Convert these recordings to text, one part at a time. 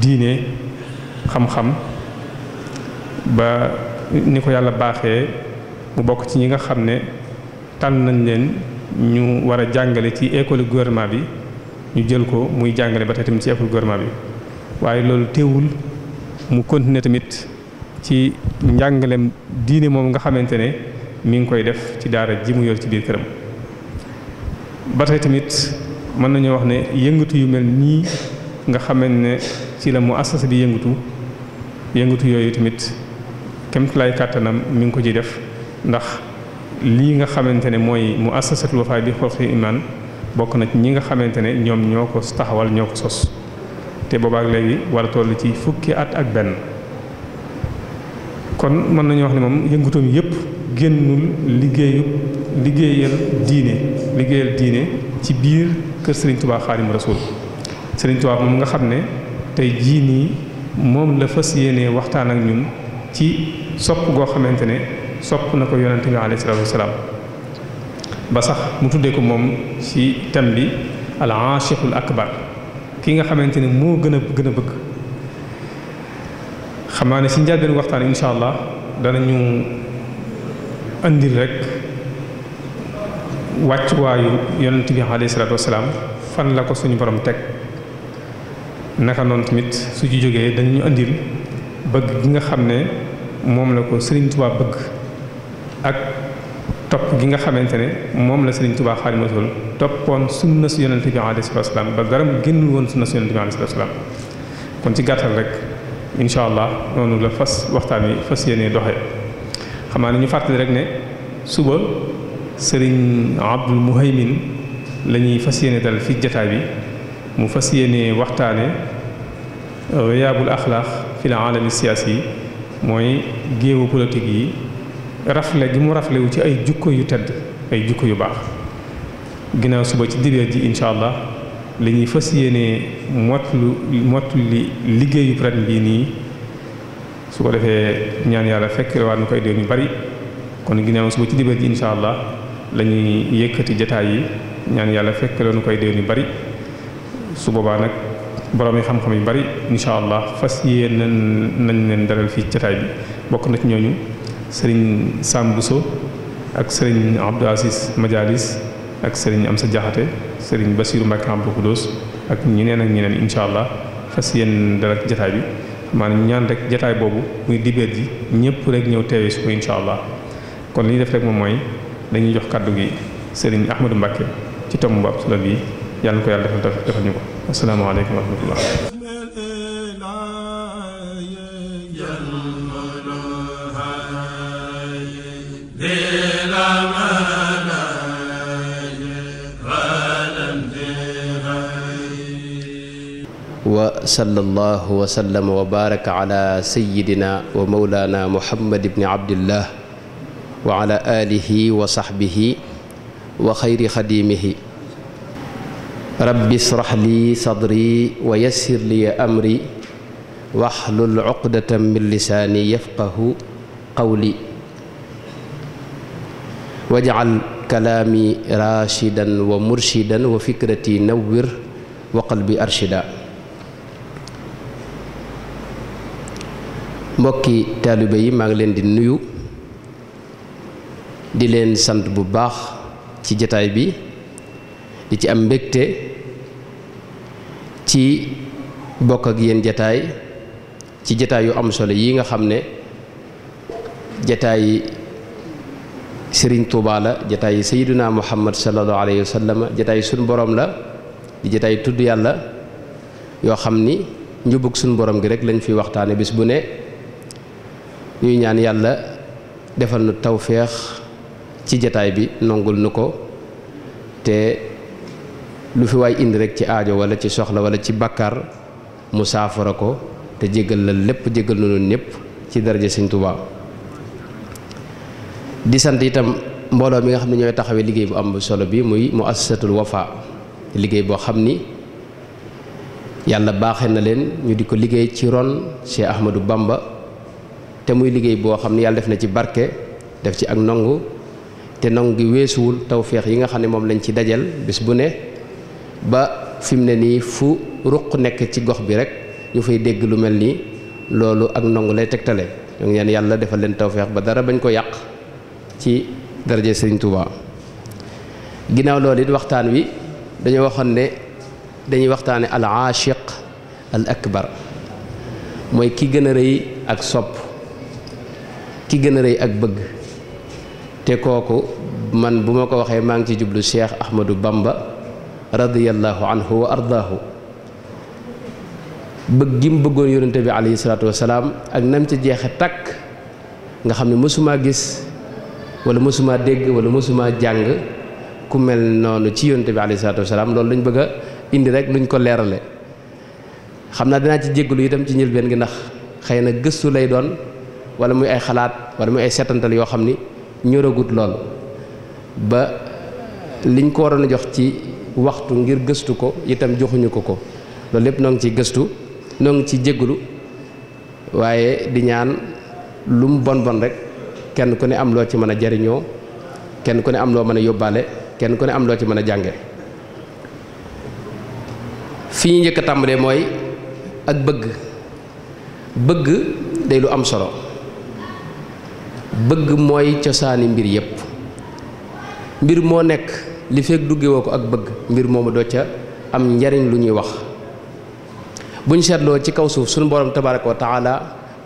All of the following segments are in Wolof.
diine xam-xam ba ni ko yàlla baaxee mu bokk ci ñi nga xam ne tànn nañ leen ñu war a jàngale ci école gouvernement bi ñu jël ko muy jàngale ba tey tamit ci école gouvernement bi waaye loolu teewul mu continuer tamit ci njàngalem diine moom nga xamante ne mi ngi koy def ci daara ji mu yor ci biir këram ba tey tamit mën nañu wax ne yëngatu yu mel nii nga xamante ne ci la mu assas bi yëngatu yëngatu yooyu tamit kemtulaay kàttanam mu ngi ko ci def ndax lii nga xamante ne mooy mu assasatul Wafa bi xorxi iman bokk na ci ñi nga xamante ne ñoom ñoo ko taxawal ñoo ko sos te boobaak léegi war a toll ci fukki at ak benn kon mën nañu wax ne moom yëngutoom yëpp génnul liggéeyu liggéeyal diine liggéeyal diine ci biir kër Serigne Touba Xaadimu Rasuul Serigne Touba moom nga xam ne tey jii nii moom la fas yéenee waxtaan ak ñun ci sopp goo xamante ne sopp na ko yonent bi alayhi salaatu wasalaam ba sax mu tuddee ko moom ci thème bi al aashiqul akbar ki nga xamante ne moo gën a gën a bëgg xam naa ne si njëlbeen waxtaan incha allah dana ñu andil rek wàccuwaayu yonent bi alayhi salaatu wasalaam fan la ko suñu borom teg naka noonu tamit su ci jógee dañu indil bëgg gi nga xam ne moom la ko sëriñ tubaab bëgg ak topp gi nga xamante ne moom la Serigne Touba Xaadimu Rasuul toppoon sunna si yonent bi alayhi salaatu salaam ba dara mu génnul woon sunna si yonent bi alayhi salaatu salaam kon ci gàttal rek incha allah noonu la fas waxtaan wi fas yéenee doxee xam naa ne fàttali rek ne suba Serigne Abdul Muhaymin la fas yéene dal fi jataay bi mu fas yéene waxtaane riyaabul axlaax fil aalami siyaasi yi mooy géewu politique yi rafle gi mu rafle ci ay jukko yu tedd ay jukko yu baax ginnaaw suba ci dibeer ji incha allah li ñuy fas yéenee mottlu mottlu li liggéeyu ren bii nii su ko defee ñaan yàlla fekk waa nu koy déwén ñu bari kon ginnaaw suba ci dibeer ji incha allah lañuy yëkkati jataay yi ñaan yàlla fekk la nu koy déwén ñu bari su boobaa nag. borom yi xam-xam yu bari incha allah fas yéene nañ leen daral fii jataay bi bokk na ci ñooñu sëriñ Sam Bousso ak sëriñ Abdou Aziz Majalis ak sëriñ Amsa Jaxate sëriñ Basiru Mbàkke Abdou Xudoos ak ñeneen ak ñeneen incha allah fas yéene daral jataay bi maanaam ñaan rek jataay boobu muy dibeet ji ñëpp rek ñëw teewee su ko incha allah kon li ñu def rek moom mooy dañuy jox kàddu gi sëriñ Ahmadou Mbàkke ci tomb bu ab solo bi yàlla ko yàlla defal taw defal ñu ko asalaamaaleykum wa rahmatullah wa sallallahu wa sallama wa baraka ala sayyidina wa mawlana muhammad ibni abdillah wa ala alihi wa sahbihi wa xayri xadimihi rabbi israh li sadri wa yassir li amri waxlul uqdatan min lisaani yafqahu qawli wajcal kalaami raashidan wa murshidan wa fikrati nawwir wa qalbi arshida mbokki taalibe yi maa ngi leen di nuyu di leen sant bu baax ci jataay bi di ci am mbégte ci bokk ak yéen jataay ci jataay yu am solo yi nga xam ne jataay sëriñ Tuuba la jataay sayyiduna muhammad sallallahu alayhi wa sallam jataay suñ borom la di jataay tudd yàlla yoo xam ni njubug suñ borom gi rek lañ fi waxtaane bis bu ne ñuy ñaan yàlla defal nu tawféex ci jataay bi nongul nu ko te lu fi waay indi rek ci aajo wala ci soxla wala ci bàkkaar mu saafara ko te jégal la lépp jégal nañu ñëpp ci daraja Sëñ Tuubaa di sant itam mbooloo mi nga xam ne ñooy taxawee liggéey bu am solo bi muy mu assasatul Wafa liggéey boo xam ni yàlla baaxe na leen ñu di ko liggéey ci ron Cheikh Ahmadou Bamba te muy liggéey boo xam ne yàlla def na ci barke def ci ak nongu te nongu gi weesuwul tawféex yi nga xam ne moom lañ ci dajal bis bu ne fi mu ne nii fu ruq nekk ci gox bi rek ñu fay dégg lu mel nii loolu ak ndongo lay tegtale ñu ngi ñaan yàlla defal leen tawféex ba dara bañ ko yàq ci daraje Sëriñ Touba ginnaaw lool it waxtaan wi dañoo waxoon ne dañuy waxtaane al aashiq al akbar mooy ki gën a rëy ak sopp ki gën a rëy ak bëgg te kooku man bu ma ko waxee maa ngi ci jublu Cheikh Ahmadou Bamba radiyallahu anhu wa ardaahu bëgg gi mu bëggoon yonente bi alayhi salaatu wasalaam ak nam ca jeexe takk nga xam ne mësumaa gis wala mësumaa dégg wala mësumaa jàng ku mel noonu ci yonente bi alayhi salaam wasalaam loolu lañ bëgg a indi rek luñ ko leerale xam naa dinaa ci jéggalu itam ci njëlbeen gi ndax xëy na gëstu lay doon wala muy ay xalaat wala muy ay setantal yoo xam ni ñoragut lool ba liñ ko waroon a jox ci waxtu ngir gëstu ko itam joxuñu ko ko loolu lépp noo ngi ciy gëstu noo ngi ciy jégalu waaye di ñaan lu mu bon bon rek kenn ku ne am loo ci mën a jariñoo kenn ku ne am loo mën a yóbbaale kenn ku ne am loo ci mën a jànge fi njëkk a tàmbalee mooy ak bëgg bëgg day lu am solo bëgg mooy cosaani mbir yépp mbir moo nekk li fekk duggewoo ko ak bëgg mbir moomu doo ca am njariñ lu ñuy wax buñ seetloo ci kaw suuf sunu borom tabaraka wa taala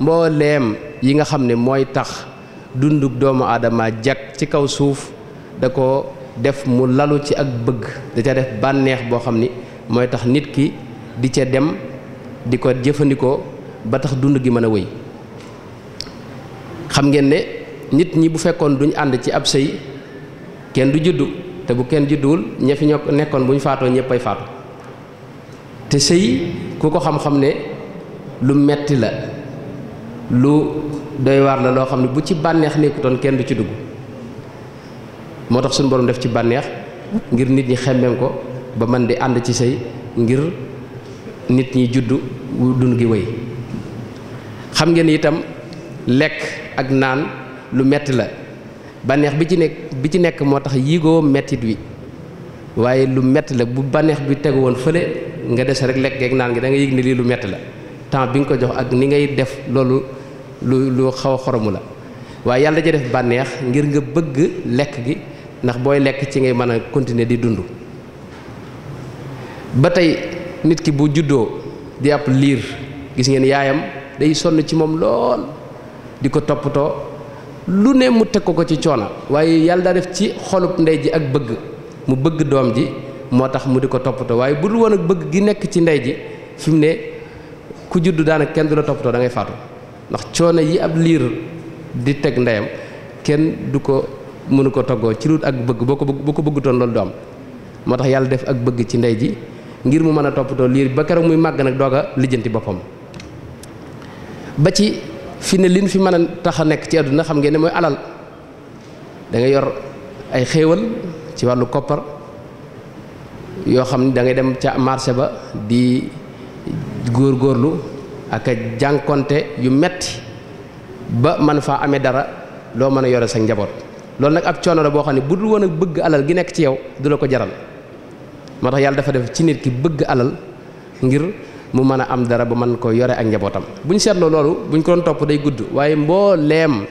mbooleem yi nga xam ne mooy tax dundug doomu aadama jag ci kaw suuf da ko def mu lalu ci ak bëgg da ca def bànneex boo xam ni mooy tax nit ki di ca dem di ko jëfandikoo ba tax dund gi mën a wéy xam ngeen ne nit ñi bu fekkoon duñ ànd ci ab sëy kenn du juddu te bu kenn judduwul ña fi ñoo nekkoon bu ñu faatoo ñëppay faatu te sëy ku ko xam-xam ne lu metti la lu doy waar la loo xam ne bu ci bànneex nekkutoon kenn du ci dugg moo tax suñu borom def ci bànneex ngir nit ñi xemmeem ko ba man di ànd ci sëy ngir nit ñi juddu dund gi wéy xam ngeen itam lekk ak naan lu metti la bànneex bi ci nekk bi ci nekk moo tax yigoo mettit wi waaye lu metti la bu bànneex bi tegu woon fële nga des rek lekk naan gi danga nga yëg lii lu metti la temps bi nga ko jox ak ni ngay def loolu lu lu xaw xoromu la waaye yàlla ja def bànneex ngir nga bëgg lekk gi ndax booy lekk ci ngay mën a continuer di dund ba tey nit ki bu juddoo di ab liir gis ngeen yaayam day sonn ci moom lool di ko toppatoo lu ne mu teg ko ko ci coono waaye yàlla daa def ci xolub ndey ji ak bëgg mu bëgg doom ji moo tax mu di ko toppatoo waaye bu dul woon ak bëgg gi nekk ci ndey ji fi mu ne ku juddu daanaka kenn du la toppatoo da ngay faatu ndax coono yi ab liir di teg ndeyam kenn du ko mënu ko toggoo ci lut ak bëgg boo ko bëgg boo ko bëggutoon loolu doom moo tax yàlla def ak bëgg ci ndey ji ngir mu mën a toppatoo liir ba keroog muy màgg nag doog a lijjanti boppam fi ne liñ fi mën a tax a nekk ci àdduna xam ngeen ne mooy alal da yor ay xéewal ci wàllu koppar yoo xam ne dangay dem ca marché ba di góor góorlu aka jànkonte yu metti ba man faa amee dara loo mën a yore sa njaboot loolu nag ab coono la boo xam ne bu dul woon a bëgg alal gi nekk ci yow du la ko jaral moo tax yàlla dafa def ci nit ki bëgg alal ngir mu mën a am dara ba mën ko yore ak njabootam bu ñu seetloo loolu bu ñu ko doon topp day gudd waaye mbooleem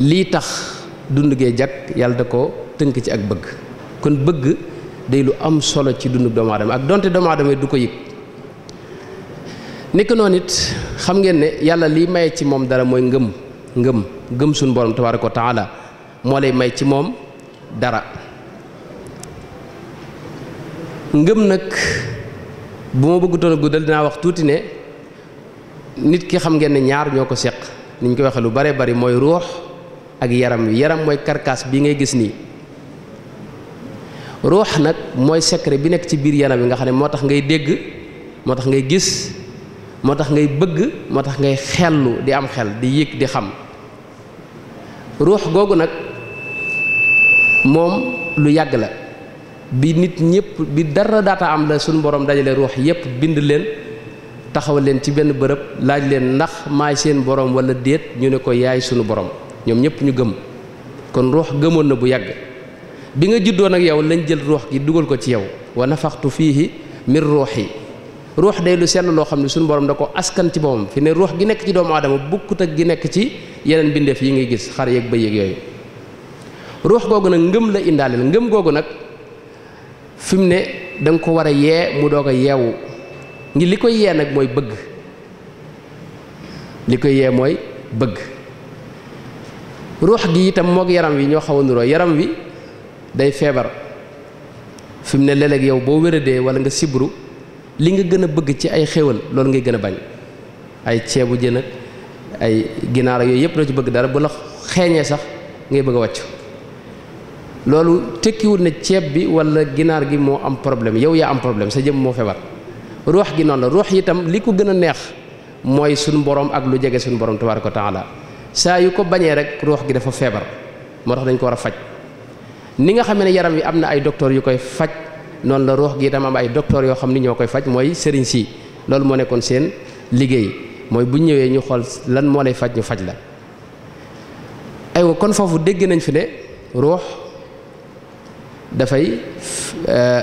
lii tax dund gee jag yàlla ko tënk ci ak bëgg kon bëgg day lu am solo ci dundu doomu ak donte doomu du ko yëg nekk noonu it xam ngeen ne yàlla liy maye ci moom dara mooy ngëm ngëm ngëm suñu borom tabaaraka wa taala moo lay may ci moom dara ngëm nag bu ma bëggutoon a guddal dinaa wax tuuti ne nit ki xam ngeen ne ñaar ñoo ko seq ni ñu koy waxee lu bare bari mooy ruux ak yaram wi yaram mooy karkaas bii ngay gis nii ruux nag mooy secret bi nekk ci biir yaram wi nga xam ne moo tax ngay dégg moo tax ngay gis moo tax ngay bëgg moo tax ngay xellu di am xel di yëg di xam ruux googu nag moom lu yàgg la bi nit ñëpp bi dara daata am la suñu borom dajale ruux yépp bind leen taxawal leen ci benn bërëb laaj leen ndax maay seen boroom wala déet ñu ne ko yaay sunu borom ñoom ñëpp ñu gëm kon ruux gëmoon na bu yàgg bi nga juddoo nag yow lañ jël ruux gi dugal ko ci yow wa nafaxtu fiihi min ruuxi ruux day lu sell loo xam ne suñu borom da ko askan ci boppam fi ne ruux gi nekk ci doomu aadama bukkut ak gi nekk ci yeneen bindeef yi ngay gis xar yeeg bëy yooyu ruux googu nag la indaaleel ngëm googu nag fi ne danga ko war a yee mu doog a yeewu ngi li koy yee nag mooy bëgg li koy yee mooy bëgg ruux gi itam moog yaram wi ñoo xaw a nuroo yaram wi day feebar fi mu ne leleg yow boo wéradee wala nga sibru li nga gën a bëgg ci ay xéwal loolu ngay gën a bañ ay ceebu jën ak ay ginaar yooyu yëpp doo ci bëgg dara bu la xeeñee sax ngay bëgg a wàcc loolu tekkiwul ne ceeb bi wala ginaar gi moo am problème yow yaa am problème sa jëm moo feebar ruux gi noonu la ruux tam li ko gën a neex mooy suñu borom ak lu jege suñu borom tabaaraka wa taala saa yu ko bañee rek ruux gi dafa feebar moo tax dañ ko war a faj ni nga xamee ne yaram wi am na ay docteur yu koy faj noonu la ruux gi itam am ay docteur yoo xam ni ñoo koy faj mooy sëriñ si loolu moo nekkoon seen liggéey mooy bu ñëwee ñu xool lan moo lay faj ñu faj la aywa kon foofu dégg nañ dafay euh,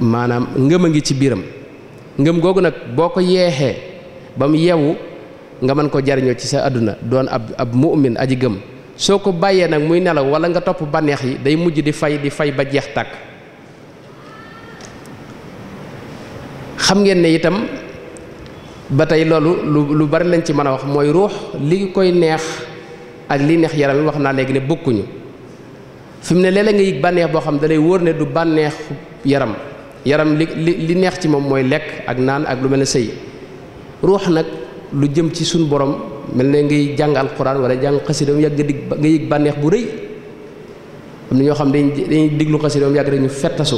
maanaam ngëm a ngi ci biiram ngëm googu nag boo ko yeexee ba mu yeewu nga mën ko jariñoo ci sa àdduna doon ab ab mu'min aji gëm soo ko bàyyee nag muy nelaw wala nga topp bànneex yi day mujj di fay di fay ba jeex tàkk xam ngeen ne itam ba tey loolu lu lu bari lañ ci mën a wax mooy ruux li koy neex ak li neex yaram yi wax naa léegi ne bokkuñu fi mu ne léeg-léeg nga yëg bànneex boo xam dalay wóor ne du bànneex yaram yaram li li neex ci moom mooy lekk ak naan ak lu mel ne sëy ruux nag lu jëm ci suñu borom mel ne ngay jàng alxuraan wala jàng xasidoom yàgg dig nga yëg bànneex bu rëy am na ñoo xam dañ dañuy diglu xasidoom yàgg ñu fettasu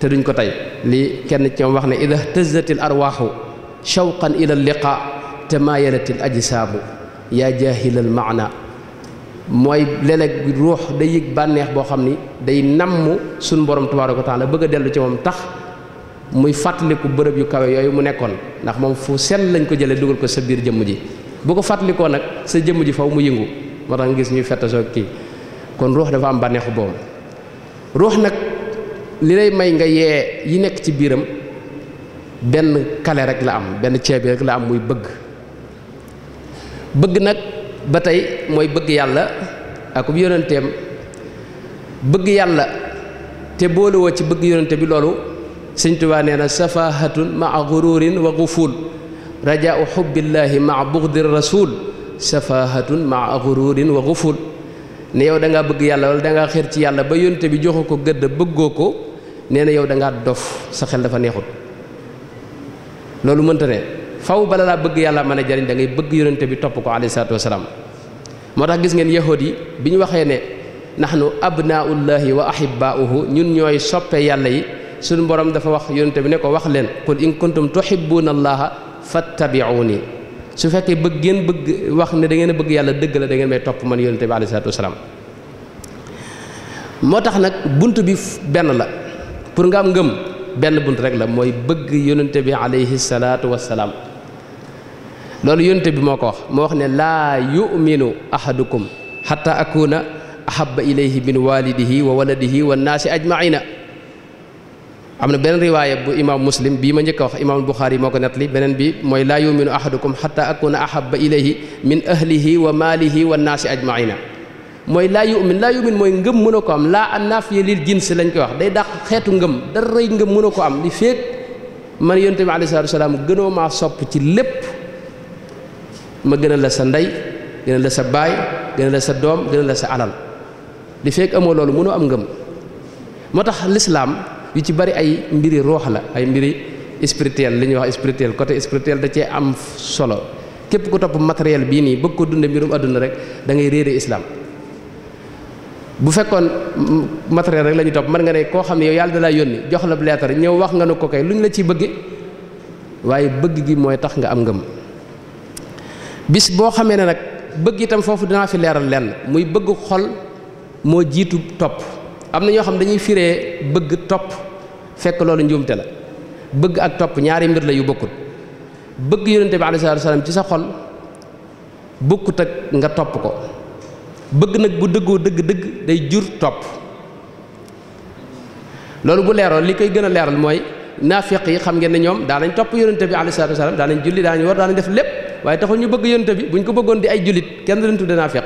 te duñ ko tey li kenn ci moom wax ne ida tëzatil arwaaxu shawqan te liqa tamaayalatil ajsaabu yaa jaahilal maana mooy léeg-léeg ruux day yëg bànneex boo xam ni day namm suñ borom tabaaraka wa taala bëgg a dellu ci moom tax muy fàttaliku bërëb yu kawe yooyu mu nekkoon ndax moom fu seet lañ ko jëlee dugal ko sa biir jëmm ji bu ko fàttalikoo nag sa jëmm ji faw mu yëngu moo tax nga gis ñuy fett soo kii kon ruux dafa am bànneexu boobu ruux nag li lay may nga yee yi nekk ci biiram benn kale rek la am benn ceeb bi rek la am muy bëgg bëgg nag ba tey mooy bëgg yàlla akub yonenteem bëgg yàlla te boolewoo ci bëgg yonente bi loolu sëñ Tuubaa nee na safahatun maa gururin wa gufuul rajaau xubbillaahi maa bugdi rasul safahatun maa gururin wa gufuul ne yow da ngaa bëgg yàlla wala da ngaa ci yàlla ba yonte bi joxu ko gëdd bëggoo ko nee na yow da dof sa xel dafa neexut loolu mënta ne faw bala laa bëgg yàlla mën a jariñ da bëgg yonente bi topp ko alayhi salaatu wasalaam moo tax gis ngeen yahood yi bi ñu waxee ne nahnu abnaullahi wa ahibaauhu ñun ñooy soppee yàlla yi suñu borom dafa wax yonente bi ne ko wax leen qul in kuntum tuhibbuuna allaha fattabi'uuni su fekkee bëgg ngeen bëgg wax ne dangeen bëgg yàlla dëgg la da ngeen may topp man yonente bi alayhi salaatu wasalaam moo tax nag bunt bi benn la pour nga am ngëm benn bunt rek la mooy bëgg yonente bi alayhi salaatu wasalaam loolu yonte bi moo ko wax moo wax ne laa yuminu ahadukum xata akuna ahaba ilayhi min walidihi wa waladihi wa naasi ajmaina am na beneen riwaaya bu imaam muslim bii ma njëkk wax imaam buxaari moo ko nettali beneen bi mooy laa yuminu ahadukum xata akuna ahaba ilayhi min ahlihi wa maalihi wa naasi ajmaina mooy laa yumin laa yumin mooy ngëm mën a ko am laa an naafiya lil jins lañ koy wax day dàq xeetu ngëm daray ngëm mën a ko am li féeg man yonte bi gënoo maa sopp ci lépp ma gënal la sa ndey gënal la sa baay gënal la sa doom gënal la sa alal li fekk amoo loolu mënu am ngëm moo tax lislaam yu ci bari ay mbiri roox la ay mbiri spirituel li ñuy wax spirituel côté spirituel da cee am solo képp ku topp matériel bii nii bëgg ko dunde mbirum àdduna rek dangay ngay réere islaam bu fekkoon matériel rek la topp mën nga ne koo xam ne yow yàlla da laa yónni jox la lettre ñëw wax nga nu ko kay lu ñu la ciy bëggee waaye bëgg gi mooy tax nga am ngëm bis boo xamee ne nag bëgg itam foofu dinaa fi leeral lenn muy bëgg xol moo jiitu topp am na ñoo xam dañuy firee bëgg topp fekk loolu njuumte la bëgg ak topp ñaari mbir la yu bokkut bëgg yonente bi alayhi salaatu salaam ci sa xol bokkut ak nga topp ko bëgg nag bu dëggoo dëgg-dëgg day jur topp loolu bu leeroon li koy gën a leeral mooy naafiq yi xam ngeen ne ñoom daanañ topp yonente bi alayhi salaatu salaam daanañ julli daanañ war daanañ def lépp waaye taxul ñu bëgg yonent bi buñ ko bëggoon di ay jullit kenn leen tudde naa feq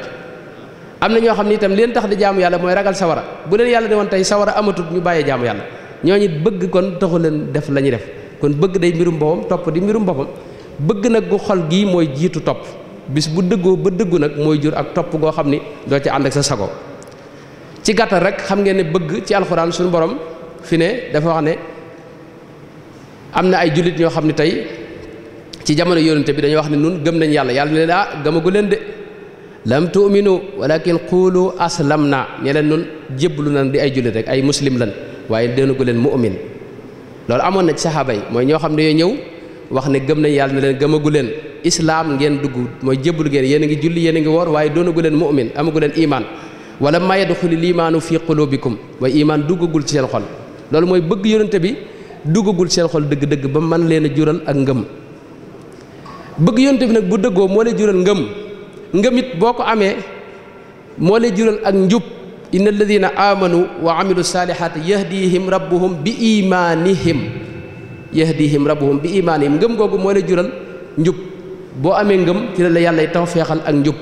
am na ñoo xam ne itam leen tax di jaamu yàlla mooy ragal sawara bu leen yàlla ne woon tey sawara amatut ñu bàyyee jaamu yàlla ñooñu bëgg kon taxul leen def la ñuy def kon bëgg day mbirum boppam topp di mbirum boppam bëgg nag gu xol gii mooy jiitu topp bis bu dëggoo ba dëggu nag mooy jur ak topp goo xam ni doo ci ànd ak sa sago ci gàttal rek xam ngeen ne bëgg ci alxuraan suñu borom fi ne dafa wax ne am na ay jullit ñoo xam ne tey ci jamono yonente bi dañoo wax ne nun gëm nañ yàlla yàlla ne leen ah gëmagu leen de lam tu'minu walakin qulu aslam na ne leen nun jébbalu nan di ay jullit rek ay muslim lan waaye doonagu leen mu'min loolu amoon na ci saxaaba mooy ñoo xam ne ñëw wax ne gëm nañ yàlla ne leen gëmagu leen islaam ngeen dugg mooy jébbalu ngeen yéen a ngi julli yéen a ngi woor waaye doonagu leen mu'min amagu leen iman wala ma yadxuli limaanu fi qulubikum mooy iman duggagul ci seen xol loolu mooy bëgg yonente bi duggagul seen xol dëgg-dëgg ba mën leen a jural ak ngëm bëgg yonte bi nag bu dëggoo moo lay jural ngëm ngëm it boo ko amee moo lay jural ak njub inna alladina amanu wa amilu saalihaati yahdihim rabbuhum bi imaanihim yahdihim rabbuhum bi imaanihim ngëm googu moo lay jural njub boo amee ngëm ci la la yàlla tawfeexal ak njub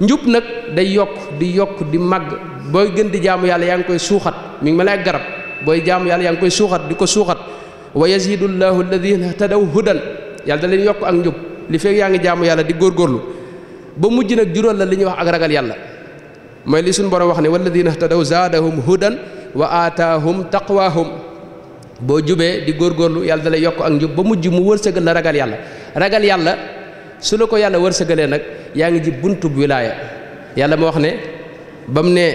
njub nag day yokk di yokk di màgg booy gën di jaamu yàlla yaa ngi koy suuxat mi ngi mel ne garab booy jaamu yàlla yaa ngi koy suuxat di ko suuxat wa yazidu llahu alladina htadaw yàlla da leen yokk ak njub li fekk yaa ngi jaamu yàlla di góor góorlu ba mujj nag jural la li ñuy wax ak ragal yàlla mooy li suñu a wax ne walladina htadaw zaadahum hudan wa aataahum taqwaahum boo jubee di góor góorgóorlu yàlla da lay yokk ak njub ba mujj mu wërsëgal la ragal yàlla ragal yàlla su la ko yàlla wërsëgalee nag yaa ngi ji buntub wilaaya yàlla moo wax ne ba mu ne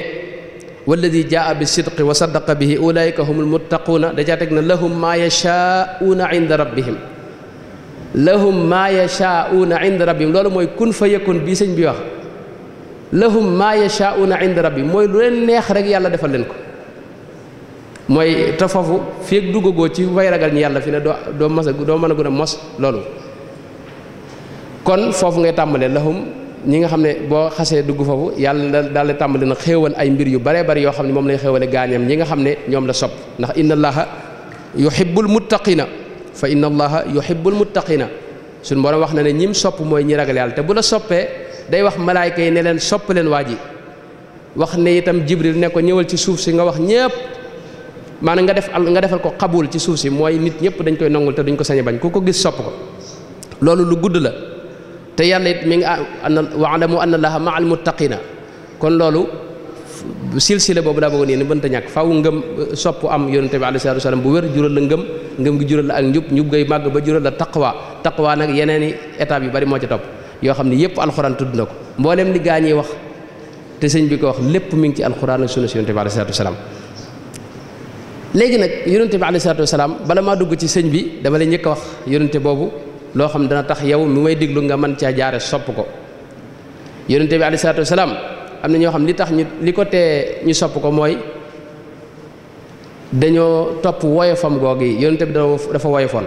walladi jaa bi sidqi wa saddaqa bihi ulaayika humul muttaquuna da caa teg na lahum maa yashaa'uuna inda rabbihim lahum maa yashaauna inda rabbihim loolu mooy kun fa yëkkoon bii sëñ bi wax lahum maa yashaauna inda rabbihim mooy lu leen neex rek yàlla defal leen ko mooy te foofu fii duggagoo ci way ragal yàlla fi ne doo doo mas doo mën a gën a mos loolu kon foofu ngay tàmbalee lahum ñi nga xam ne boo xasee dugg foofu yàlla daal di tàmbali na xéewal ay mbir yu bare bari yoo xam ne moom lay xéewale gaañam ñi nga xam ne ñoom la sopp ndax inna allaha yuhibbul muttaqina fa inna allaha yuhibbul muttaqina suñ boroom wax na ne ñim sopp mooy ñi ragal yàlla te bu la soppee day wax malaayka yi ne leen sopp leen waa ji wax ne itam jibril ne ko ñëwal ci suuf si nga wax ñépp maanaam nga def nga defal ko xabul ci suuf si mooy nit ñëpp dañ koy nongul te duñ ko sañ bañ ku ko gis sopp ko loolu lu gudd la te yàlla it mi ngi waalamu anna allaha ma al muttaqina kon loolu silsile boobu daa bëggoon yéen mënta ñàkk faw ngëm euh, sopp am yonente bi alayhi salaatu wasalaam bu wér jural la ngëm ngëm gi jural la ak njub njub ngay màgg ba jural la taqwa taqwa nag yeneen i étapes bari moo ca topp yoo xam ne yëpp alxuraan tudd na ko mbooleem li gaa ñi wax te sëñ bi ko wax lépp mi ngi ci alxuraan ak sunna si yonente bi alayhi salaatu wasalaam léegi nag yonente bi alayhi salaatu wasalaam bala maa dugg ci sëñ bi dama lay jëkk a wax yonente boobu loo xam dana tax yow mi may déglu nga mën caa jaare sopp ko am na ñoo xam ne li tax ñu li ko tee ñu sopp ko mooy dañoo topp woyofam googu yi yonent bi dafa woyofoon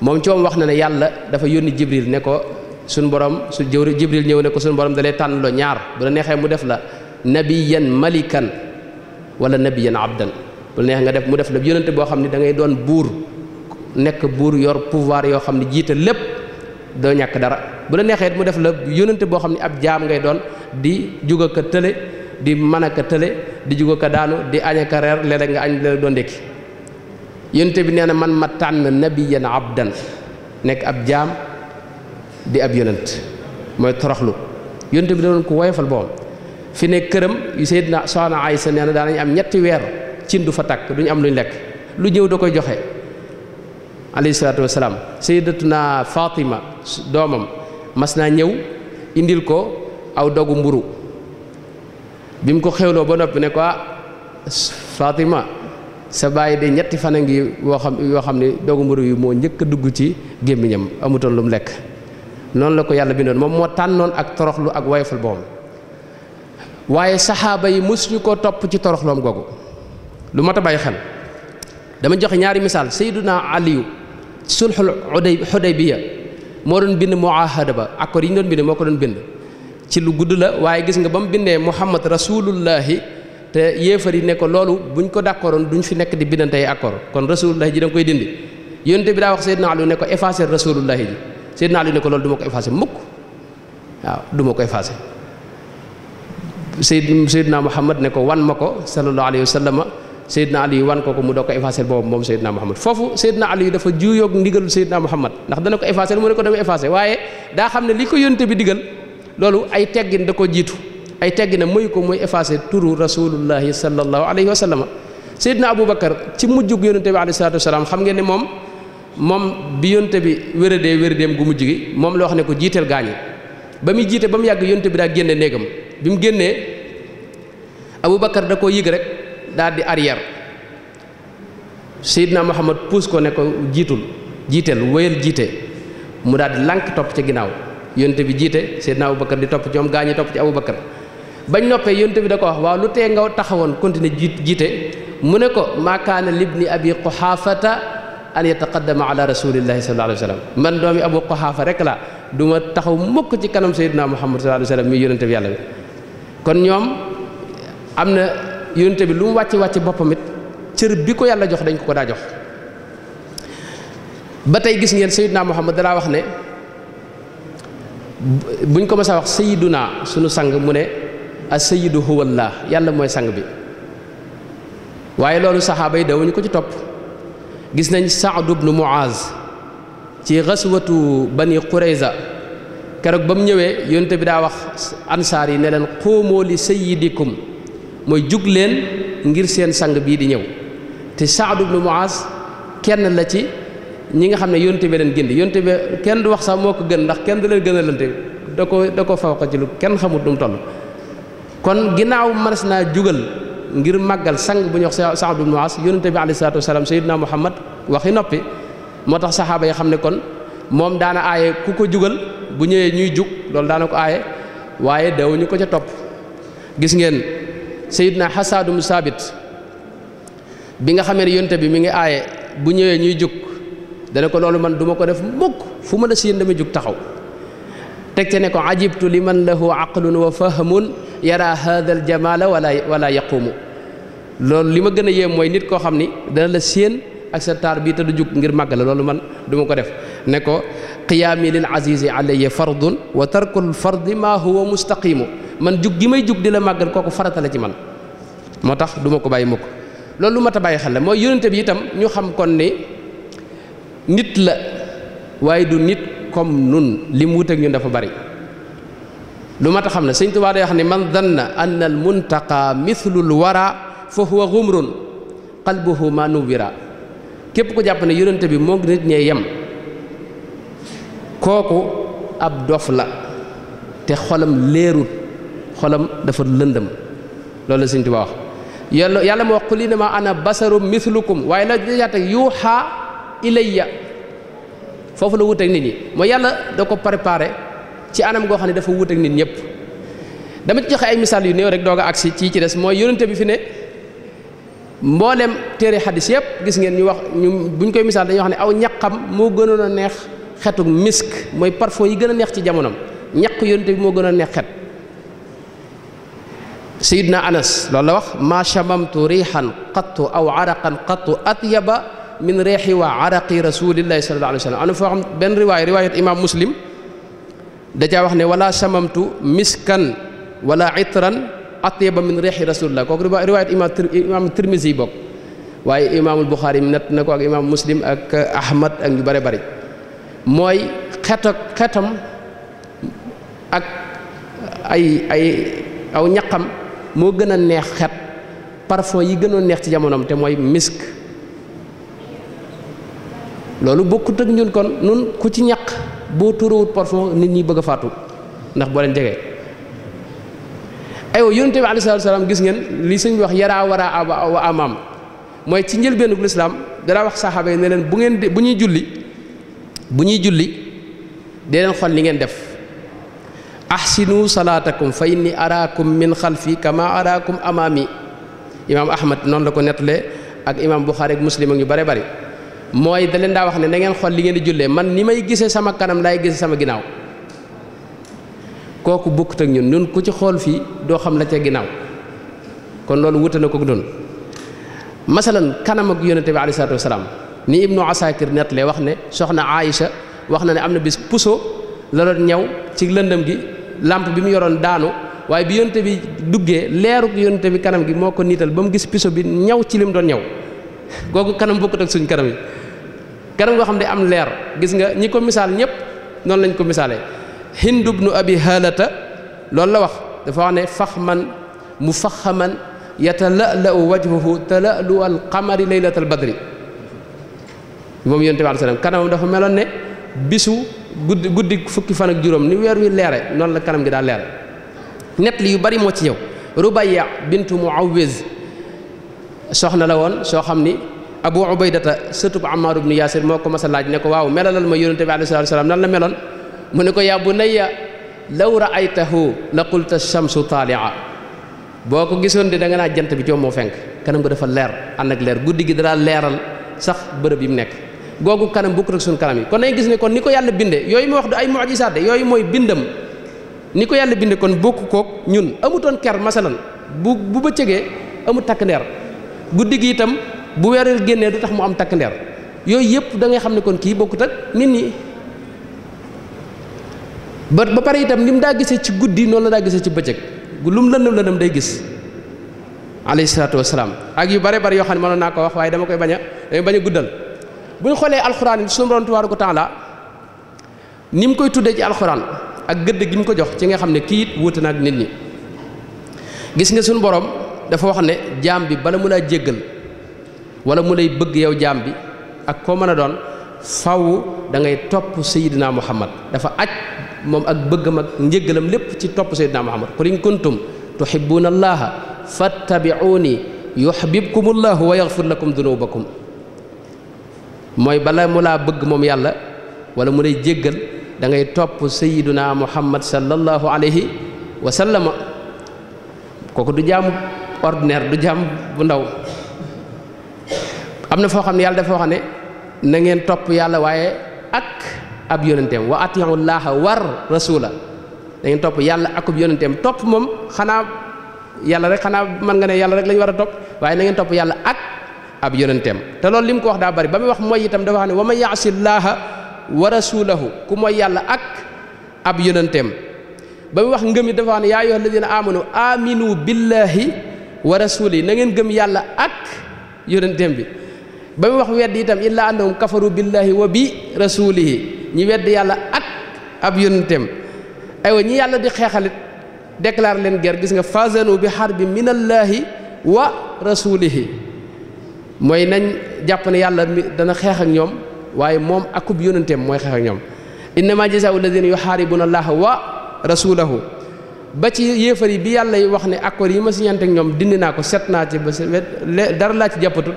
moom ci wax na ne yàlla dafa yónni jibril ne ko suñ borom su jëwri jibril ñëw ne ko suñu borom dalay tànn loo ñaar bu la neexee mu def la yenn malikan wala yenn abdan bu la neex nga def mu def la yonent boo xam ne da ngay doon buur nekk buur yor pouvoir yoo xam ne jiite lépp doo ñàkk dara bu la neexee mu def la yónnante boo xam ne ab jaam ngay doon di juga ka tële di mën tële di juga ka daanu di aña ka reer léeg-léeg nga añ léeg doon ndékki yónnante bi nee na man ma tànn nabiyan abdan nekk ab jaam di ab yónnant mooy toroxlu yónnante bi da doon ko woyofal boom fi ne këram yu na Soxna Aysa nee na daanañ am ñetti weer cin du fa takk duñu am luñ lekk lu ñëw da koy joxe alayhi salaatu wasalaam Sayyidatuna Fatima doomam mas naa ñëw indil ko aw dogu mburu bi mu ko xewloo ba noppi ne ko ah Fatima sa bàyyi de ñetti fan a ngi yoo xam yoo xam ne dogu mburu yi moo njëkk a dugg ci gémmiñam amutoon lu mu lekk noonu la ko yàlla bindoon moom moo tànnoon ak toroxlu ak woyofal boom waaye saxaaba yi mosuñu ko topp ci toroxloom googu lu mat a bàyyi xel dama joxe ñaari misaal sayduna aliyu sulxul xudaybiya moo doon bind muahada ba accord yi ñu doon bind moo ko doon bind ci lu gudd la waaye gis nga ba mu bindee muhammad rasulullahi te yéefar yi ne ko loolu buñ ko d'accordoon duñ fi nekk di bindante ay accord kon rasulullahi ji da nga koy dindi yonte bi daa wax Seydina Ali ne ko effacer rasulullahi ji Seydina Ali ne ko loolu du ma ko effacer mukk waaw du ma ko effacer Seydina Muhammad ne ko wan ma ko sallallahu alayhi wa sallam Seydina Ali wan ko ko mu doo ko effacé boobu moom Seydina Muhammad foofu Seydina Ali dafa juuyoog ndigalu Seydina Muhammad ndax dana ko effacé mu ne ko dama effacé waaye daa xam ne li ko yónte bi digal loolu ay teggin da ko jiitu ay teggina mooy ko muy effacé turu rasulullahi sallallahu alayhi wa sallam Seydina Aboubacar ci mujjug yónente bi bi wéradee wéradeem gu mujj gi moom la wax ne ko jiiteel gaañi ba muy jiite ba mu yàgg yónente bi daa génne néegam bi da koo yëg daal di arrière Seydina Muhammad puus ko ne ko jiitul jiiteel wéyal jiite mu daal di lànk topp ci ginnaaw yonte bi jiite Seydina Abubakar di topp ci moom gaa ñi topp ci Abubakar ba noppee yonte bi da ko wax waaw lu tee nga taxawoon continuer jiit jiite mu ne ko maa kaana libni abi quxaafata an yataqaddama ala rasulillahi sallallahu alayhi wa sallam man doomi abu quxaafa rek la du ma taxaw mukk ci kanam sayyidina muhammad sallallahu alayhi wa sallam mi yonente bi yàlla bi kon ñoom am na yonente bi lu mu wàcce wàcce boppam it cër bi ko yàlla jox dañ ko ko daa jox ba tey gis ngeen sayiduna muhammad dalaa wax ne buñ ko mas a wax naa sunu sang mu ne a sayidu huwallah yàlla mooy sang bi waaye loolu saxaaba yi dawuñu ko ci topp gis nañ saad ibnu muaz ci xaswatu bani qurayza keroog ba mu ñëwee yonte bi daa wax ansaar yi ne leen xoomoo li sayidikum mooy jug leen ngir seen sang bii di ñëw te Saad ibnu Muaz kenn la ci ñi nga xam ne yonte bi leen gindi yonte bi kenn du wax sax moo ko gën ndax kenn du leen gën lante da ko da ko faw ko ci lu kenn xamut nu mu toll kon ginnaaw manas naa jugal ngir màggal sang bu ñuy wax Saad ibnu Muaz yonte bi alayhi salaatu wasalaam sayyidina Muhammad waxi noppi moo tax saxaaba yi xam ne kon moom daana aaye ku ko jugal bu ñëwee ñuy jug loolu daana ko aaye waaye dawuñu ko ca topp gis ngeen sayidna xasaadum saabit bi nga xamee ne yonte bi mi ngi aaye bu ñëwee ñuy jóg dana ko loolu man duma ko def mukk fu ma la si yéen damay jóg taxaw teg te ne ko ajibtu li man lahu aqlun wa fahmun yara hada al jamala wala wala yaqumu loolu li ma gën a yéem mooy nit koo xam ni dana la séen ak sa taar bii te du jug ngir màgg la loolu man duma ko def ne ko qiyaami lil azizi alayya fardun wa tarkul fardi ma huwa mustaqimu man jug gi may jug di la màggal kooku farata la ci man moo tax duma ko bàyyi mukk loolu lu mat a bàyyi xel la mooy yonente bi itam ñu xam kon ni nit la waaye du nit comme nun li mu wuteeg ñun dafa bari lu mat xam ne sëñ Tuubaa day wax ne man dan danna anna al muntaqa mithlul foofu fa huwa gumrun qalbuhu ma nuwira képp ko jàpp ne yonente bi moo ngi nit ñee yem kooku ab dof la te xolam leerut xolam dafa lëndam loolu la Sëñ Tuubaa wax yàlla yàlla moo wax qul innamaa ana basaru mithlukum waaye la yàtta yuuxaa ilayya foofu la wuteeg nit ñi mooy yàlla da ko préparé ci anam goo xam ne dafa wuteeg nit ñëpp dama ci joxe ay misaal yu néew rek doog a agsi ci ci des mooy yonente bi fi ne mboolem téere xadis yëpp gis ngeen ñu wax ñu buñ koy misaal dañuy wax ne aw ñaqam moo gënoon a neex xetu misk mooy parfum yi gën a neex ci jamonoom ñaq yonente bi moo gën a neex xet sayidna anas loolu la wax maa chamamtu riixan qattu aw araqan qattu atyaba min reexi wa araqi rasulillahi sallallahu alayhi wa foo xam benn riwaay riwaayat imam muslim da wax ne wala chamamtu miskan wala itran atyaba min reexi rasulillah kooku riwaayat imam imam tirmisi yi waaye imaamul buxaari nett na imam muslim ak ahmad ak ñu bare bari mooy xet ak xetam ay ay aw ñaqam moo gën a neex xet parfum yi gën a neex ci jamonoom te mooy misk loolu bokkut ak ñun kon nun ku ci ñaq boo tuurawut parfum nit ñi bëgg a faatu ndax boo leen jege aywa yonente bi alayhi salaam gis ngeen li sëñ bi wax yaraa waraa wa amaam mooy ci njëlbéenu lislaam dara wax saxaaba yi ne leen bu ngeen bu ñuy julli bu ñuy julli dee leen xool li ngeen def ahsinu salaatakum fa inni araakum min fii kama araakum amaami imaam ahmad noonu la ko nettalee ak imaam buxaari ak muslim ak ñu bare bari mooy da leen wax ne na ngeen xool li ngeen di jullee man ni may gisee sama kanam laay gisee sama ginnaaw kooku bokkut ak ñun ku ci xool fii doo xam la ca ginnaaw kon loolu wuute na ko doon masalan kanam ak yonente bi alayhi salaatu wasalaam ni ibnu asakir nettalee wax ne soxna aïcha wax na ne am na bis puso la ci lëndëm gi làmp bi mu yoroon daanu waaye bi yonte bi duggee leeruk yonte bi kanam gi moo ko niital ba mu gis piso bi ñaw ci lim doon ñaw googu kanam bokkut ak suñ kanam yi kanam goo xam ne am leer gis nga ñi ko misaal ñëpp noonu lañ ko misaalee Hind ibnu Abi Haalata loolu la wax dafa wax ne faxman mufaxaman yatala'la'u wajhuhu tala'lu al qamari laylatal badri moom yonte bi alayhi salaam kanamam dafa meloon ne bisu guddi guddi fukki fan ak juróom ni weer wi leere noonu la kanam gi daa leere nett li yu bari moo ci ñëw Rubaya bintu Muawiz soxna la woon soo xam ni Abu Ubaydata sëtub Ammaar ibnu Yaasir moo ko mas a laaj ne ko waaw melalal ma yonente bi alayhi salaatu salaam nan la meloon mu ne ko yaa bunayya law raaytahu la qulta shamsu taalia boo ko gisoon di danga nga naa jant bi ci moo fenk kanam ko dafa leer ànd ak leer guddi gi dara leeral sax bërëb yi mu nekk googu kanam bokkul ak suñu kanam yi kon nañ gis ne kon ni ko yàlla binde yooyu ma wax du ay mujisaat de yooyu mooy bindam ni ko yàlla binde kon bokku koog ñun amutoon ker masalan bu bu bëccëgee amut takk ndeer guddi gi itam bu weer génnee du tax mu am takk ndeer yooyu yëpp da ngay xam ne kon kii bokkut ak nit ñi ba ba pare itam ni mu daa gisee ci guddi noonu la daa gisee ci bëccëg lu mu lëndëm lëndëm day gis alayhi salaatu wasalaam ak yu bare bare yoo xam ne mënoon naa ko wax waaye dama koy bañ a bañ guddal bu ñu xoolee alxuraan yi suñu borom tabaaraka taala ni mu koy tuddee ci alxuraan ak gëdd gi mu ko jox ci nga xam ne kii it wuute na ak nit ñi gis nga suñu boroom dafa wax ne jaam bi bala mu laa jéggal wala mu lay bëgg yow jaam bi ak koo mën a doon faw da ngay topp sayidina muhammad dafa aj moom ak bëggam ak njëggalam lépp ci topp sayidina muhammad qul in kuntum tuhibbuna allaha fattabi'uni yuhibbukumullahu wa yaghfir lakum dunubakum mooy bala mu laa bëgg moom yàlla wala mu lay jéggal da ngay topp sayiduna muhammad sallallahu alayhi wa sallama kooku du jaamu ordinaire du jaam bu ndaw am na foo xam ne yàlla dafa xam ne na ngeen topp yàlla waaye ak ab yonenteem wa laaxa war rasula da topp yàlla akub yonenteem topp moom xanaa yàlla rek xanaa man nga ne yàlla rek la war a topp waaye na topp yàlla ak ab yonenteem te lool li mu ko wax daa bari ba muy wax mooy itam dafa xam ne wa man yaasi llaaha wa rasulahu ku mooy yàlla ak ab yonenteem ba muy wax ngëm dafa xam ne yaa ayyuha alladina amanu aminu billahi wa rasuli nangeen ngeen gëm yàlla ak yonenteem bi ba muy wax weddi itam illaa annahum kafaru billahi wa bi rasulihi ñi weddi yàlla ak ab yonenteem aywa ñi yàlla di xeexalit déclare leen guerre gis nga fasanu bi xarbi minallahi wa rasulihi mooy nañ jàpp na yàlla dana xeex ak ñoom waaye moom akub yónanteem mooy xeex ñoom innama jazaau alladina yuxaaribuna allaha wa rasulahu ba ci yéefar yi bi yàlla yi wax ne accord yi ma siñante ak ñoom dindi naa ko seet naa ci ba dara laa ci jàppatut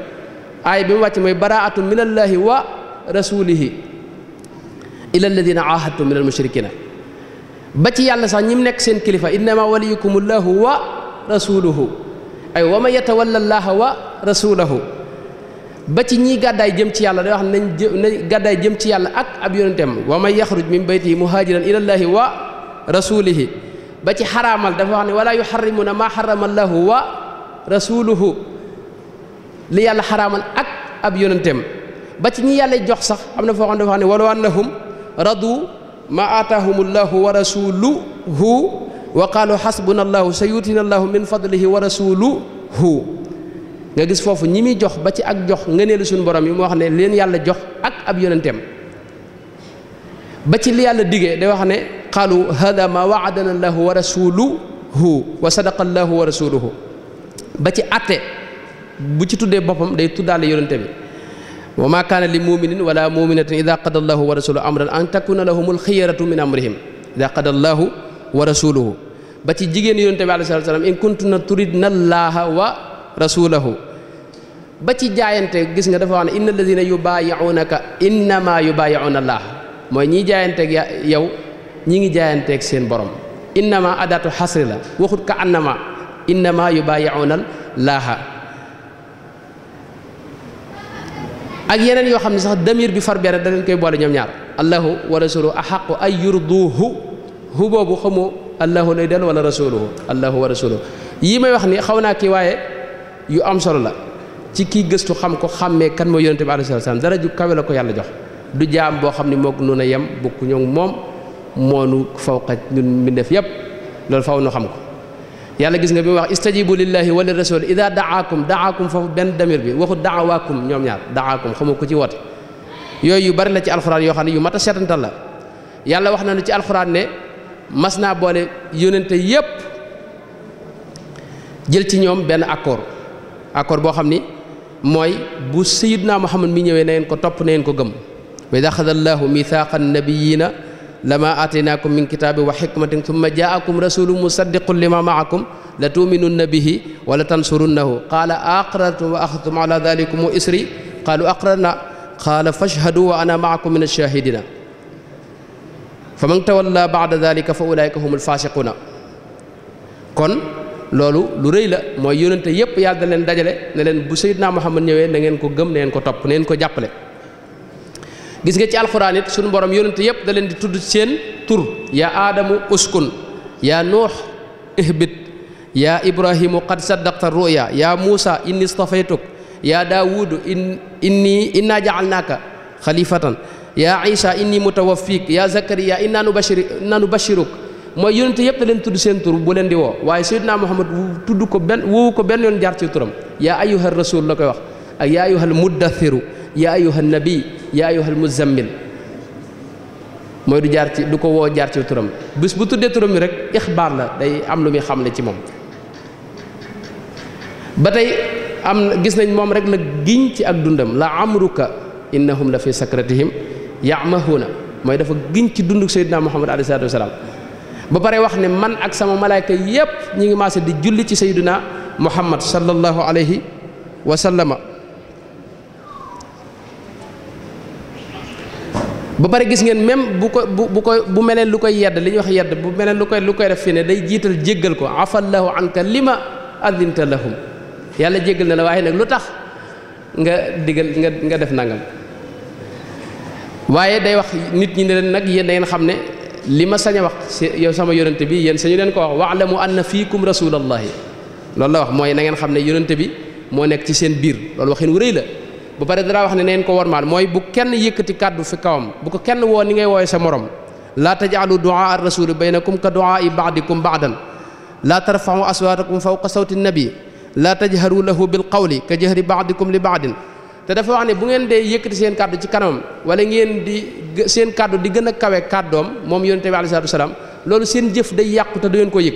aay bi mu wàcc mooy baraatu min allaahi wa rasulihi ila alladina ahadtum min yàlla sax ñi nekk seen kilifa innama waliyukum allahu wa rasuluhu ay wa man yatawalla allaha ba ci ñii gàddaay jëm ci yàlla day wax nañ nañ gàddaay jëm ci yàlla ak ab yonenteem wa man yaxruj min baytihi muhaajiran ilallaahi wa rasulihi ba ci xaraamal dafa wax ne walaa yuxarrimuna maa xarama llaahu wa rasuluhu li yàlla xaraamal ak ab yonenteem ba ci yàlla jox sax am na foo xam dafa wax ne walaw annahum radu maa aataahum llaahu wa rasuluhu wa qaalu xasbuna allaahu sayutina allaahu min fadlihi wa rasuluhu nga gis foofu ñi muy jox ba ci ak jox ngëneelu suñu borom yi mu wax ne leen yàlla jox ak ab yonenteem ba ci li yàlla digee day wax ne qaalu hada ma waadana allahu wa rasuluhu wa sadaqa allahu wa rasuluhu ba ci atte bu ci tuddee boppam day tuddaale yonente bi wa ma kaana li muminin wala muminatin ida qada allahu wa rasuluhu amran an takuna lahumul xiyaratu min amrihim ida qada allahu wa rasuluhu ba ci jigéen yonente bi alayhi salatu salaam in kuntuna turidna wa rasulahu ba ci jaayante gis nga dafa wax ne inna alladina yubaayiunaka innama yubaayiuna allah mooy ñiy jaayanteeg yow ñi ngi jaayanteeg seen borom innama adatu xasri la waxut ka annama innama yubaayiuna laaha ak yeneen yoo xam ne sax damir bi far bere da leen koy boole ñoom ñaar allahu wa rasuluhu ay yurduhu hu boobu xamoo allahu lay del wala rasuluhu allahu wa rasuluhu yii may wax ni xaw naa kii waaye yu am solo la ci kii gëstu xam ko xàmmee kan mooy yonente bi alayhi salaam dara ju kawe la ko yàlla jox du jaam boo xam ne mook nun a yem bokku ñoom moom moonu fawqa ñun mbindeef yépp loolu faw nu xam ko yàlla gis nga bi mu wax istajibu lillahi wa lirrasul ida daakum daakum foofu benn damir bi waxu daawaakum ñoom ñaar daakum xamu ko ci woote yooyu yu bari la ci alxuraan yoo xam ne yu mat a la yàlla wax na ci alxuraan ne boole yónente yépp ci ñoom benn accord boo xam ni mooy bu sayidna muhammad mi ñëwee na ngeen ko topp na ngeen ko gëm wa ida axada allahu mithaqa annabiyina lama aataynaakum min kitaabi wa xikmatin thumma jaakum rasulun musaddiqun lima maakum la tuuminunna bihi wa la tansurunnahu qaala aqrartum wa axadtum ala dalikum isri qaalu aqrarna qaala fashhadu wa ana maakum min alshahidina fa man tawalla baada dalika fa ulaika hum alfasiquna kon loolu lu rëy la mooy yónnante yépp yàlla da leen dajale ne leen bu Seydina Muhammad ñëwee na ngeen ko gëm na ngeen ko topp na ngeen ko jàppale gis nga ci alxuraan it suñu borom yónnante yépp da leen di tudd seen tur yaa aadamu uskun yaa nuux ihbit yaa ibrahimu qad saddaqta ruya yaa muusa inni istafaytuk yaa daawudu inni inna ja'alnaaka xalifatan yaa isa inni mutawaffiik yaa zakariya inna nubashiruk mooy yonente yëpp da leen tudd seen tur bu leen di woo waaye sayyidina Muhammad tudd ko benn woowu ko benn yoon jaar ci turam yaa ayyuhal rasul la koy wax ak yaa ayyuhal muddathiru yaa ayyuhal nabi yaa ayyuhal muzammil mooy du jaar ci du ko woo jaar ci turam bis bu tuddee turam bi rek ixbaar la day am lu muy xamle ci moom ba tey am gis nañ moom rek la giñ ci ak dundam la amruka innahum la fi sakratihim yaamahuuna mooy dafa giñ ci dunduk sayyidina Muhammad alayhi salaatu wasalaam ba pare wax ne man ak sama malaayka yépp ñu ngi maase di julli ci sayyidina muhammad sallallahu alayhi wa sallama ba pare gis ngeen même bu ko bu bu koy bu meleen lu koy yedd li ñuy wax yedd bu meleen lu koy lu koy def fi ne day jiital jéggal ko afallahu anka ma adinta lahum yàlla jéggal na la waaye nag lu tax nga digal nga nga def nangam waaye day wax nit ñi ne leen nag yéen xam ne li ma sañ wax si yow sama yonente bi yéen sañu leen ko wax wa'lamu anna fiikum rasulallahi loolu la wax mooy na ngeen xam ne yonente bi moo nekk ci seen biir loolu waxin wu rëy la bu pare dara wax ne neen ko wormaal mooy bu kenn yëkkati kàddu fi kawam bu ko kenn woo ni ngay wooye sa morom laa tajaalu duaa ar rasuli baynakum ka duaa i baadikum baadan laa tarfau aswaatakum fawqa sawti nabi laa tajharu lahu bil qawli ka baax baadikum li baadin te dafa wax ne bu ngeen dee yëkkati seen kàddu ci kanamam wala ngeen di seen kàddu di gën a kawe kàddoom moom yonent bi alayhi salaatu wasalaam loolu seen jëf day yàqu te du ngeen ko yëg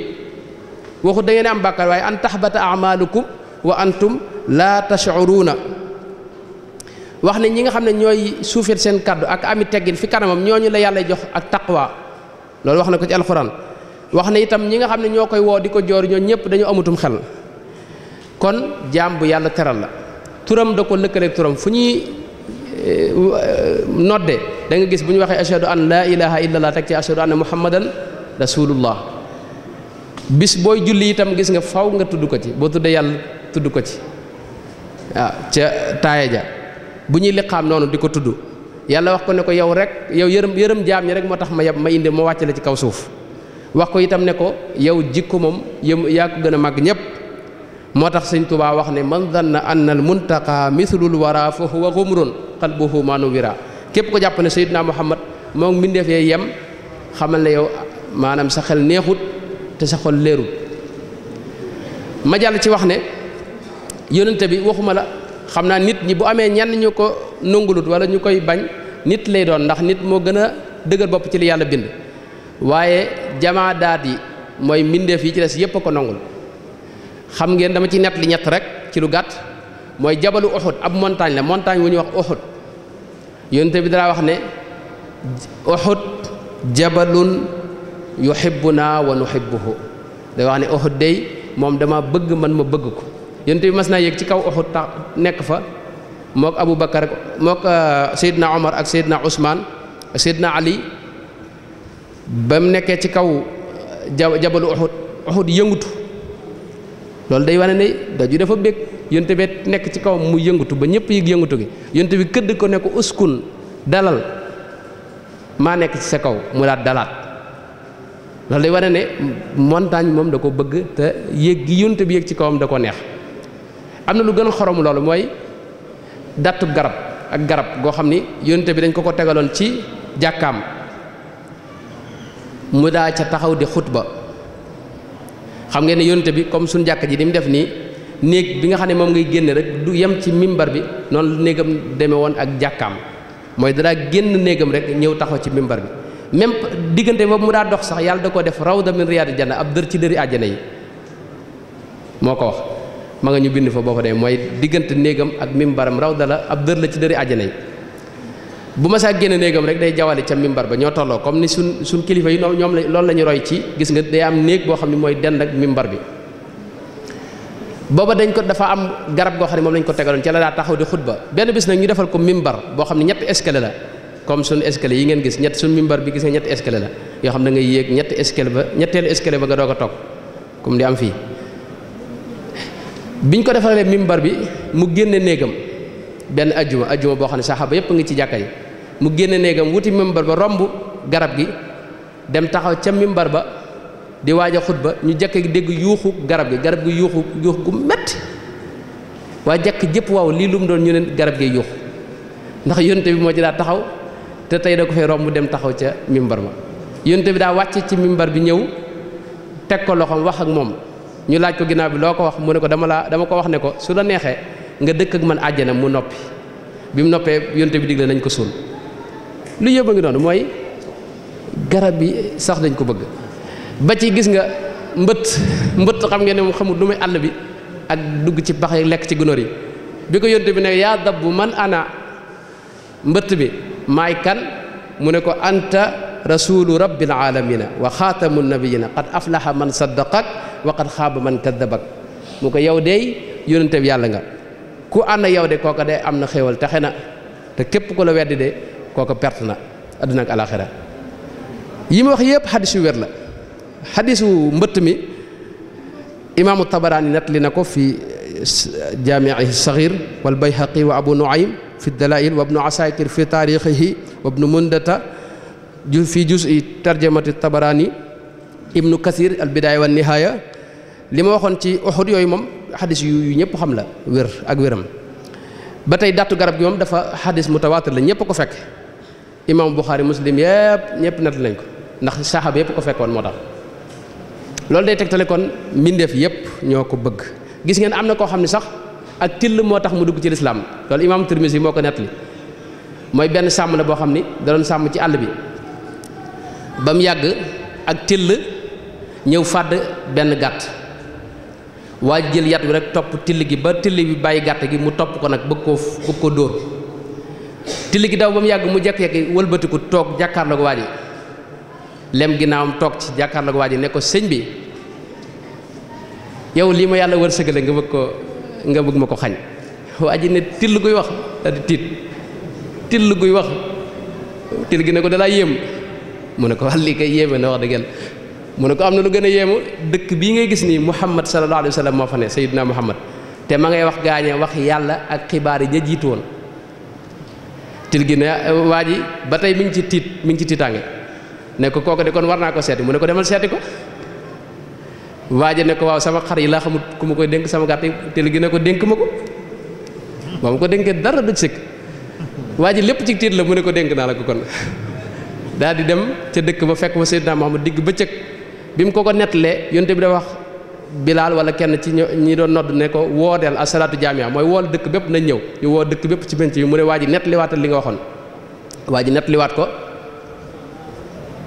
waxu da ngeen am bàkkaar waaye an taxbata amalukum wa antum la tash'uruna wax ne ñi nga xam ne ñooy suufeet seen kàddu ak ami teggin fi kanamam ñooñu la yàlla jox ak taqwa loolu wax na ko ci alxuraan wax ne itam ñi nga xam ne ñoo koy woo di ko joor ñoo ñëpp dañu amutum xel kon jaam bu yàlla teral la turam da ko lëkkaleeg turam fu ñuy eh, nodde da gis bu ñu waxee ashhadu an laa ilaha illallah teg ci ashhadu anna muhammadan rasulullah bis booy julli itam gis nga faw nga tudd ko ci boo tuddee yàlla tudd ko ci waaw ca taaya ja bu ñuy liqaam noonu di ko tudd yàlla wax ko ne ko yow rek yow yërëm yërëm jaam ñi rek moo tax ma yab ma indi moo wàcce la ci kaw suuf wax ko itam ne ko yow jikko moom yëm yaa ko gën a màgg ñëpp moo tax sëñ tubaa wax ne man danna anna al muntaqa mithlul wara fa huwa xumrun qalbuhu manu wira képp ko jàpp ne sayyidina muhammad moo ngi mbindeef yee yem xamal na yow maanaam sa xel neexut te sa xol leerut ma jàll ci wax ne yónnante bi waxuma la xam naa nit ñi bu amee ñenn ñu ko nangulut wala ñu koy bañ nit lay doon ndax nit moo gën a dëgër bopp ci li yàlla bind waaye jamaadaat yi mooy mbindeef yi ci des yépp a ko nangul xam ngeen dama ci nett li ñett rek ci lu gàtt mooy jabalu Uhud ab montagne la montagne wu ñuy wax Uhud yonte bi dara wax ne Uhud jabalun yuhibbuna wa nuhibbuhu day wax ne Uhud day moom dama bëgg man ma bëgg ko yonte bi mas naa yéeg ci kaw Uhud tax nekk fa mook Abu Bakar mook euh, Seydina Omar ak Seydina Ousmane Seydina Ali ba mu nekkee ci kaw euh, jabalu Uhud Uhud yëngutu loolu day wane ne daju dafa bég yonte bi nekk ci kawam mu yëngatu ba ñëpp yëg yëngatu gi yonte bi këdd ko ne ko dalal maa nekk ci sa kaw mu daat dalaat loolu wane ne montagne moom da ko bëgg te gi yonte bi ci kawam da neex am na lu gën xorom loolu mooy dattu garab ak garab goo xam ni yonte bi dañ ko ko tegaloon ci jàkkaam mu daa ca taxaw di ba xam ngeen ne yonte bi comme suñ jàkk ji ni mu def nii néeg bi nga xam ne moom ngay génn rek du yem ci mimbar bi noonu néegam demee woon ak jàkkaam mooy danaa génn néegam rek ñëw taxaw ci mimbar bi même diggante boobu mu daa dox sax yàlla da ko def rawda min riyaadil janna ab dër ci dëri àjjana yi moo ko wax ma nga ñu bind fa boo fa dee mooy diggante néegam ak mimbaram rawda la ab dër la ci dëri àjjana yi bu ma saa génn néegam rek day jawale ca mimbar ba ñoo tolloo comme ni suñ suñ kilifa yi ñoom la loolu la ñu roy ci gis nga day am néeg boo xam ne mooy dend ak mimbar bi booba dañ ko dafa am garab goo xam ne moom lañ ko tegaloon ca la daa taxaw di xutba benn bis nag ñu defal ko mimbar boo xam ne ñetti escalier la comme suñu escalier yi ngeen gis ñett suñu mimbar bi gis nga ñetti escalier la yoo xam ne nga ngay yéeg ñetti escalier ba ñetteelu escalier ba nga doog a toog comme di am fii biñ ko defalee mimbar bi mu génne néegam benn ajjuma ajjuma boo xam ne saxaaba yëpp ngi ci jàkka yi mu génn néegam wuti mimbar ba romb garab gi dem taxaw ca mimbar ba di waaja a xutba ñu jekk dégg yuuxu garab gi garab gi yuuxu yuux gu metti waa jekk jëpp waaw lii lu mu doon ñu ne garab gi yuuxu ndax yonte bi moo ci daa taxaw te tey da ko fay romb dem taxaw ca mimbar ma yonte bi daa wàcc ci mimbar bi ñëw teg ko loxoom wax ak moom ñu laaj ko ginnaaw bi loo ko wax mu ne ko dama laa dama ko wax ne ko su la neexee nga dëkk ak man àjjana mu noppi bi mu noppee yonte bi digle nañ ko suul lu yëpp a ngi doon mooy garab yi sax dañ ko bëgg ba ci gis nga mbëtt mbëtt xam nga ne moom xamul lu muy àll bi ak dugg ci pax lekk ci gunóor yi bi ko yonte bi ne yaa dabbu man ana mbëtt bi maay kan mu ne ko anta rasulu rabbil alamina wa xaatamu nabiyina qad aflaha man saddaqak wa qad xaaba man kaddabak mu ko yow dey yonente bi yàlla nga ku ànd yow de kooka de am na xéewal taxe na te képp ku la weddi de kooka perte na àddina ak alaxira yi ma wax yëpp xadis yu wér la xadisu mbëtt mi imaamu tabaraani nettali na ko fi eh, jaamiihi saxiir wal bayhaqi wa abu nuaym fi dalail wa ibnu asakir fi taarixihi wa ibnu mundata fi juzi tarjamati tabaraani ibnu kasir al wa nihaaya li ma waxoon ci uxud yooyu moom xadis yu ñëpp xam la wér ak wéram ba tey dattu garab gi moom dafa xadis mutawaatir la ñëpp ko fekk imaamu Buxaari muslim yëpp ñëpp nett lañ ko ndax saxaaba yëpp ko fekkoon moo tax loolu day tegtale kon mbindeef yëpp ñoo ko bëgg gis ngeen am na koo xam ne sax ak till moo tax mu dugg ci lislaam loolu imaamu Tirmisi moo ko nettali mooy benn sàmm la boo xam ni da doon sàmm ci àll bi ba mu yàgg ak till ñëw fàdd benn gàtt waa jël yat bi rek topp till gi ba till bi bàyyi gàtt gi mu topp ko nag bëgg koo bëgg koo dóor till gi daw ba mu yàgg mu jekk-jekk wëlbatiku toog jàkkaarloo ko waa ji lem ginnaawam toog ci jàkkaarloo ko waa ji ne ko sëñ bi yow lii ma yàlla war sëgale nga bëgg ko nga bëgg ma ko xañ waa ji ne till guy wax daal di tiit till guy wax till gi ne ko dalaa yéem mu ne ko wax lii kay yéeme na wax dëgg mu ne ko am na lu gën a yéemu dëkk bii ngay gis nii muhammad sallallahu alayhi wa sallam moo fa ne sayyidina muhammad te ma ngay wax gaañe wax yàlla ak xibaar yi ña jiitu woon til ne waa ji ba tey mi ci tiit mi ngi ci tiitaange ne ko kooku de kon war naa ko seeti mu ne ko demal seeti ko waa ji ne ko waaw sama xar yi laa xamut ku ma koy dénk sama gàtt yi til ne ko dénk ma ko moom ko dénkee dara du sëkk waaj lépp ci tiit la mu ne ko dénk naa la ko kon daal di dem ca dëkk ba fekk fa Seydina Muhammad digg bëccëg bi mu ko ko nettalee yonte bi dafa wax bilaal wala kenn ci ñi doon nodd ne ko woodeel asalaatu jaamia mooy wool dëkk bépp nañ ñëw ñu woo dëkk bépp ci penc bi mu ne waa ji nettaliwaatal li nga waxoon waa ji nettaliwaat ko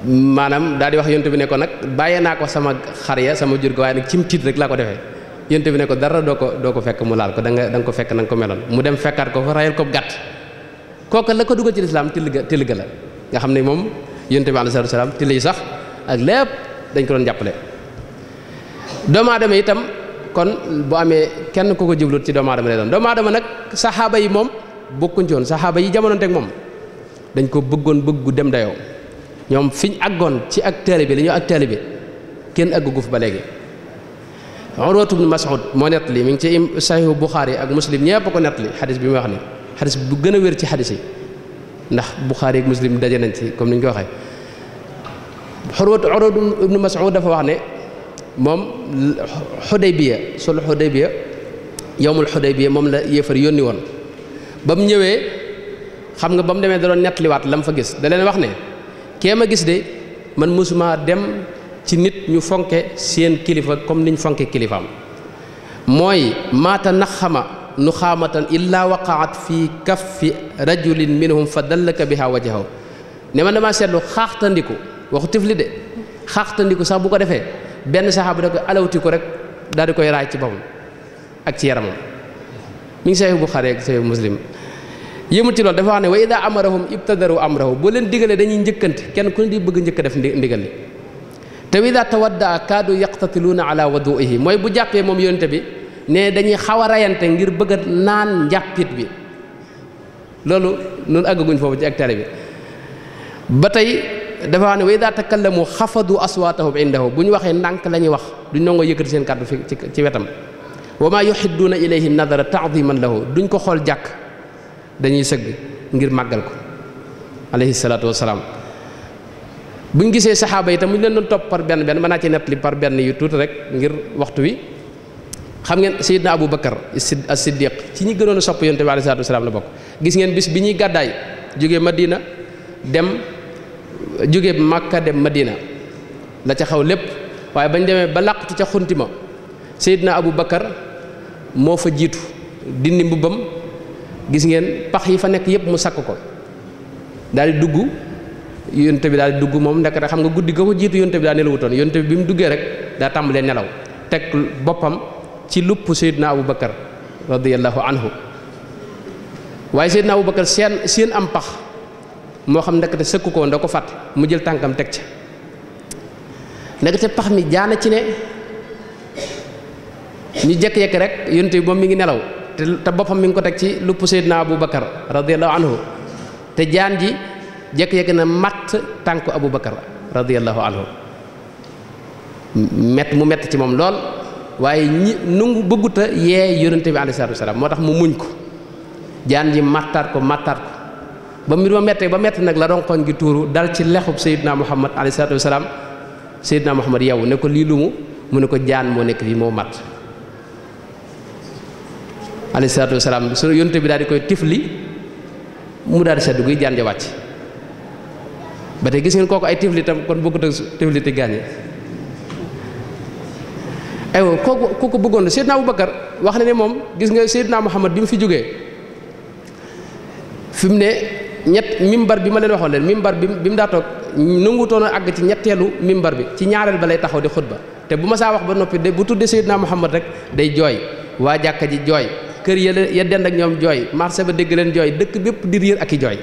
maanaam daal di wax yonte bi ne ko nag bàyyee naa ko sama xar sama jur ga waaye nag cim tiit rek laa ko defee yonte bi ne ko dara doo ko doo ko fekk mu laal ko da nga da ko fekk nanga nga ko meloon mu dem fekkaat ko fa rayal ko gàtt kooka la ko dugal ci lislaam tilga tilga la nga xam ne moom yonte bi alayhi salaatu wa tilli sax ak lépp dañ ko doon jàppale doomu itam kon bu amee kenn ku ko jublut ci doomu aadama lay doon doomu aadama nag saxaaba yi moom bokkuñ ci saxaaba yi jamononteeg moom dañ ko bëggoon bëggu dem dayoo ñoom fiñ aggoon ci ak taalibe li ñoo ak taalibe kenn àggugu fa ba léegi Urwatu ibn Mas'ud moo nett li mi ngi ci saxihu Buxaari ak Muslim ñëpp ko nett li xadis bi muy wax ni xadis bu gën a wér ci xadis yi ndax Buxaari ak Muslim daje nañ ci comme ni ñu ko waxee xurwat urwat ibnu mas'ud dafa wax ne moom xudaybiya sul xudaybiya yowmul xudaybiya moom la yéefar yónni woon ba mu ñëwee xam nga ba mu demee da doon nettaliwaat la mu fa gis da leen wax ne kee ma gis de man mosuma dem ci nit ñu fonke seen kilifa comme niñ fonke kilifaam mooy maata naxama nu xaamatan illaa waqaat fi kaffi rajulin minhum fa dallaka biha wajahu ne man damaa seetlu xaaxtandiku waxu tifli de xaxtandiku sax bu ko defee benn saxaaba da koy alawtiku rek daal di koy raaj ci boppam ak ci yaramam mi ngi saxiix Buxaari ak saxiix Muslim yëmul ci loolu dafa wax ne daa wa ida amarahum am amrahu boo leen digalee dañuy njëkkante kenn ku ne di bëgg njëkk a def ndigal li te wa daa tawaddaa kaadu yaqtatiluuna ala waduihi mooy bu jàppee moom yonente bi ne dañuy xaw a rayante ngir bëgga naan njàppit bi loolu noonu àggaguñ foofu ci bi dafa wax ne wa idaa takallamu xafadu aswaatahum indahu bu ñu waxee ndànk la ñuy wax duñ nangoo yëkkati seen kàddu fi ci wetam wa maa yuxidduuna ilayhi nadara taadiman lahu duñ ko xool jàkk dañuy sëgg ngir màggal ko alayhi salaatu wasalaam buñ gisee saxaaba yi tam mu ñu leen doon topp par benn benn mën naa ci nettali par benn yi tuuti rek ngir waxtu wi xam ngeen sayidna abou bakar as-siddiq ci ñi gënoon a sopp yonte bi alayhi salaatu wasalaam la bokk gis ngeen bis bi ñuy gàddaay jógee madina dem jóge Makka dem Madina la ca xaw lépp waaye bañ demee ba làqutu ca xunti ma na Abu Bakar moo fa jiitu dindi mbubbam gis ngeen pax yi fa nekk yëpp mu sakk ko daal di dugg yonte bi daal di dugg moom ndekete xam nga guddi ga ko jiitu yonte bi daa nelawutoon yonte bi mu duggee rek daa tàmbalee nelaw teg boppam ci lupp Seydina Abu Bakar radiyallahu anhu waaye Seydina Abu Bakar seen seen am pax moo xam ndekete sëkku ko woon da ko fàtte mu jël tànkam teg ca ndekete pax mi jaana ci ne ñu jëkk yekk rek yonent bi moom mi ngi nelaw te te boppam mi ngi ko teg ci lupp Seydina Abu Bakar radiyallahu anhu te jaan ji jëkk jékki na matt tànk Abu Bakar radiyallahu anhu mett mu mett ci moom lool waaye ñi nungu bëgguta yee yonent bi alayhi salaatu wasalaam moo tax mu muñ ko jaan ji mattaat ko mattaat ko ba mbir ma mettee ba metti nag la ronkoñ gi tuuru dal ci lexub Seydina Muhammad alayhi salaatu wasalaam Seydina Muhammad yow ne ko lii lu mu mu ne ko jaan moo nekk fii moo mat alayhi salaatu wasalaam su yonte daal di koy tifli mu daal di sedd guy jaan ja wàcc ba tey gis ngeen kooku ay tifli tam kon bokkut ak tifli ti gaañe aywa kooku kooku bëggoon Seydina Abubakar wax na ne moom gis nga Seydina Muhammad bi mu fi jógee fi ne ñett mimbar bi ma leen waxoon leen mimbar bi bi mu daa toog nangutoon a àgg ci ñetteelu mimbar bi ci ñaareel ba lay taxaw di ba te bu ma saa wax ba noppi de bu tuddee Seydina Muhammad rek day jooy waa jàkka ji jooy kër ya ya dend ak ñoom jooy marché ba dégg leen jooy dëkk bépp di riir ak i jooy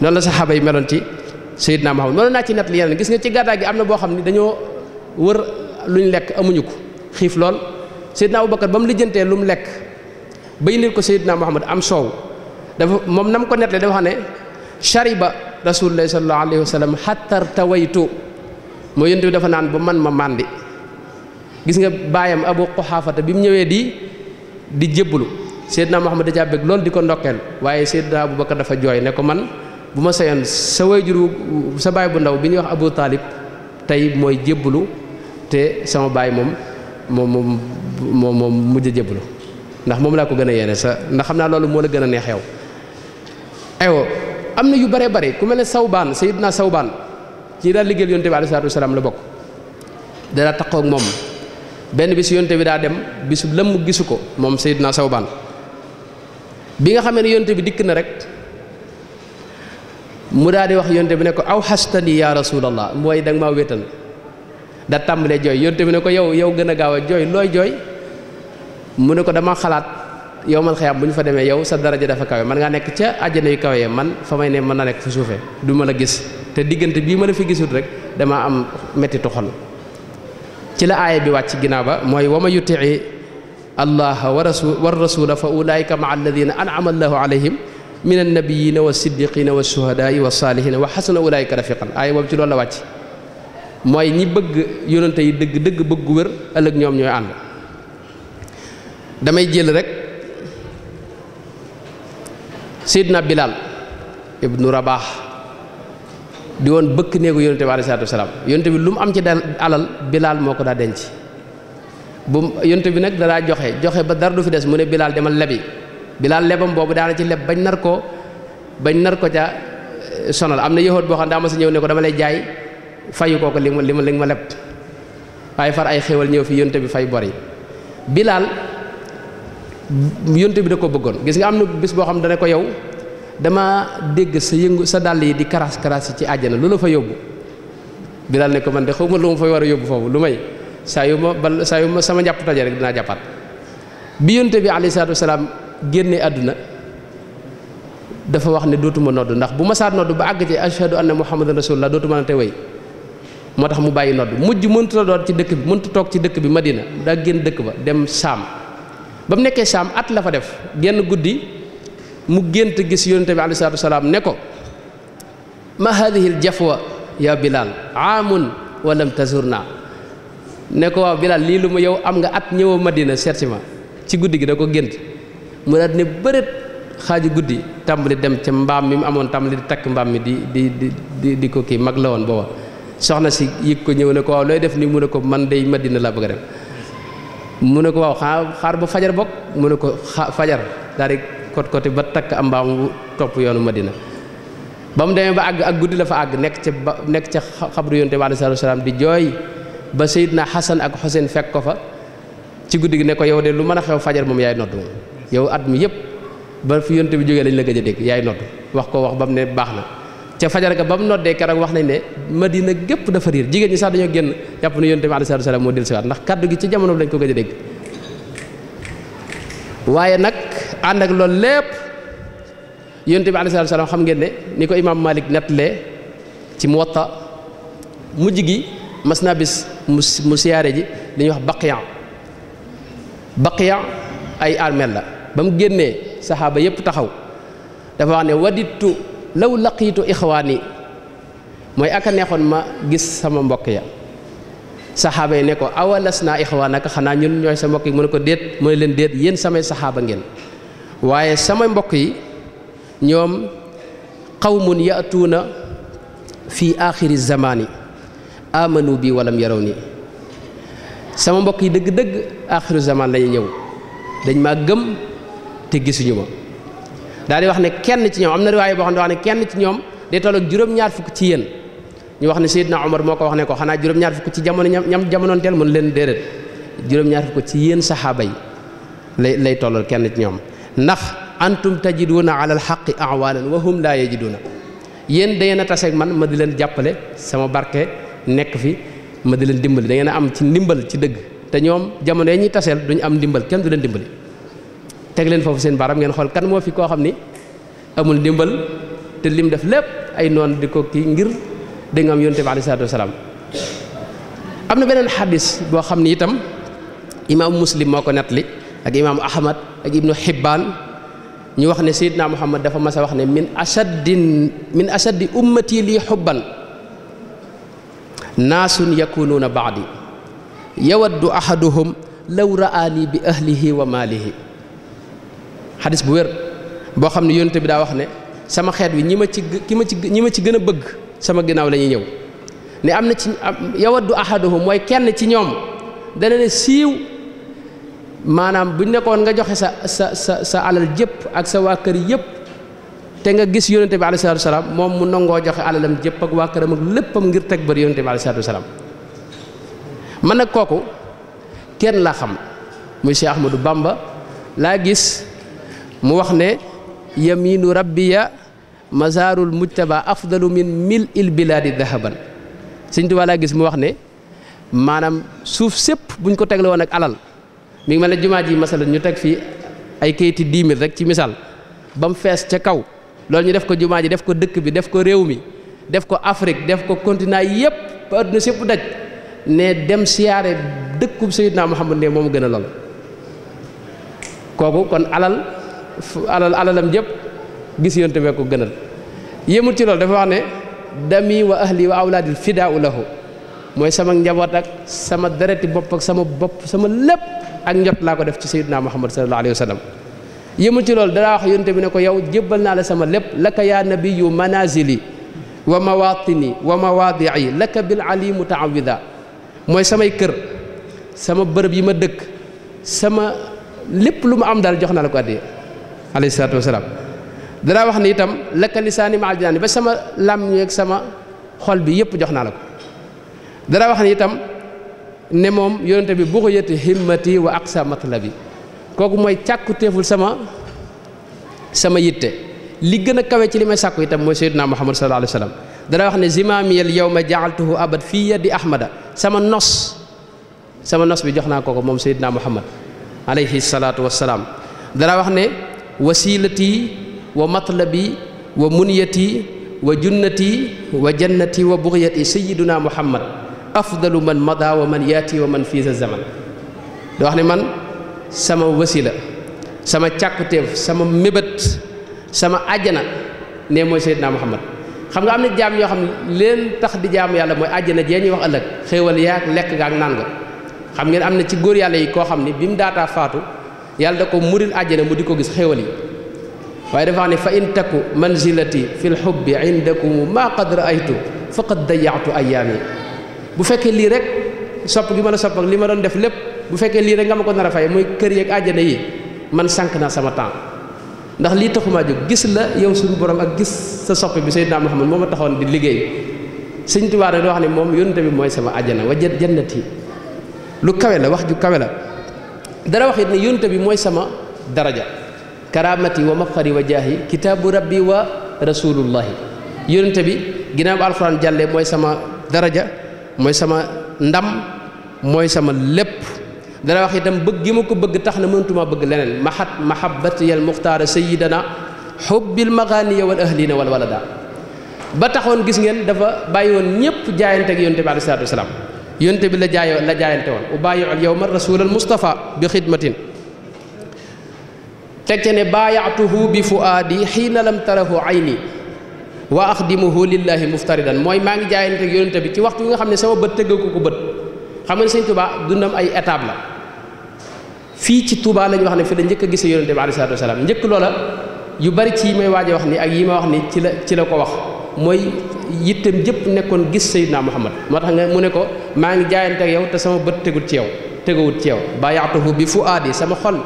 noonu la saxaaba yi meloon ci Seydina Muhammad noonu naa ci nett li yeneen gis nga ci gàddaay gi am na boo xam ne dañoo wër ñu lekk amuñu ko xiif lool Seydina Abubakar ba mu lijjantee lu mu lekk bay indil ko Seydina Muhammad am soow dafa moom nam ko nettali dafa xam ne shariba rasulullahi sallallahu alayhi wa sallam xattar tawaytu moo yonent bi dafa naan ba man ma màndi gis nga baayam abu quxaafata bi mu ñëwee di di jébbalu seydina Muhammad da jàbbeeg loolu di ko ndokkeel waaye seydina Abubakar dafa jooy ne ko man bu ma sayoon sa juru sa baay bu ndaw bi ñuy wax abu taalib tey mooy jébbalu te sama baay moom moom moom moom mujj jébbalu ndax moom laa ko gën a yéene sa ndax xam naa loolu moo la gën a neexew aywa am na yu bare bare ku mel ne sawbaan sayidna sawbaan ci daal liggéeyal yonte bi aleyhi salaatu wasalaam la bokk dara taxaw moom benn bis yonte bi daa dem bisu lëmm gisu ko moom sayidna sawbaan bi nga xamee ne yonte bi dikk na rek mu daal di wax yonte bi ne ko aw xastani ya rasulallah mooy da nga maa wéetal da tàmbalee jooy yonte bi ne ko yow yow gën a gaaw a jooy looy jooy mu ne ko dama xalaat yowmal xiyaam bu ñu fa demee yow sa daraja dafa kawe man nga nekk ca àjjana yu kawe man fa may ne mën naa nekk fa suufee du ma la gis te diggante bii ma la fi gisul rek damaa am mettitu xol ci la aaya bi wàcc ginnaaw ba mooy wa ma yutii allaha wa rasul wa rasula fa ulaayika maa alladina anama allahu alayhim min annabiyina wa siddiqina wa shuhadaai wa saalihina wa xasuna ulaayika rafiqan aaya boobu ci loolu la wàcc mooy ñi bëgg yonante yi dëgg dëgg bëgg wér ëllëg ñoom ñooy ànd damay jël rek Seydina Bilal a baax di woon bëkk néegu yonente bi alayhi salaatu wasalaam bi lu mu am ci daan alal bilaal moo ko daa denc bu yonente bi nag dadaa joxe joxe ba dara fi des mu ne bilaal demal lebi Bilal lebam boobu daana ci leb bañ nar koo bañ nar ko ca eh, sonal am na yowoot boo xam daa ma sa ñëw ne ko dama lay jaay fayu kooku li ma li ma li ma leb waaye far ay xéewal ñëw fi yonente bi fay bor yi yonte bi da ko bëggoon gis nga am na bis boo xam dana ko yow dama dégg sa yëngu sa dàll yi di karaas karaas yi ci àjjana lu la fa yóbbu bi daal ne ko man de xaw ma lu ma fay war a yóbbu foofu lu may saa yu ma bal ma sama njàpp taje rek dinaa jàppaat bi yonte bi alayhi salaatu wasalaam génnee àdduna dafa wax ne dootuma nodd ndax bu ma saa nodd ba àgg ci ashhadu anna muhammadan rasulullah dootuma na te way moo tax mu bàyyi nodd mujj mëntu la doon ci dëkk bi mëntu toog ci dëkk bi madina daa dëkk ba dem saam ba mu nekkee Saam at la fa def genn guddi mu gént gis yonente bi alayhi salaatu wasalaam ne ko ma haadihi ljafwa ya Bilal aamun wa lam tazurna ne ko waaw Bilal lii lu ma yow am nga at ñëwoo Madina seet ma ci guddi gi da ko gént mu daal ne bërét xaaju guddi tàmbali dem ca mbaam mi mu amoon tàmbali di takk mbaam mi di di di di ko kii mag la woon booba soxna si yëg ko ñëw ne ko waaw looy def nii mu ne ko man dey Madina laa bëgg dem mu ne ko waaw xaa xaar ba fajar bokk mu ne ko fajar daal di ba takk am mbaam topp yoonu Madina ba mu demee ba àgg ak guddi la fa àgg nekk ca ba nekk ca xabru yonte bi alayhi salaam di jooy ba naa Xasan ak Xuseen fekk ko fa ci guddi gi ne ko yow de lu mën a xew fajar moom yaay noddu yow at mi yëpp ba fi yonte bi jógee lañ la gëj a dégg yaay noddu wax ko wax ba mu ne baax na ca fajar ga ba mu noddee keroog wax nañ ne madina gépp dafa riir jigéen ñi sax dañoo génn jàpp ne yonent bi alayhi salaatu salaam moo dellusiwaat ndax kaddu gi ci jamono lañ ko gëj dégg waaye nag ànd ak lool lépp yonte bi alayhi salaatu salaam xam ngeen ne ni ko imaam Malik lee ci Muwatta mujj gi mas bis mu mu siyaare ji dañuy wax baqiyan baqiyan ay armeel la ba mu génnee saxaaba yépp taxaw dafa wax ne waditu law laqiitu ixwaani mooy aka neexoon ma gis sama mbokk ya saxaaba yi ne ko awalas naa ixwaanaka xanaa ñun ñooy sa mbokk yi mu ne ko déet mu ne leen déet yéen samay saxaaba ngeen waaye sama mbokk yi ñoom qawmun yatuuna fi aaxiri yi amanu bii bi walam yaraw nii sama mbokk yi dëgg-dëgg aaxiru zamaan lañu ñëw dañ maa gëm te gisuñu ma daal di wax ne kenn ci ñoom am na riwaay boo xam ne kenn ci ñoom day toll juróom-ñaar fukk ci yéen ñu wax ne Seydina Omar moo ko wax ne ko xanaa juróom-ñaar fukk ci jamono ñam jamonoon teel mën leen déedéet juróom-ñaar fukk ci yéen saxaaba yi lay lay tollal kenn ci ñoom ndax antum tajiduuna ala alxaqi awaanan wa hum laa yajiduuna yéen da ngeen a taseeg man ma di leen jàppale sama barke nekk fi ma di leen dimbali da ngeen am ci ndimbal ci dëgg te ñoom jamono yi ñuy taseel duñ am ndimbal kenn du leen dimbali teg leen foofu seen baram ngeen xool kan moo fi koo xam ni amul ndimbal te lim def lépp ay noon di ko kii ngir da nga am bi am na beneen xadis boo xam ni itam imaam muslim moo ko nettali ak imaamu ahmad ak ibnu hibbaan ñu wax ne naa muhammad dafa mas a wax ne min achaddin min achaddi ummati lii xubban naasun yakunuuna baadi yawaddu ahaduhum law ra'aani bi ahlihi wa maalihi xadis bu wér boo xam ne yonent bi daa wax ne sama xeet wi ñi ma ci ma ci ñi ma ci gën a bëgg sama ginnaaw la ñuy ñëw ni am na ci yawaddu ahaduhum mooy kenn ci ñoom dana ne siiw maanaam buñ nekkoon nga joxe sa sa sa sa alal jëpp ak sa waa kër yëpp te nga gis yonente bi alayhi salaatu wasalaam moom mu nangoo joxe alalam jëpp ak waa këram ak léppam ngir teg bër yonente bi alayhi salaatu wasalaam man nag kooku kenn laa xam muy Cheikh Ahmadou Bamba laa gis mu wax ne yaminu rabbiya mazaarul mujtaba afdalu min mil il bilaadi dahaban sëñ Tuubaa laa gis mu wax ne maanaam suuf sépp buñ ko tegle woon ak alal mu ngi mel ne jumaa ji masala ñu teg fii ay kayiti dix mille rek ci misaal ba mu fees ca kaw loolu ñu def ko jumaa ji def ko dëkk bi def ko réew mi def ko Afrique def ko continent yëpp ba àdduna sépp daj ne dem siyaare dëkkub Seydina Muhammad ne moom gën a lool kooku kon alal alal alalam jëpp gis yonte bee ko gënal yëmut ci loolu dafa wax ne dami wa ahli wa awlaadil fidaa u lahu mooy sama njaboot ak sama dereti bopp ak sama bopp sama lépp ak njot laa ko def ci sayyidina muhammad sallallahu alayhi wa sallam yëmut ci loolu bi ne ko yow jébbal naa la sama lépp laka yaa nabiyu manazili wa mawatini wa mawaadii laka bil alimu taawida mooy samay kër sama bërëb yi ma dëkk sama lépp lu ma am daal jox naa la ko addiya alayhi salaatu wasalaam danaa wax ni itam lakka lisaani ma aljinaani ba sama làmmiñ sama xol bi yëpp jox naa la ko danaa wax ne itam ne moom yonente bi bu ko yëtti himmati wa aqsa matlabi kooku mooy càkku téeful sama sama yitte li gën a kawe ci li may sàkku itam mooy sayyidina muhammad sallallahu alayhi wa sallam wax ne zimaamiyal yawma jaaltuhu abad fii yadi ahmada sama nos sama nos bi jox naa ko moom sayyidina muhammad alayhi salaatu wassalaam danaa wax ne wasiilati wa matlabi wa munyati wa junnati wa jannati wa bugyati sayyiduna muhammad afdalu man mada wa man yaati wa man fii sa zaman di wax ne man sama wasila sama càkkutéef sama mébét sama àjjana ne mooy sayyiduna muhammad xam nga am na jaam yoo xam ne leen tax di jaamu yàlla mooy àjjana jee ñuy wax ëllëg xéewal yaak lekk nga ak naan nga xam ngeen am na ci góor yàlla yi koo xam ne bi mu daataa faatu yàlla da ko muril àjjana mu di ko gis xéwal yi waaye dafa wax ne fa in takku manzilati fi lxubbi indakum maa qad raaytu faqad dayaatu ayaami bu fekkee lii rek sopp gi ma a sopp ak li ma doon def lépp bu fekkee lii rek nga ma ko nar a fay muy kër yeeg àjjana yi man sànq naa sama temps ndax lii taxumaa jóg gis la yow suñu borom ak gis sa sopp bi Seydina Muhammad moo ma taxoon di liggéey Sëñ na da wax ne moom yónnte bi mooy sama àjjana wa jannati lu kawe la wax ju kawe la dara wax it ne yonent bi mooy sama daraja karaamati wa mafxari wa jaahi kitaabu rabbi wa rasulullahi yonent bi ginnaaw alxuraan jàllee mooy sama daraja mooy sama ndam mooy sama lépp dara wax itam bëgg gi ma ko bëgg tax na mënatuma bëgg leneen mahat mahabbati al muxtaara sayidana xubbil maxaaniya wal ahlina wal walada ba taxoon gis ngeen dafa bàyyi woon ñëpp jaayante ak yonent bi alayhi salaatu wasalaam yonte bi la jaayoo la jaayante woon ubaayiul yawma rasulal mustafa bi xidmatin teg ca ne baayaatuhu bi fuaadi xiina lam tarahu ayni wa axdimuhu lillahi muftaridan mooy maa ngi jaayante ak yonente bi ci waxtu yi nga xam ne sama bët tëgg ko ko bët xam nga sëñ Tuubaa dundam ay étape la fii ci Tuubaa lañu wax ne fi la njëkk a gisee yonente bi alayhi salaatu wasalaam njëkk loola yu bari ci yi may waaj a wax ni ak yi ma wax ni ci la ci la ko wax mooy yittem jëpp nekkoon gis Seydina Muhammad moo tax nga mu ne ko maa ngi jaayante ak yow te sama bët tegul ci yow teguwut ci yow baayaatuhu bi fu fuaadi sama xol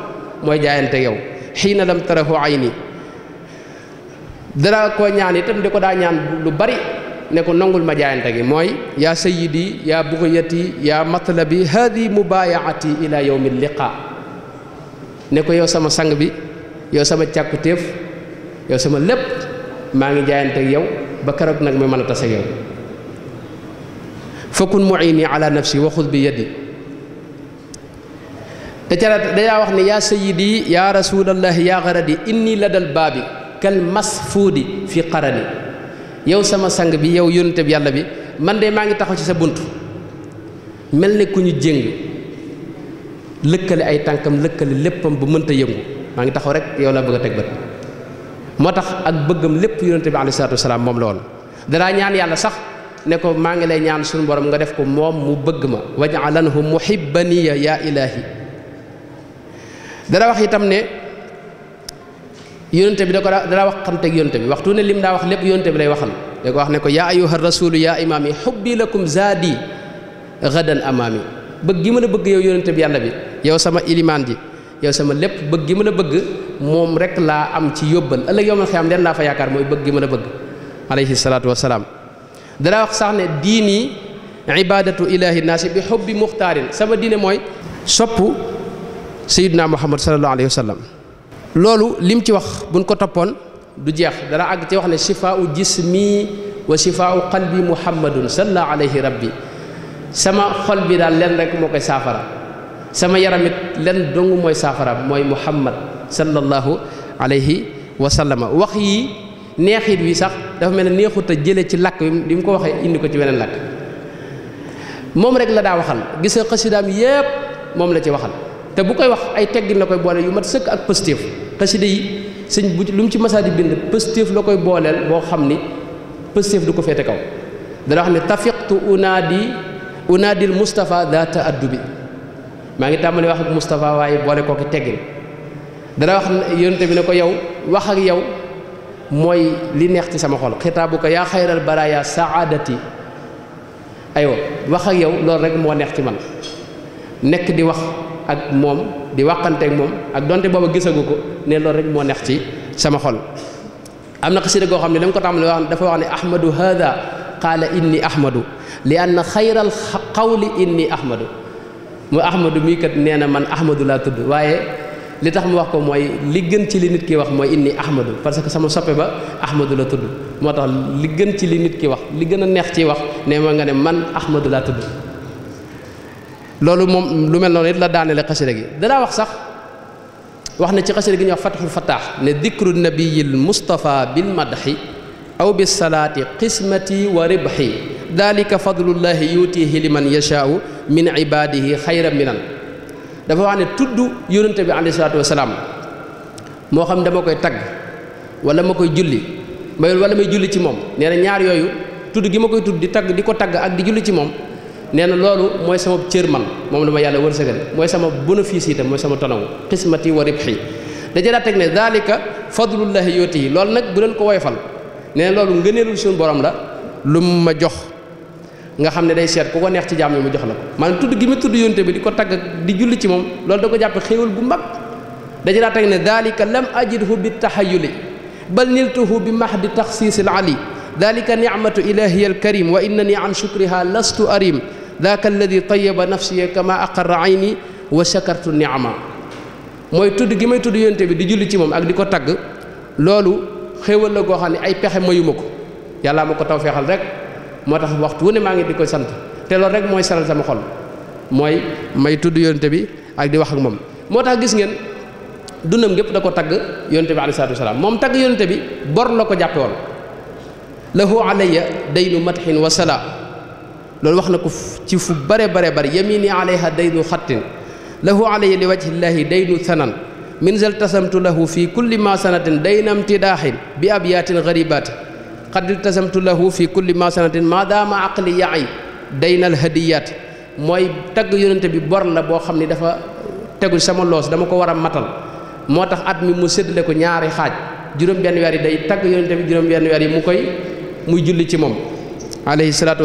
mooy jaayante ak yow xiina lam tarahu ayni dara koo ñaan itam di ko daa ñaan lu bari ne ko nangul ma jaayante gi mooy yaa sayidi yaa buxiyati yaa matlabi hadi mubayaati ila yawmi liqa ne ko yow sama sang bi yow sama càkkutéef yow sama lépp maa ngi jaayante ak yow ba keroog nag muy mën a tase yow fakun muini ala nafsi wa xud bi yadi te ca dayaa wax ne yaa sayidi yaa rasulallahi yaa garadi inni la dal baabi kal masfuudi fi qarani yow sama sang bi yow yónnte yàlla bi man de maa ngi taxaw ci sa bunt mel ni ku ñu jéng lëkkale ay tànkam lëkkale léppam bu mënta yëngu maa ngi taxaw rek yow laa bëgg a teg bët moo tax ak bëggam lépp yonente bi alayhi salaatu moom la woon danaa ñaan yàlla sax ne ko maa ngi lay ñaan sunu borom nga def ko moom mu bëgg ma wajalanhu muhibbaniya yaa ilaahi dana wax itam ne yonente bi da ko daa wax xamteg yonente bi waxtu ne lim daa wax lépp yonente bi lay waxal da ko wax ne ko yaa ayyuha rasulu yaa imaami xubbi lakum zaadi gadan amaami bëgg gi mën a bëgg yow yonente bi yàlla bi yow sama ilimaan ji yow sama lépp bëgg gi mën a bëgg moom rek laa am ci yóbbal ëllëg yow ma xiyam leen laa fa yaakaar mooy bëgg gi mën a bëgg alayhi salaatu wasalaam danaa wax sax ne diini bi xubbi muxtaarin sama mooy sopp sayiduna muhammad salallahu alayhi wa sallam loolu lim ci wax buñ ko toppoon du jeex dana àgg ci wax ne shifaau jismi wa shifaau qalbi muhammadun salla alayhi rabbi sama xol bi daal leen rek moo koy saafara sama yaram it lenn dong mooy saafaraam mooy muhammad sallallahu alayhi wa sallama wax yi neexit wi sax dafa mel ne neexut a jële ci làkk bi mu ko waxee indi ko ci weneen làkk moom rek la daa waxal gis nga xasidaam yépp moom la ci waxal te bu koy wax ay teggin la koy boole yu mat sëkk ak pëstéef xasida yi sëñ bu lu mu ci masaa di bind pësteef la koy booleel boo xam ni pëstéef du ko féete kaw dana wax ne tafiqtu unaadi unaadil mustafa daata addu bi maa ngi tàmbali wax ak Moustapha waaye boole kooki teggin dana wax yonente bi ne ko yow wax ak yow mooy li neex ci sama xol xitaabu ko yaa xayral baraaya saadati aywa wax ak yow loolu rek moo neex ci man nekk di wax ak moom di waxante ak moom ak donte booba gisagu ko ne loolu rek moo neex ci sama xol am na xasida koo xam ne dama ko tàmbali wax dafa wax ne ahmadu hada qaala inni ahmadu li anna xayral qawli inni ahmadu mu ahmadu mii kat nee na man ahmadu laa tudd waaye li tax mu wax ko mooy li gën ci li nit ki wax mooy inni ahmadu parce que sama soppe ba ahmadu la tudd moo tax li gën ci li nit ki wax li gën a neex ci wax ne ma nga ne man ahmadu laa tudd loolu moom lu mel noonu it la daanele xasida gi danaa wax sax wax na ci xasida gi ñu wax fatxul fataax ne dikru nabiyil mustafa bil madxi aw bis salaati qismati wa ribxi dalika fadlullahi yuutihi liman yashaau min ibaadihi xayran minan dafa wax ne tudd yónente bi alayhi salaatu wasalaam moo xam dama koy tagg wala ma koy julli may wala may julli ci moom nee na yooyu tudd gi ma koy tudd di tagg di ko tagg ak di ci moom nee na loolu mooy sama cër man moom dama yàlla wërsëgal mooy sama bénéfice itam mooy sama tonawu xismati wa ribxi da jëlaat teg ne dalika fadlullahi yuutihi loolu nag bu leen ko woyfal nee na loolu ngëneelul suñu borom la lu mu ma jox nga xam ne day seet ku ko neex ci jaam yi mu jox la ko maanaam tudd gi mu tudd yonte bi di ko tagg di julli ci moom loolu da ko jàppe xéewal bu mag dañu daa teg ne dalika lam ajidhu bi taxayuli bal niltuhu bi mahdi taxsiisil ali dalika nicmatu ilahiya alkarim wa innani an shukriha lastu arim daaka alladi tayaba nafsiya kama aqarra ayni wa shakartu nicma mooy tudd gi may tudd yonte bi di julli ci moom ak di ko tagg loolu xéewal la goo xam ne ay pexe mayuma ko yàllaa ma ko tawfeexal rek moo tax waxtu wu ne maa ngi di ko sant te loolu rek mooy saral sama xol mooy may tudd yoonte bi ak di wax ak moom moo tax gis ngeen dundam gépp da ko tagg yonte bi alayhi salaatu wasalaam moom tagg yonte bi bor la ko jàppe woon lahu alayya daynu matxin wa sala loolu wax na ko ci fu bare bare bare yamini alayha daynu xattin lahu alayya li wajhillahi daynu sanan min zaltasamtu lahu fi kulli ma sanatin dayna imtidaaxin bi ab abyaatin garibaati xad iltasamtu lahu fi kulli masanatin maadaama aqli yaay daynal hadiyaat mooy tagg yonente bi bor la boo xam ni dafa tegu sama loos dama ko war a matal moo tax at mi mu séddale ko ñaari xaaj juróom-benn weer yi day tagg yonente bi juróom-benn weer yi mu koy muy julli ci moom alayhi salaatu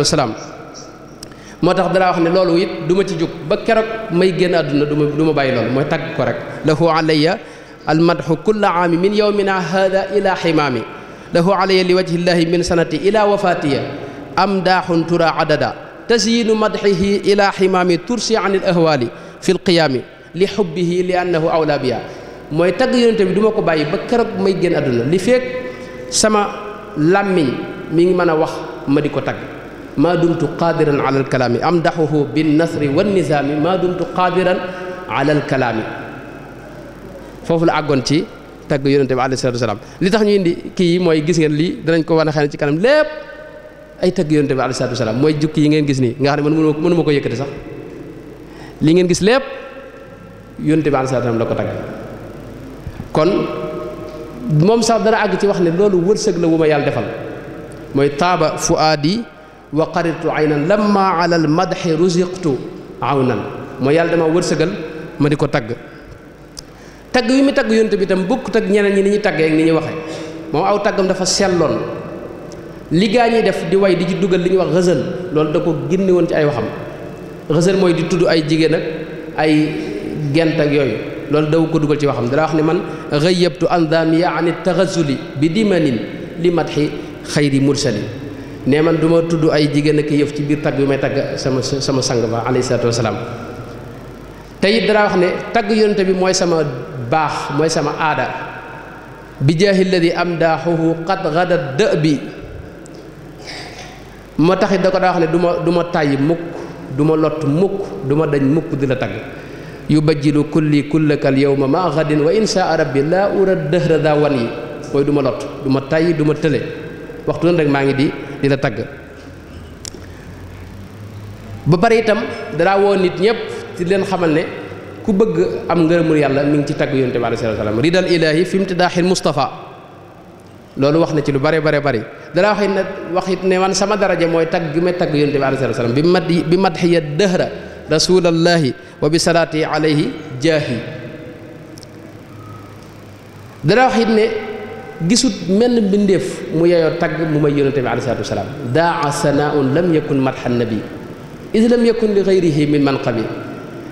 moo tax dara wax ne loolu it duma ci jóg ba keroog may génn àdduna du ma du ma bàyyi loolu mooy tagg ko rek lahu alayya almadxu kulla aami min yowmina hada ila ximaami lahu alaya li wajhi min sanati ila wafatiya am tura adada tasyiinu madxihi ila ximaami tursi an il fi lqiyaami li xubbihi li awla biya mooy tagg yonente bi du ma ko bàyyi ba keroog may génn àdduna li feek sama làmmiñ mi ngi mën a wax madi ko tagg maa dumtu qaadiran ala alkalaami am daxuhu bin nasri wan nizaami maa dumtu ala alkalaami foofu la tagg yonente bi alayhi salaatu wasalaam li tax ñu indi kii yi mooy gis ngeen lii danañ ko wane xëy na ci kanam lépp ay tagg yonente bi alayhi salaatu wasalaam mooy jukki yi ngeen gis nii nga xam ne mënu mënu ma ko yëkkati sax li ngeen gis lépp yonente bi alayhi salaatu wasalaam la ko tagg kon moom sax dana àgg ci wax ne loolu wërsëg la wu ma yàlla defal mooy taaba fuaadi wa qaritu aynan lamma ala al madxi ruziqtu awnan mooy yàlla dama wërsëgal ma di ko tagg tagg yu mu tagg yonent bi tam bokkut ak ñeneen ñi ni ñu taggee ak ni ñuy waxee moom aw taggam dafa selloon li gaa ñuy def di way di ci dugal li ñuy wax xësal loolu da ko génne woon ci ay waxam xësal mooy di tudd ay jigéen ay gent ak yooyu loolu daw ko dugal ci waxam dara wax ne man xëyyabtu andamiya an taxasuli bi di dimanin li mat matxi xayri mursali ne man du tudd ay jigéen ak yëf ci biir tagg yu may tagg sama sama sang ba alayhi salaatu wasalaam tey it wax ne tagg yonte bi mooy sama baax mooy sama aada bi jaahi lladi am daaxuhu qad gadat dë bi moo taxit da ko daa wax ne du ma du tàyyi mukk du ma lott mukk du ma dañ mukk di la tagg yubajjilu kulli kullakal yowma ma gadin wa inshaa rabbi laa ura dëhra daa wan yi mooy du ma du ma tàyyi du ma tële waxtu nan rek maa ngi di di la tagg ba pare itam danaa woo nit ñëpp ci leen xamal ne ku bëgg am ngërëmul yàlla mi ngi ci tagg yonte bi alayhi salaatu salaam ridal ilaahi fi imtidaaxil Mustafa loolu wax na ci lu bare bare bari dara wax it ne wax it ne man sama daraja mooy tagg gi may tagg yonte bi alayhi salaatu salaam bi mad bi madxiya dëhra rasulallaahi wa bi salaati alayhi jaahi dara wax it ne gisut menn mbindéef mu yeyoo tagg mu may yonente bi alayhi salaatu wasalaam daa sanaun lam yakun madxan nabi id lam yakun li gayrihi min manqabi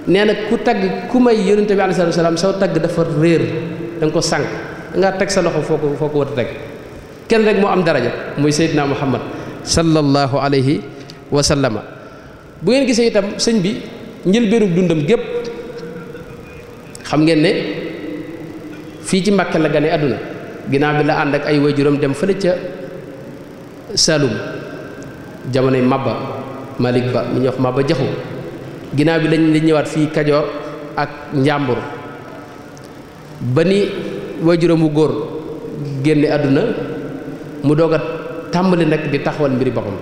nee nag ku tagg ku may yonente bi alayhi salaam soo tagg dafa réer da ko sànq da ngaa teg sa loxo foo ko foo ko war a teg kenn rek moo am daraja muy Seydina Muhammad sallallahu alayhi wa sallama bu ngeen gisee itam sëñ bi njëlbéenu dundam gépp xam ngeen ne fii ci Mbàkke la gane àdduna ginnaaw bi la ànd ak ay waajuram dem fële ca Saloum jamonoy Mabba Malik Ba mi ñuy wax Jaxu ginnaaw bi dañ dañ ñëwaat fii Kajoor ak Njàmbur ba ni waajuram wu góor génne àdduna mu doog tàmbali nag di taxawal mbiri boppam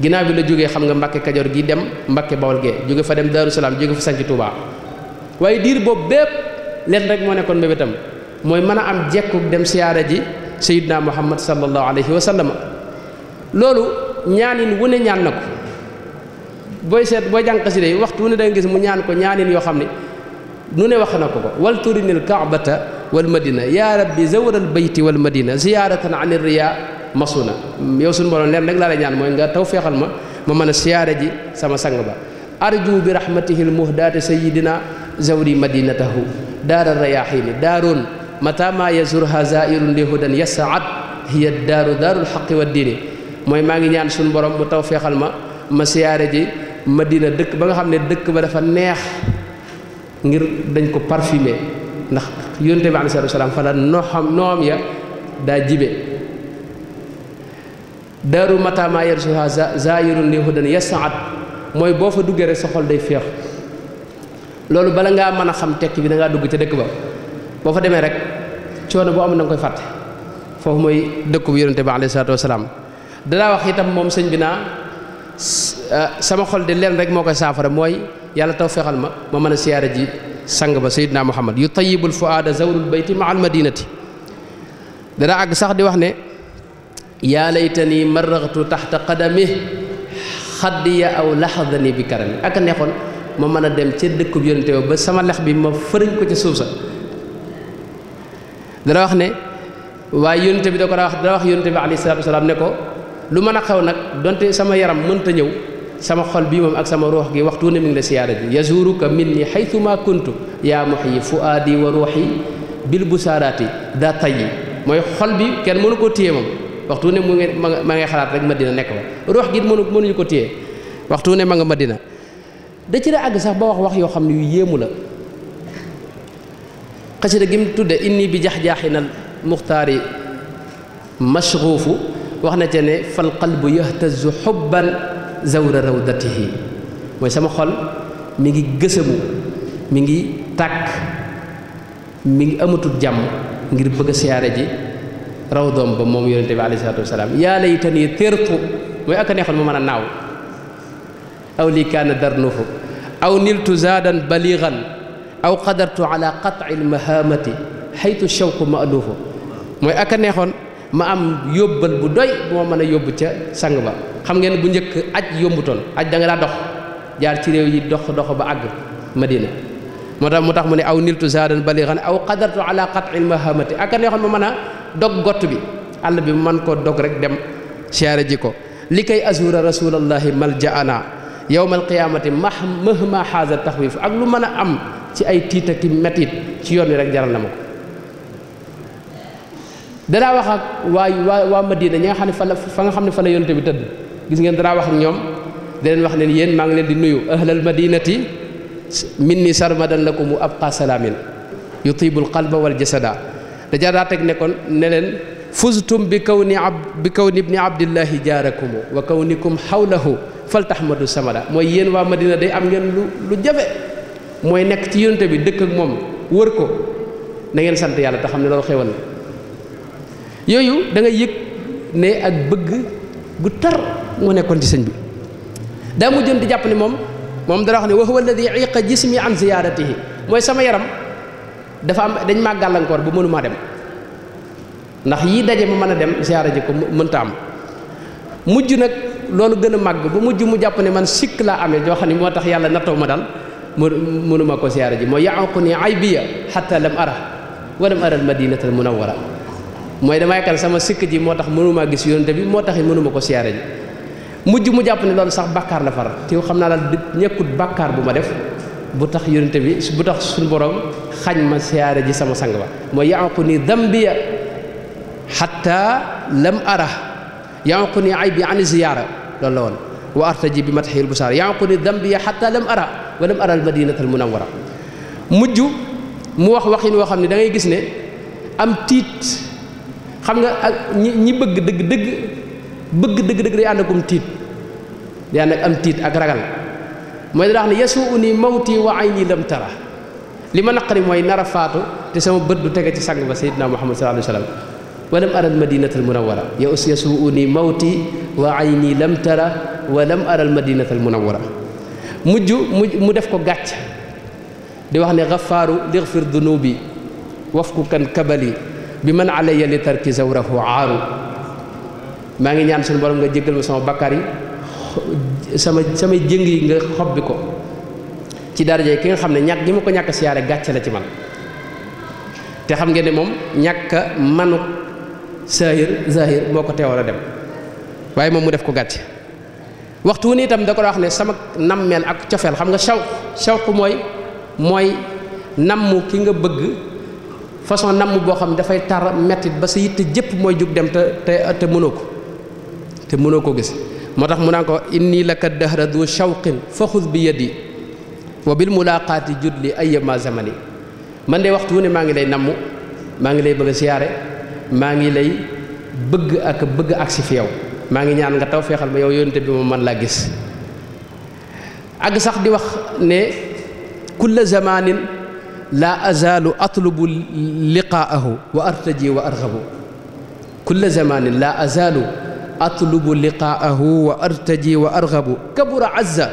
ginnaaw bi la jógee xam nga Mbàkke Kajoor gi dem Mbàkke Bawol gee jóge fa dem Daaru Salaam jóge fa sanc Tuubaa waaye diir boobu bépp leen rek moo nekkoon mbébétam mooy mën a am jekku dem siyaara ji sayyidna Muhammad sallallahu alayhi wa sallam loolu ñaanin wu ne ñaan na ko booy seet booy jàng xasida yi waxtu ne da gis mu ñaan ko ñaanin yoo xam ne nu ne wax na ko ko wal turinil kaabata wal madina yaa rabbi zawral bayti wal madina ziyaaratan anir riya masuna yow suñu borom leen rek laa lay ñaan mooy nga taw feexal ma ma mën a siyaare ji sama sang ba arju bi rahmatihil muhdaati sayidina zawri madinatahu daara rayaxiini daaroon mata ma yazurha zairun li hudan yasaat hiya daaru daarul xaqi wa diini mooy maa ngi ñaan suñu borom mu taw feexal ma ma siyaare madina dëkk ba nga xam ne dëkk ba dafa neex ngir dañ ko parfumé ndax yonte bi alayhi salaam fa la noxam noom ya daa jibe daaru matama yarsuha zaayirun li hudan yasaat mooy boo fa duggee rek sa xol day féex loolu bala ngaa mën a xam tekki bi da ngaa dugg ca dëkk ba boo fa demee rek coono boo am na koy fàtte foofu mooy dëkku bu yonente bi alayhi salaatu wasalaam danaa wax itam moom sëñ bi naa Ah, sama xol di leen rek moo koy saafara mooy yàlla taw fexal ma ma mën a siyaara ji sang ba sayyidina muhammad yu tayyibul fuaada zawrul bayti ma al madinati dana àgg sax di wax ne ma laytani tax taxta qadami xaddiya aw laxadani bi karami ak a neexoon ma mën a dem ca dëkkub yonente ba ba sama lex bi ma fëriñ ko ca suuf sa dana wax ne waaye yonente bi da ko daa wax dana wax yonente bi alayhi salaatu wasalaam ne ko lu mën a xew nag donte sama yaram mënta ñëw sama xol bii moom ak sama ruux gi waxtu ne mi ngi la siyaara ji yazuruka minni haythuma kuntu yaa muhyi fuaadi wa ruuxi bil bu busaaraati daa tayyi mooy xol bi kenn mënu koo téye moom waxtu ne mu ngi ma ngay xalaat rek madina nekk fa ruux gi mënu mënuñu ko téye waxtu ne ma nga madina da ci la àgg sax ba wax wax yoo xam ne yu yéemu la xasida gi mu tudde inni bi jax-jaaxi nal muxtaari mashruufu wax na ca ne fal qalbu yahtazu xubban zawra rawdatihi mooy sama xol mi ngi gësamu mi ngi tàkk mi ngi amatul jàmm ngir bëgg a siyaare ji raw doom ba moom yonente bi alayhi salaatu wasalaam yaa laytani tirtu mooy ak a neexoon mu mën a naaw aw lii kaana darnuhu aw niltu zaadan baligan aw qadartu ala qatci almahamati xaytu shawqu maaluuhu mooy ak neexoon ma am yóbbal bu doy bu mën a yóbbu ca sang ba xam ngeen bu njëkk aj yombutoon aj da nga daa dox jaar ci réew yi dox dox ba àgg madina moo tax mu tax mu ne aw niltu zaadan balixan aw qadartu ala qatil mahamati ak neexoon ma mën a dog gott bi àll bi man koo dog rek dem siyaare ji ko li kay azura rasulallahi maljaana yowma alqiyamati mah mahma xaasa taxwif ak lu mën a am ci ay tiita ki i ci yoon wi rek jaral na ma ko danaa wax ak waa waa waa Madina ñi xam ne fa la fa nga xam ne fa la yonte bi tëdd gis ngeen danaa wax ak ñoom di wax ne yéen maa ngi leen di nuyu ahlal madinati minni sarmadan lakum wa abqa salaamin yutibul qalba wal jasada dajaa daa teg nekkoon ne leen fuztum bi kawni ab bi kawni ibni abdillahi jaarakum wa kawnikum xawlahu faltahmadu samada mooy yéen waa Madina day am ngeen lu lu jafe mooy nekk ci yonte bi dëkk ak moom wër ko na ngeen sant yàlla te xam ne loolu xéwal na yooyu dangay yëg ne ak bëgg gu tar moo nekkoon ci sëñ bi daa mujjoon di jàpp ni moom moom dana wax ne wa huwa alladi iqa jismi an ziyaaratihi mooy sama yaram dafa am dañ maa gàllankoor bu mënumaa dem ndax yii daje ma mën a dem ziyaara ji ko mu mënta am mujj nag loolu gën a màgg ba mujj mu jàpp ne man sikk laa amee joo xam ne moo tax yàlla nattoo ma daal mu mënuma ko ziyaara ji mooy yaaqu ni aybiya xatta lam ara walam ara al madinata al munawara mooy dama yaakaar sama sikk ji moo tax mënumaa gis yonent bi moo tax mënuma ko siyaare ji mujj mu jàpp ne loolu sax bàkkaar la far te xam naa daal ñekkut bàkkaar bu ma def bu tax yonent bi bu tax suñu borom xañ ma siyaare ji sama sang ba mooy yànqu ni dambiya xatta ara yànqu ni ay bi ani ziyaara loolu la woon wa artaji bi matxil bu saar yànqu ni dambiya xatta lam ara wa lam ara al madinatal munawwara mujj mu wax waxin woo xam ne dangay gis ne am tiit xam nga ak ñi ñi bëgg dëgg dëgg bëgg dëgg dëgg day ànd akum tiit day ànd ak am tiit ak ragal mooy da wax ne yasuu ni mawti wa ayni tara li ma naqari mooy nara faatu te sama bët du tege ci sang ba sayyidina muhammad sallallahu alayhi wa sallam walam aral madinata al munawwara yas yasuu ni wa ayni lam tara walam aral madinata al mujj mu def ko gàcc di wax ne xafaaru lixfir dunubi wafku kan kabali bi man alayya li tarki zawrahu aaru maa ngi ñaan suñu borom nga jéggal ma sama bakkaar yi sama samay jëng yi nga xobbi ko ci daraja ki nga xam ne ñàkk gi ma ko ñàkk siyaare gàcce la ci man te xam ngeen ne moom ñàkk manu saahir zahir moo ko teewal a dem waaye moom mu def ko gàcce waxtu wu ni itam da ko wax ne sama nammeel ak cofeel xam nga shawq shawq mooy mooy nammu ki nga bëgg façon namm boo xam ne dafay tar mettit ba sa yitte jëpp mooy jug dem te te te mënoo ko te mënoo ko gis moo tax mu naan ko inni laka dahra du shawqin fa xud bi yadi wa bil mulaqaati jud li ayyama zamani man de waxtu wu ne maa ngi lay namm maa ngi lay bëgg a maa ngi lay bëgg ak bëgg fi yow maa ngi ñaan nga taw feexal ma yow yonente bi ma man laa gis àgg sax di wax ne kulla zamanin laa azaalu atlubu liqaahu wa artaji wa arxabu kulla zamanin laa azaalu atlubu liqaahu wa artaji wa arxabu kabura azza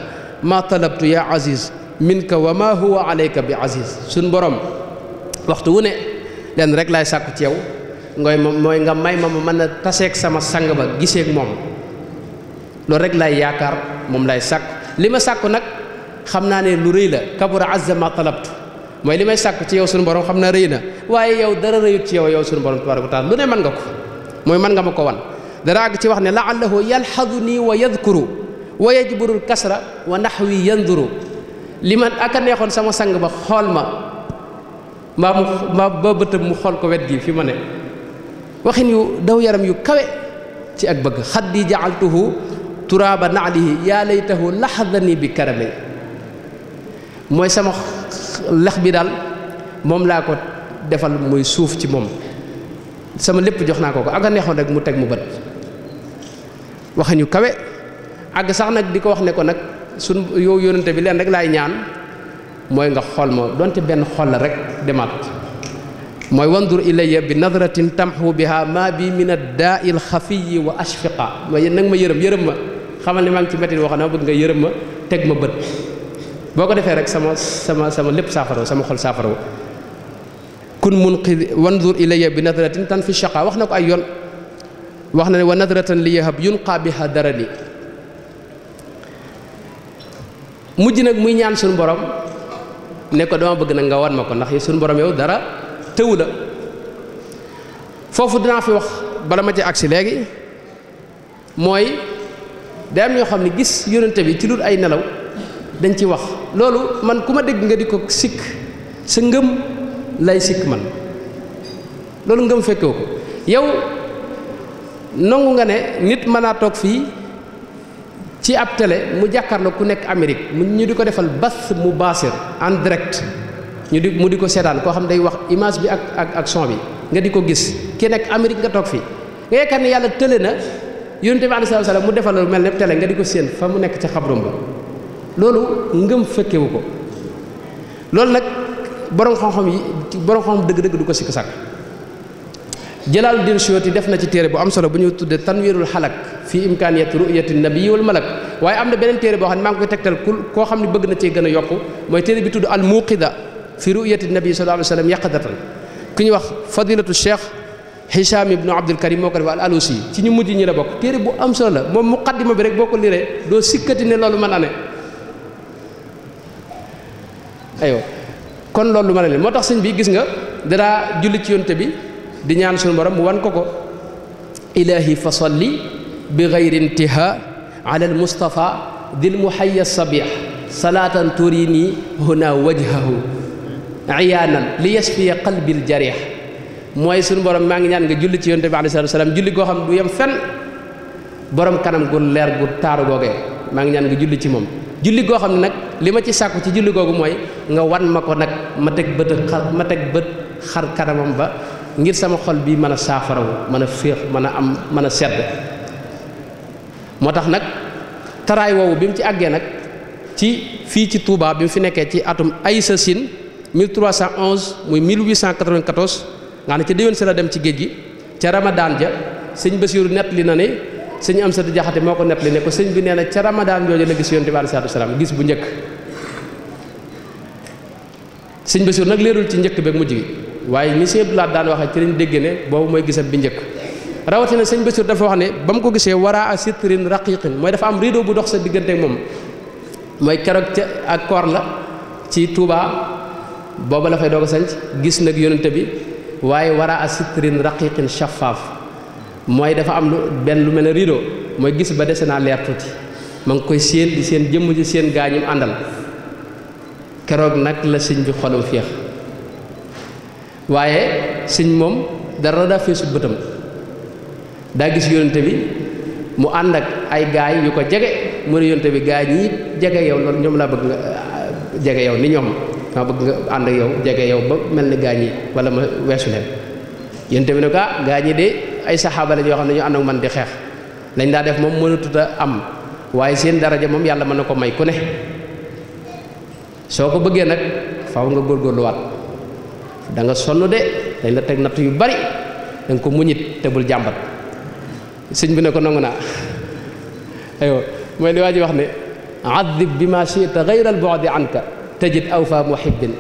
maa talabtu yaa aziz minka wa maa huwa alayka bi aziz suñ borom waxtu wu ne lenn rek laay sàkku ci mooy nga may ma ma mën a taseeg sama sang ba giseeg moom loolu rek laay yaakaar moom laay sàkku li ma sàkku nag xam naa ne lu rëy la kabura azza maa talabtu mooy li may sàkku ci yow sunu borom xam na rëy na waaye yow dara rëyut ci yow yow sunu borom tabaraka taala lu ne man nga ko mooy man nga ma ko wan dara àgg ci wax ne laallahu yalxadu nii wa yadkuru wa yajburul kasra wa naxwi yanduru li man ak a neexoon sama sang ba xool ma mbaa mu mbaa bëtëb mu xool ko wet gi fi ma ne waxin yu daw yaram yu kawe ci ak bëgg xaddi jaaltuhu turaaba naalihi yaa laytahu laxadani bi karame mooy sama lex bi daal moom laa ko defal muy suuf ci moom sama lépp jox naa ko ko ak a neexoon rek mu teg mu bët waxe ñu kawe àgg sax nag di ko wax ne ko nag sun yow yónnante bi leen rek laay ñaan mooy nga xool ma donte benn xol la rek demaat mooy wandur ilayya bi nadratin tamxu biha ma bi min addaa il xafiyi wa ashfiqa mooy nag ma yërëm yërëm ma xamal ne maa ngi ci métti woo xam ne ma bëgg nga yërëm ma teg ma bët boo ko defee rek sama sama sama lépp saafara sama xol saafara kun munqid wanzur ilayya bi nadratin tan fi shaqa wax na ko ay yoon wax na ne wa nadratan li yahab yunqa dara darani mujj nag muy ñaan suñu borom nekk ko dama bëgg nag nga wan ma ko ndax suñu borom yow dara tëwu la foofu danaa fi wax bala ma ci agsi léegi mooy day am ñoo xam ne gis yónnante bi ci dul ay nelaw dañ ci wax loolu man ku ma dégg nga di ko sikk sa ngëm lay sikk man loolu ngëm fekkoo yow nangu nga ne nit man naa toog fii ci ab télé mu jàkkaarloo ku nekk Amérique mu ñu di ko defal bas mu baasir en direct ñu di mu di ko seetaan koo xam day wax image bi ak ak ak son bi nga di ko gis ki nekk Amérique nga toog fii nga yaakaar ne yàlla tële na yonent bi alayhi salaam mu defal lu mel ne télé nga di ko séen fa mu nekk ci xabrum ba loolu ngëm fekkewu ko loolu nag borom xam-xam yi borom xam dëgg-dëgg du ko sikk sàkk Jalaaluddin Suyuti def na ci téere bu am solo bu ñu tuddee tanwiirul xalak fii imkaaniyat ru'yati nabii wal malak waaye am na beneen téere boo xam ne maa ngi koy tegtal ku koo xam ne bëgg na cee gën a yokk mooy téere bi tudd al muqida fi ru'yati nabii sallallahu alayhi wa sallam yaqadatan ku ñuy wax fadilatu cheikh Hicham ibnu Abdul Karim moo ko def al alusi ci ñu mujj ñi la bokk bu am solo la moom bi rek boo ko liree doo sikkati loolu mën a ne aywa kon loolu lu ma la moo tax sëñ bi gis nga danaa julli ci yonte bi di ñaan suñu borom mu wan ko ko ilahi fa salli bi gayri intiha ala al mustafa dil muhayya sabih salaatan turini huna wajhahu iyaanan li yasfiya qalbil jarih mooy suñu borom maa ngi ñaan nga julli ci yonte bi alayhi salatu wasalam julli koo xam du yem fenn borom kanam gu leer gu taaru googee maa ngi ñaan nga julli ci moom julli goo xam ne nag li ma ci sàkku ci julli googu mooy nga wan ma ko nag ma teg bët ma teg bët xar kanamam ba ngir sama xol bi mën a saafarawu mën a féex mën a am mën a sedd moo tax nag taraay woowu bi mu ci àggee nag ci fii ci Touba bi mu fi nekkee ci atum Aïssa Sine 1311 muy 1894 nga xam ne ci déwén si a dem ci géej gi ca Ramadan ja sëñ Basiiru nett li na ne sëñ am satu jaxate moo ko nettali ne ko sëñ bi nee na ca ramadaan jooju la gis yonte bi aleyhi salaatu wasalaam gis bu njëkk sëñ Basiru nag leerul ci njëkk beeg mujj gi waaye ni sëñ Abdulaat daan waxee ci lañ dégg boobu mooy gisam bi njëkk rawatina sëñ Basiru dafa wax ne ba mu ko gisee waraa sitrin raqiqin mooy dafa am rideau bu dox sa diggante ak moom mooy keroog ca ak koor la ci Tuubaa booba la fay doog a sanc gis nag yonente bi waaye waraa sitrin raqiqin shaffaaf mooy dafa am lu benn lu mel ne rideau mooy gis ba dese naa leer tuuti ma ngi koy séen di seen jëmm ci seen gaañum àndal keroog nag la sëñ bi xolam féex waaye sëñ moom dara daa feesu bëtam daa gis yonente bi mu ànd ak ay gaay yu ko jege mu ne yonente bi gaay yi jege yow loolu ñoom laa bëgg nga ah, jege yow ni ñoom maa bëgg nga ànd ak yow jege yow ba mel ni gaay yi wala ma weesu leen yonente bi ne ko ah gaay ñi de ay saxaaba lañ yoo xam ne ñu ànd ak man di xeex lañ daa def moom mënatut a am waaye seen daraja moom yàlla mën na ko may ku ne soo ko bëggee nag faaw nga góorgóorluwaat da nga sonn de dañ la teg natt yu bari da ko muñit te jàmbat sëñ bi ne ko nangu naa aywa mooy li waa ji wax ne adib bi ma chita gayra al bu'di anka tajid aw fa muhibbin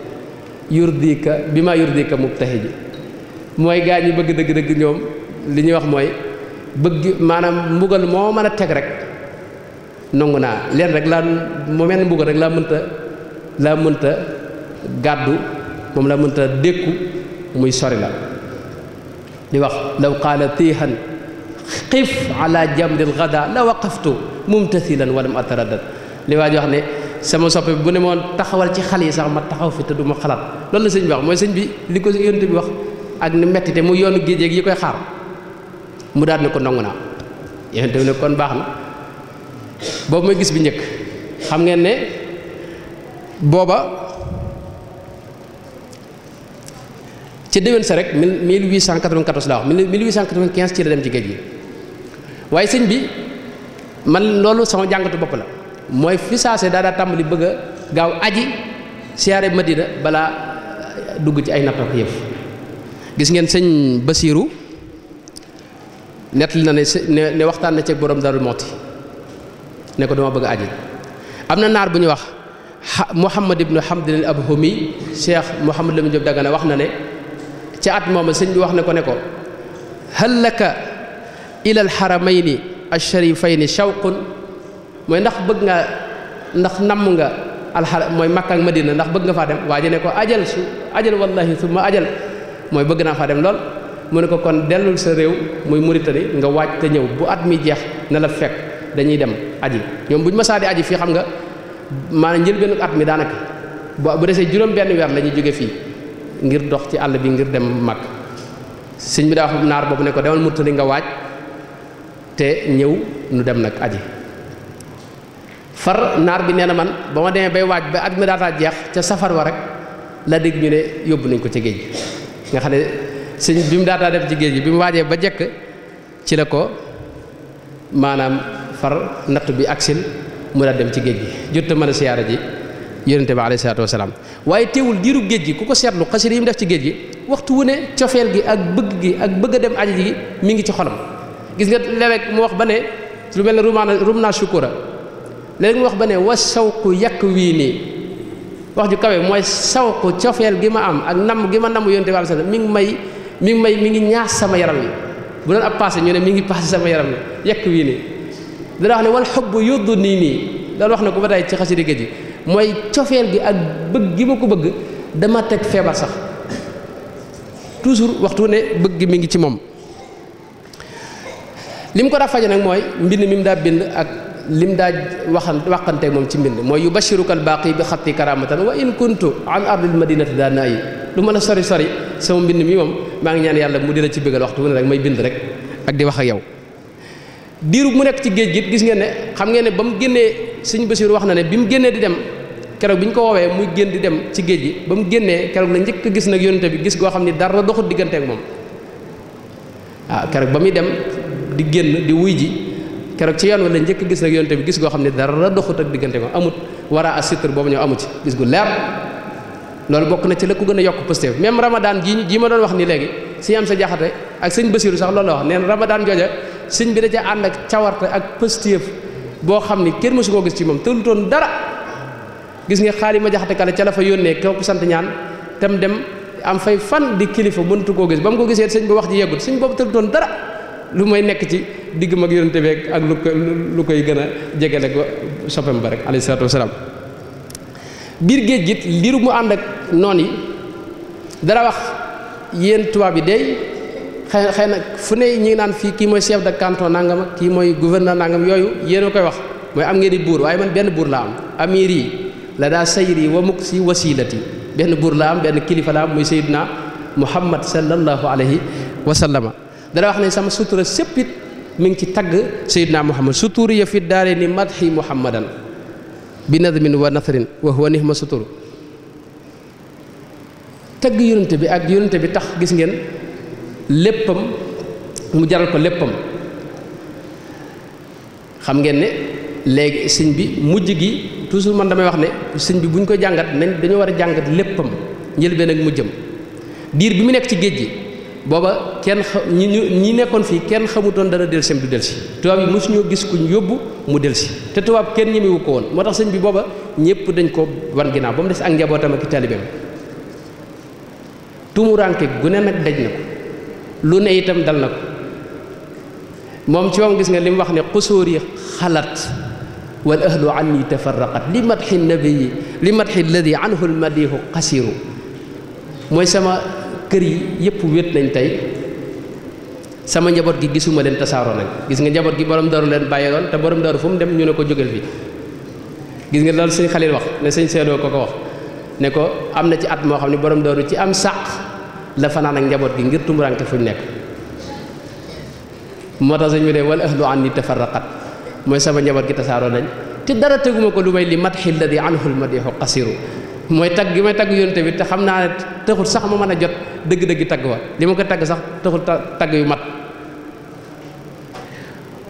yurdika bi ma yurdika mubtahiji mooy gaa ñi bëgg dëgg-dëgg ñoom li ñuy wax mooy bëgg maanaam mbugal moo mën a teg rek nangu naa leen rek laa moo mel mbugal rek laa mënta laa mënta gàddu moom laa mënta dékku muy sori la di wax law qaala tiihan xif ala jamril gada la waqaftu mumtasilan walam ataraddad li waa ji wax ne sama soppe bu ne moon taxawal ci xal yi sax ma taxaw fi te du ma xalaat loolu la sëñ bi wax mooy sëñ bi li ko yónte bi wax ak ni mettite mu yoonu géej gi yi koy xaar mu daal ne ko nangu naa yonent bi ne kon baax na boobu mooy gis bi njëkk xam ngeen ne booba ci déwén sa rek mille huit cent quatre-vingt-quatorze la wax mille huit cent quatre vingt ci la dem ci géej gi waaye sëñ bi man loolu sama jàngatu bopp la mooy fi saase daa daa tàmbali bëgg a gaaw aji siyaare Madina balaa dugg ci ay napp ak yëf gis ngeen sëñ Basiiru nettali na ne ne waxtaan na ceeg borom Darou Mouhty ne ko dama bëgg aji am na naar bu ñuy wax Mouhamad ibnu Hamdin al Abhumi Cheikh Mouhamad Lamine Diop ne wax na ne ci at moom mooma sëñ bi wax ne ko ne ko hal laka ila al haramayni asharifayni shawqun mooy ndax bëgg nga ndax namm nga alxar mooy Makka ak Madina ndax bëgg nga faa dem waa ji ko ajal su ajal wallahi ma ajal mooy bëgg naa faa dem lool mu ne ko kon dellul sa réew muy Mauritanie nga waaj te ñëw bu at mi jeex na la fekk dañuy dem aji ñoom bu ñu mësaa di aji fii xam nga maanaam njëlbeenu at mi daanaka bu desee juróom benn weer la jóge fii ngir dox ci àll bi ngir dem mag sëñ bi daa naar boobu ne ko demal Mauritanie nga waaj te ñëw nu dem nag aji far naar bi nee na man ba ma demee bay waaj ba at mi daataa jeex ca safar wa rek la dégg ñu ne yóbbu nañ ko ci géej nga xam ne sëñ bi mu daataa dem ci géej gi bi mu waajee ba jekk ci la ko maanaam far natt bi aksil mu daal dem ci géej gi jot a mën a siyaara ji yonente bi alayhi salaatu wasalaam waaye teewul diiru géej gi ku ko seetlu xasida yi mu def ci géej gi waxtu wu ne cofeel gi ak bëgg gi ak bëgg a dem aji gi mi ngi ci xolam gis nga léeg-léeg mu wax ba ne lu mel ne rumaana rumna shukura léeg mu wax ba ne wa saw sawqu yàq wii nii wax ju kawe mooy sawqu cofeel gi ma am ak nam gi ma namm yonente bi mi ngi may mi ngi may mi ngi ñaas sama yaram wi bu doon ab passé ñu ne mi ngi passé sama yaram wi yekk wii nii dana wax ne wal xob yuddu nii nii daal wax na ko ba tey ci xasida ji mooy cofeel gi ak bëgg gi ma ko bëgg dama teg feebar sax toujours waxtu ne bëgg mi ngi ci moom li mu ko daa faje nag mooy mbind mi mu daa bind ak li lim daa waxan waxante moom ci mbind mooy yu bashiruka al baaqi bi xatti karamatan wa in kuntu an ma madinati daa na yi lu mën a sori sori sama mbind mi moom maa ngi ñaan yàlla mu dina ci bëggal waxtu wu ne rek may bind rek ak di wax a yow diiru mu nekk ci géej gi gis ngeen ne xam ngeen ne ba mu génnee sëñ Basiiru wax na ne bi mu génnee di dem keroog bi ñu ko woowee muy génn di dem ci géej gi ba mu génnee keroog la njëkk gis nag yonente bi gis goo xam ni dara doxut diggante ak moom waaw ah keroog ba muy dem di génn di wuy ji keroog ci yoon wala njëkk gis nag yonente bi gis goo xam ne dara doxut ak diggante moom amut war a boobu ñëw amu ci gis gu leer loolu bokk na ci la ko gën a yokk pëstéef même ramadan jii jii ma doon wax ni léegi sëñ am sa jaxate ak sëñ basiru sax loolu la wax neen ramadan jooja sëñ bi da ca ànd ak cawarte ak pëstéef boo xam ni kenn mësu koo gis ci moom tëlutoon dara gis nga xaali ma jaxate kale ca la fa yónnee kooku sant ñaan tam dem am fay fan di kilifa mëntu koo gis ba mu ko gisee sëñ bi wax ji yeggut sëñ boobu tëlutoon dara lu may nekk ci digg mag yonente beeg ak lu lu koy gën a jegele ko soppam ba rek alayhi salaatu wasalaam biir géej git liiru mu ànd ak noon yi dara wax yéen tubaab yi day xëy xëy na fu ne ñi ngi naan fii kii mooy chef de canton nangam kii mooy gouverneur nangam yooyu yéen koy wax mooy am ngeen di buur waaye man benn buur la am amir yi la daa sayir yi wa mukk si wasilati benn buur la am benn kilifa la am muy sayyidina muhammad sallallahu alayhi wa sallama dara wax ne sama sutura séppit mu ngi ci tagg naa muhammad suturi ya fi daare ni madhi muhammadan bi nadmin wa nasrin wa huwa ma sutur tagg yonent bi ak yonent bi tax gis ngeen léppam mu jaral ko léppam xam ngeen ne léegi sëñ bi mujj gi toujours man damay wax ne sëñ bi bu ñu ko jàngat nañ dañoo war a jàngat léppam njëlbeen ak mujjam diir bi mu nekk ci géej gi booba kenn ñi ñi nekkoon kenn xamutoon dana delsi am du delsi tubaab yi mësuñoo gis kuñ yóbbu mu delsi te tubaab kenn ñemewu ko woon moo tax sëñ bi booba ñëpp dañ ko wan ginnaaw ba mu des ak njabootam ak taalibeem tumuranke gune nag daj na ko lu ne itam dal na ko moom ci moom gis nga li mu wax ne xusóor xalaat wal ahlu anni tafarraqat li madxi nabiyi li madxi alladi anhu almadihu xasiru mooy sama kër yi yëpp wét nañ tey sama njaboot gi gisuma leen tasaaroo nañ gis nga njaboot gi boroom daru leen bàyyi loon te borom daru fu mu dem ñu ne ko jógal fi gis nga loolu sëñ Xalil wax ne sëñ seedoo ko ko wax ne ko am na ci at moo xam ne borom daru ci am sàq la fanaan ak njaboot gi ngir tumuraanke fu ñu nekk moo tax sëñ bi ne wal ahlu anni tafarraqat mooy sama njaboot gi tasaaroo nañ te dara teguma ko lu may li matxi lladi anhu lmadixu qasiru mooy ma mën a jot dëgg-dëgg tagg wa li ma ko tagg sax taxul tagg yu mat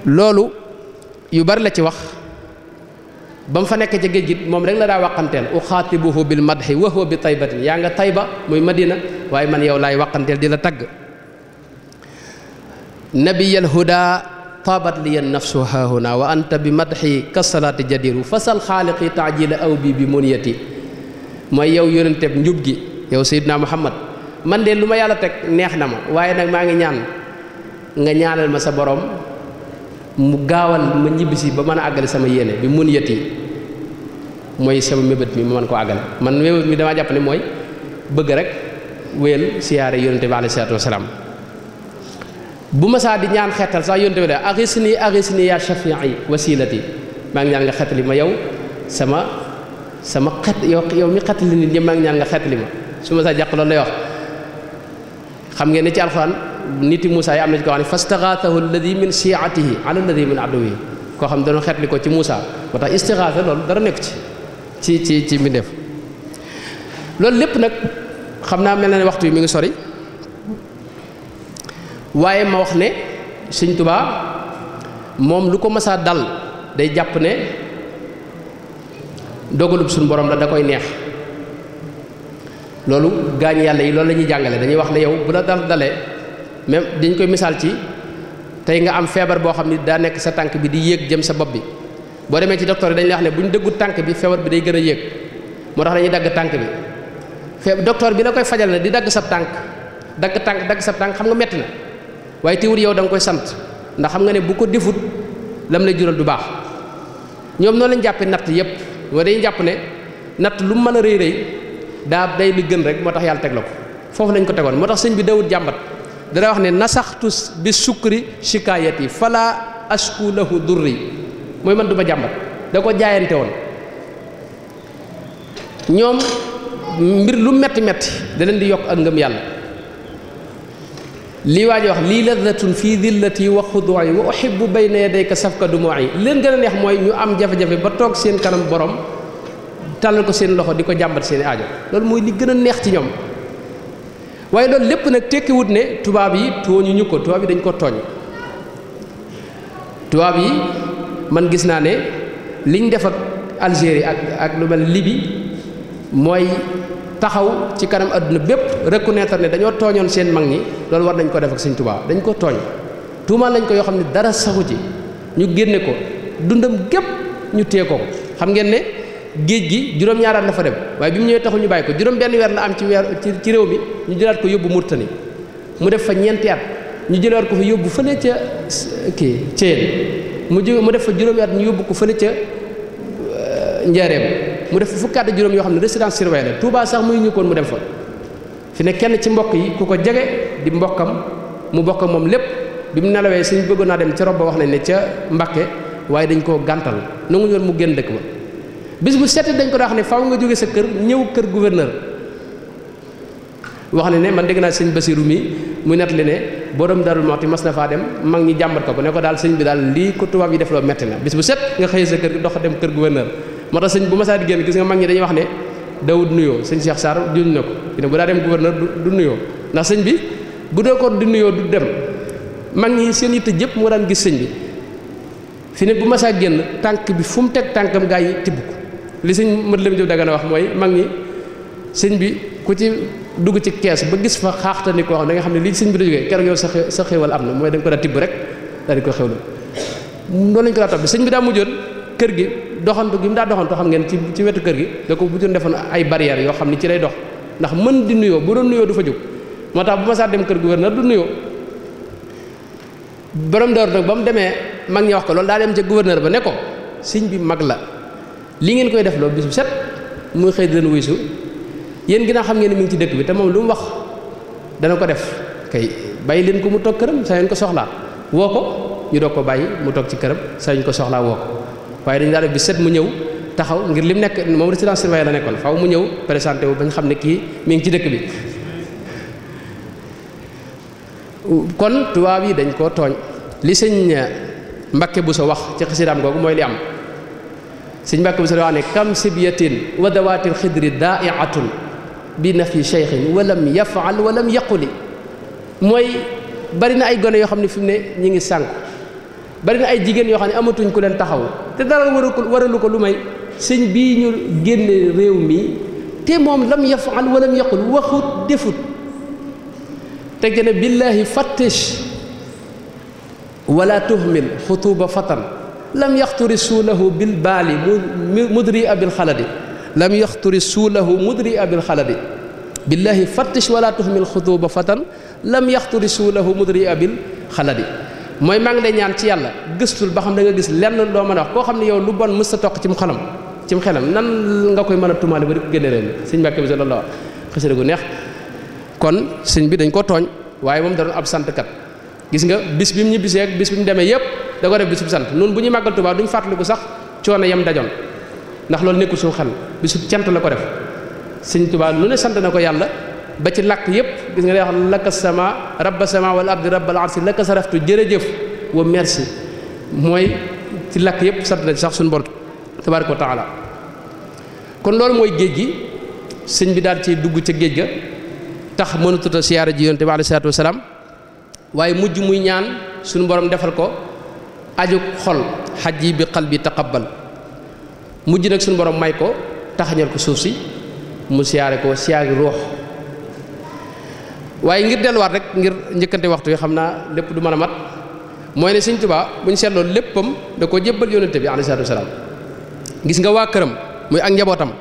loolu yu bari la ci wax ba mu fa nekk ci géej gi moom rek la daa waqanteel uxaatibuhu bil madxi wa huwa bi taybatin yaa nga tayba muy madina waaye man yow laay waqanteel di la tagg nabiyal huda taabat liya nafsu haahuna wa anta bi madxi kasalaati jadiru fasal xaaliqi taajila aw bi bi muniyati mooy yow yonenteb njub gi yow sayyidna muhammad man de lu ma yàlla teg neex na ma waaye nag maa ngi ñaan nga ñaanal ma sa boroom mu gaawal ma ñibbisi ba mën a àggale sama yéene bi mun yët yi mooy sama mébét mi ma mën koo àggale man mébét mi damaa jàpp ne mooy bëgg rek wéyal siyaare yonente bi alayhi salaatu wasalaam bu ma saa di ñaan xettal sax yonente de axis nii axis nii yaa shafii maa ngi ñaan nga xettali ma yow sama sama xet yow mi xettali nit ñi maa ngi ñaan nga xettali ma su ma saa jàq loolu lay xam ngeen ni ci alxuraan nit Moussa yi am na ci koo xam ne fastaxaathahu alladi min shiatihi ala alladi min aduwihi koo xam ne dañu xetli ko ci Moussa ba tax istixaasa loolu dara nekku ci ci ci ci mbindeef loolu lépp nag xam naa mel na ne waxtu yi mi ngi sori waaye ma wax ne Sëñ Tuubaa moom lu ko masaa dal day jàpp ne dogalub suñu borom la da koy neex loolu gaañ yàlla yi loolu la ñuy jàngale dañuy wax ne yow bu la dal dalee même dañ koy misaal ci tey nga am feebar boo xam ni daa nekk sa tànk bi di yéeg jëm sa bopp bi boo demee ci docteur yi dañ lay wax ne bu ñu dëggu tànk bi feebar bi day gën a yéeg moo tax dañuy dagg tànk bi feeb docteur bi la koy fajal ne di dagg sab tànk dagg tànk dagg sa tànk xam nga metti na waaye teewul yow danga koy sant ndax xam nga ne bu ko defut lam lay jural du baax ñoom noonu lañ jàppee natt yépp wa dañuy jàpp ne natt mën a rëy rëy daa day li gën rek moo tax yàlla teg ko foofu lañ ko tegoon moo tax sëñ bi dawut jàmbat dana wax ne nasaxtu bi sukri shikaayat yi fala asku lahu durri mooy man du ma jàmbat da ko jaayante woon ñoom mbir lu metti metti da di yokk ak ngëm yàlla lii waa ji wax lii ladatun fii dillati wa xuduwaay wa uhibbu bayna yadayka safka dumoyi leen gën a neex mooy ñu am jafe-jafe ba toog seen kanam borom tàllal ko seen loxo di ko jàmbat seen i aajo loolu mooy li gën a neex ci ñoom waaye loolu lépp nag tekkiwut ne tubaab yi tooñu ñu ko tubaab yi dañ ko tooñ tubaab yi man gis naa ne liñ def ak ak ak lu mel Libye mooy taxaw ci kanam àdduna bépp reconnaître ne dañoo tooñoon seen mag ñi loolu war nañ ko def ak Sëñ dañ ko tooñ tuumaal lañ ko yoo xam ne dara saxu ci ñu génne ko dundam gépp ñu téye ko xam ngeen ne géej gi juróom-ñaari at fa dem waaye bi mu ñëwee taxu ñu bàyyi ko juróom benn weer la am ci weer ci réew mi ñu jëlaat ko yóbbu Murtani mu def fa ñeenti at ñu jëlaat ko fa yóbbu fële ca kii Thiel mu jë mu def fa juróomi at ñu yóbbu ko fële ca euh, Njaareem mu def fa fukki at juróom yoo xam ne résidence surveillée la Touba sax muy ñu mu dem fa fi ne kenn ci mbokk yi ku ko jege di mbokkam mu bokk moom lépp bi mu nelawee suñ bëggoon naa dem ca rob ba wax nañ ne ca Mbakke waaye dañ koo gàntal nangu ñoon mu génn bis bu set dañ ko daa wax ne faw nga jóge sa kër ñëw kër gouverneur wax ne ne man dégg naa sëñ ba Basiru mi mu nett li ne borom Darou Mouhty mas na faa dem mag ñi jàmbat ko bu nekko daal sëñ bi daal lii ko tubaab yi def loo metti bis bu set nga xëyee sa kër dox dem kër gouverneur moo tax sëñ bu masaa di génn gis nga mag ñi dañuy wax ne dawut nuyoo sëñ Cheikh Sarr juñ na ko ne bu daa dem gouverneur du du nuyoo ndax sëñ bi bu dee ko du nuyoo du dem mag ñi seen yitte jëpp moo daan gis sëñ bi fi ne bu masaa génn tànk bi fu mu teg tànkam gaa yi tibb ko li sëñ mët lam jëf dagana wax mooy mag ñi sëñ bi ku ci dugg ci kees ba gis fa xaaxta ni koo xam da nga xam ne lii siñ bi da jógee keroog yow sa sa xéewal am na mooy da ko daa tibb rek daa di ko xewlu noonu lañ ko daa sëñ bi daa mujjoon kër gi doxantu gi mu daa doxantu xam ngeen ci ci wetu kër gi da ko mujjoon defoon ay barrières yoo xam ne ci lay dox ndax mën di nuyoo bu doon nuyoo du fa jóg moo tax bu ma saa dem kër gouverneur du nuyoo borom door nag ba mu demee mag ñi wax ko loolu daa dem ca gouverneur ba ne ko sëñ bi mag la li ngeen koy def loo bis bu set muy xëy di leen wuysu yéen ginnaaw xam ngeen ne mi ngi ci dëkk bi te moom lu mu wax dana ko def kay bàyyi leen ko mu toog këram saa ngeen ko soxlaa woo ko ñu doog ko bàyyi mu toog ci këram saa ko soxlaa woo ko waaye dañu daa def bi set mu ñëw taxaw ngir mu nekk moom résidence surveillée la nekkoon faw mu ñëw présenté wu ba ñu xam ne kii mi ngi ci dëkk bi kon tubaab yi dañ koo tooñ li sëñ Mbakke bu sa wax ci xasidaam googu mooy li am sëñ Mbàkke bi sa wax ne kam sibyatin wa dawaatil xidri daaiatun bi nafi cheikhin walam yafaal walam yaquli mooy bari na ay gone yoo xam ne fi mu ne ñi ngi sànq bari na ay jigéen yoo xam ne amatuñ ku leen taxaw te dara warakul waralu ko lu may sëñ bii ñu génne réew mi te moom lam yafaal walam yaqul waxut defut teg ne billaahi fattish wala tuhmil xutuuba fatan lam yaxturi suulahu bil baali mudri abil xaladi lam yaxturi suulahu mudri abil xaladi billahi fattish wala tuhmil xutuuba fatan lam yaxturi suulahu mudri abil xaladi mooy maa ngi lay ñaan ci yàlla gëstul ba xam da nga gis lenn doo mën a wax koo xam ne yow lu bon mës sa toq ci mu xalam ci mu xelam nan nga koy mën a tumaale ba di ko génne réew mi sëñ Mbàkke bi sa loolu la wax xasida gu neex kon sëñ bi dañ ko tooñ waaye moom da doon ab sant kat gis nga bis bi mu ñu bisee ak bis bi mu demee yëpp da ko def bisub sant noonu bu ñuy màggal Tuubaa duñ ko sax coono yam dajoon ndax loolu nekkul suñu xel bisub cant la ko def sëñ Tuubaa lu ne sant na ko yàlla ba ci làkk yépp gis nga day wax lakka sama rabba sama wala ardi rabbal arsi lakka saraftu jërëjëf wa merci mooy ci làkk yépp sant na sax suñu borom tabaaraka ko taala kon loolu mooy géej gi sëñ bi daal ci dugg ca géej ga tax mënatut a siyaara ji yonte bi alayhi salaatu wasalaam waaye mujj muy ñaan suñu borom defal ko ajug xol xaj yi bi xal bi taqabbal mujj nag suñu borom may ko taxañal ko suuf si mu siyaare ko siyaari roox waaye ngir delluwaat rek ngir njëkkante waxtu yi xam naa lépp du mën a mat mooy ne Sëñ Tuubaa buñ ñu seetloo léppam da ko jébbal yónnante bi alayhi salaatu wasalaam gis nga waa këram muy ak njabootam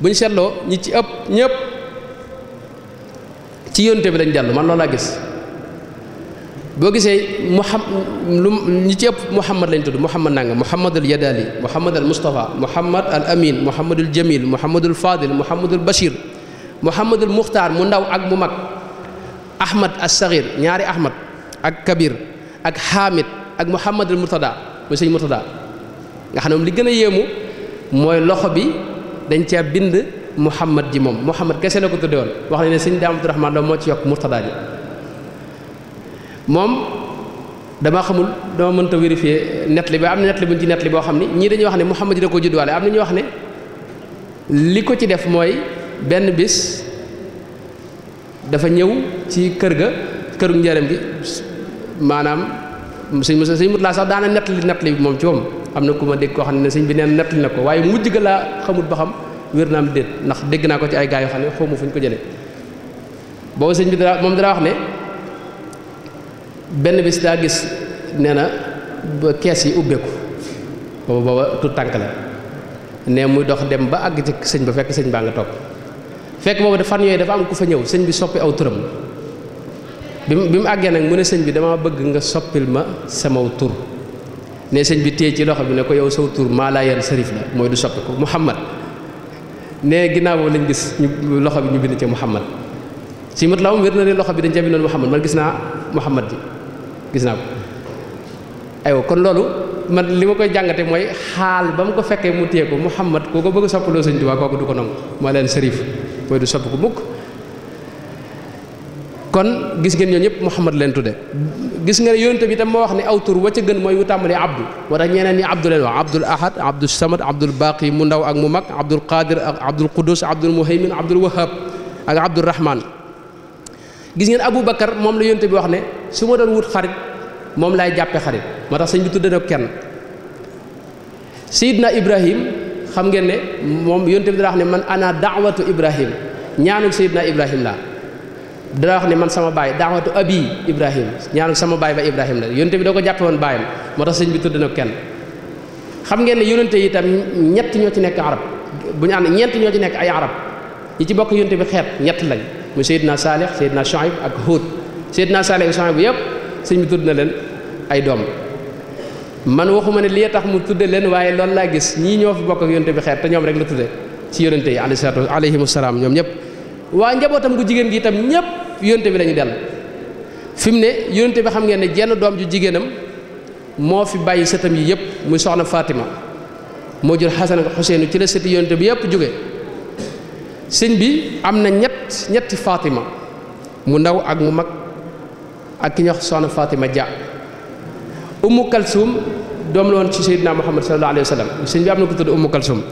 buñ ñu seetloo ñi ci ëpp ñëpp ci yónnante bi lañ jàll man loolu laa gis boo gisee muham lu ñi ci ëpp muhammad lañ tudd muhammad nanga muhammad al yadali muhammad al mustafa muhammad al amin muhammad al jamil muhammad al fadil muhammad al bashir muhammad al muxtaar mu ndaw ak mu mag ahmad al ñaari ahmad ak kabir ak hamid ak muhammad al murtada muy sëñ murtada nga xam ne moom li gën a yéemu mooy loxo bi dañ caa bind muhammad ji moom muhammad kese la ko tudde woon wax nañ ne sëñ daamatu rahmaan la moo ci yokk murtada ji moom dama xamul dama mënta vérifier net bi ba am na net bu buñ ci net li boo xam ni ñii dañuy wax ne Muhammad da ko juddwaale am na ñu wax ne li ko ci def mooy benn bis dafa ñëw ci kër ga këru njëram bi maanaam sëñ Musaa sëñ Mutlaa sax daana nettali nettali bi moom ci moom am na ku ma dégg koo xam ne sëñ bi neen nettali na ko waaye mujj ga laa xamut ba xam wér naam déet ndax dégg naa ko ci ay gaa yoo xam ne xawma ñu ko jëlee boobu sëñ bi dara benn bis daa gis nee na ba kees yi ubbeeku booba booba tu tànk la ne muy dox dem ba àgg ci sëñ ba fekk sëñ baa nga toog fekk booba fan dafa am ku fa ñëw sëñ bi soppi aw turam bi mu bi mu àggee nag mu ne sëñ bi dama bëgg nga soppil ma samaw tur ne sëñ bi tey ci loxo bi ne ko yow saw tur maa laa yan sërif la mooy du soppi ko Muhammad ne ginnaaw boobu lañ gis ñu loxo bi ñu bind ci Muhammad si mat la wér na ne loxo bi dañ ca bindoon Muhammad man gis naa Muhammad gis naa ko aywa kon loolu man li ma koy jàngate mooy xaal ba mu ko fekkee mu téye ko mu Muhammad koo ko bëgg soppaloo sëñ Tuubaa kooku du ko nangu moo leen sërif mooy du sopp ko mukk kon gis ngeen ñooñu ñëpp Muhammad leen tudde gis nga ne yonent moo wax ne aw tur wa ca gën mooy wu tàmbali abdu moo tax ñeneen ñi abdu leen wax abdul ahad abdul samad abdul baqi mu ndaw ak mu mag abdul qadir ak abdul qudus abdul muhaymin abdul wahab ak abdul rahman gis ngeen Abu Bakar moom la yonte bi wax ne su ma doon wut xarit moom laay jàppe xarit moo tax sëñ bi tudde na kenn Seydina Ibrahim xam ngeen ne moom yonte bi dara wax ne man ana daawatu Ibrahim ñaanuk Seydina Ibrahim la dara wax ne man sama baay daawatu abi Ibrahim ñaanuk sama baay ba Ibrahim la yonte bi doo ko jàppe woon baayam moo tax sëñ bi tudd na kenn xam ngeen ne yonente yi itam ñett ñoo ci nekk arab bu ñu ànd ñeent ñoo ci nekk ay arab ñi ci bokk yonte bi xeet ñett lañ mu Seydina Saalix Seydina Shuayb ak Huud Seydina Saalix ak Shuayb yëpp sëñ bi tudd na leen ay doom man waxuma ne lii tax mu tudd leen waaye loolu laa gis ñii ñoo fi bokk ak yonte bi xeet te ñoom rek la tudde ci yonente yi alayhi salaatu alayhimu ñoom ñëpp waa njabootam gu jigéen gi itam ñëpp yonte bi lañu dell fi mu ne yonente bi xam ngeen ne jenn doom ju jigéenam moo fi bàyyi sëtam yi yëpp muy soxna Fatima moo jur Xasan ak Xuseenu ci la sëti yonente bi yëpp jóge sëñ bi am na ñett ñetti Fatima mu ndaw ak mu mag ak ki ñuy wax soxna Fatima Dia Ummu Kalsum doom loon woon ci Seydina Muhammad sallallahu alayhi wa sëñ bi am na ko tudd Ummu Kalsum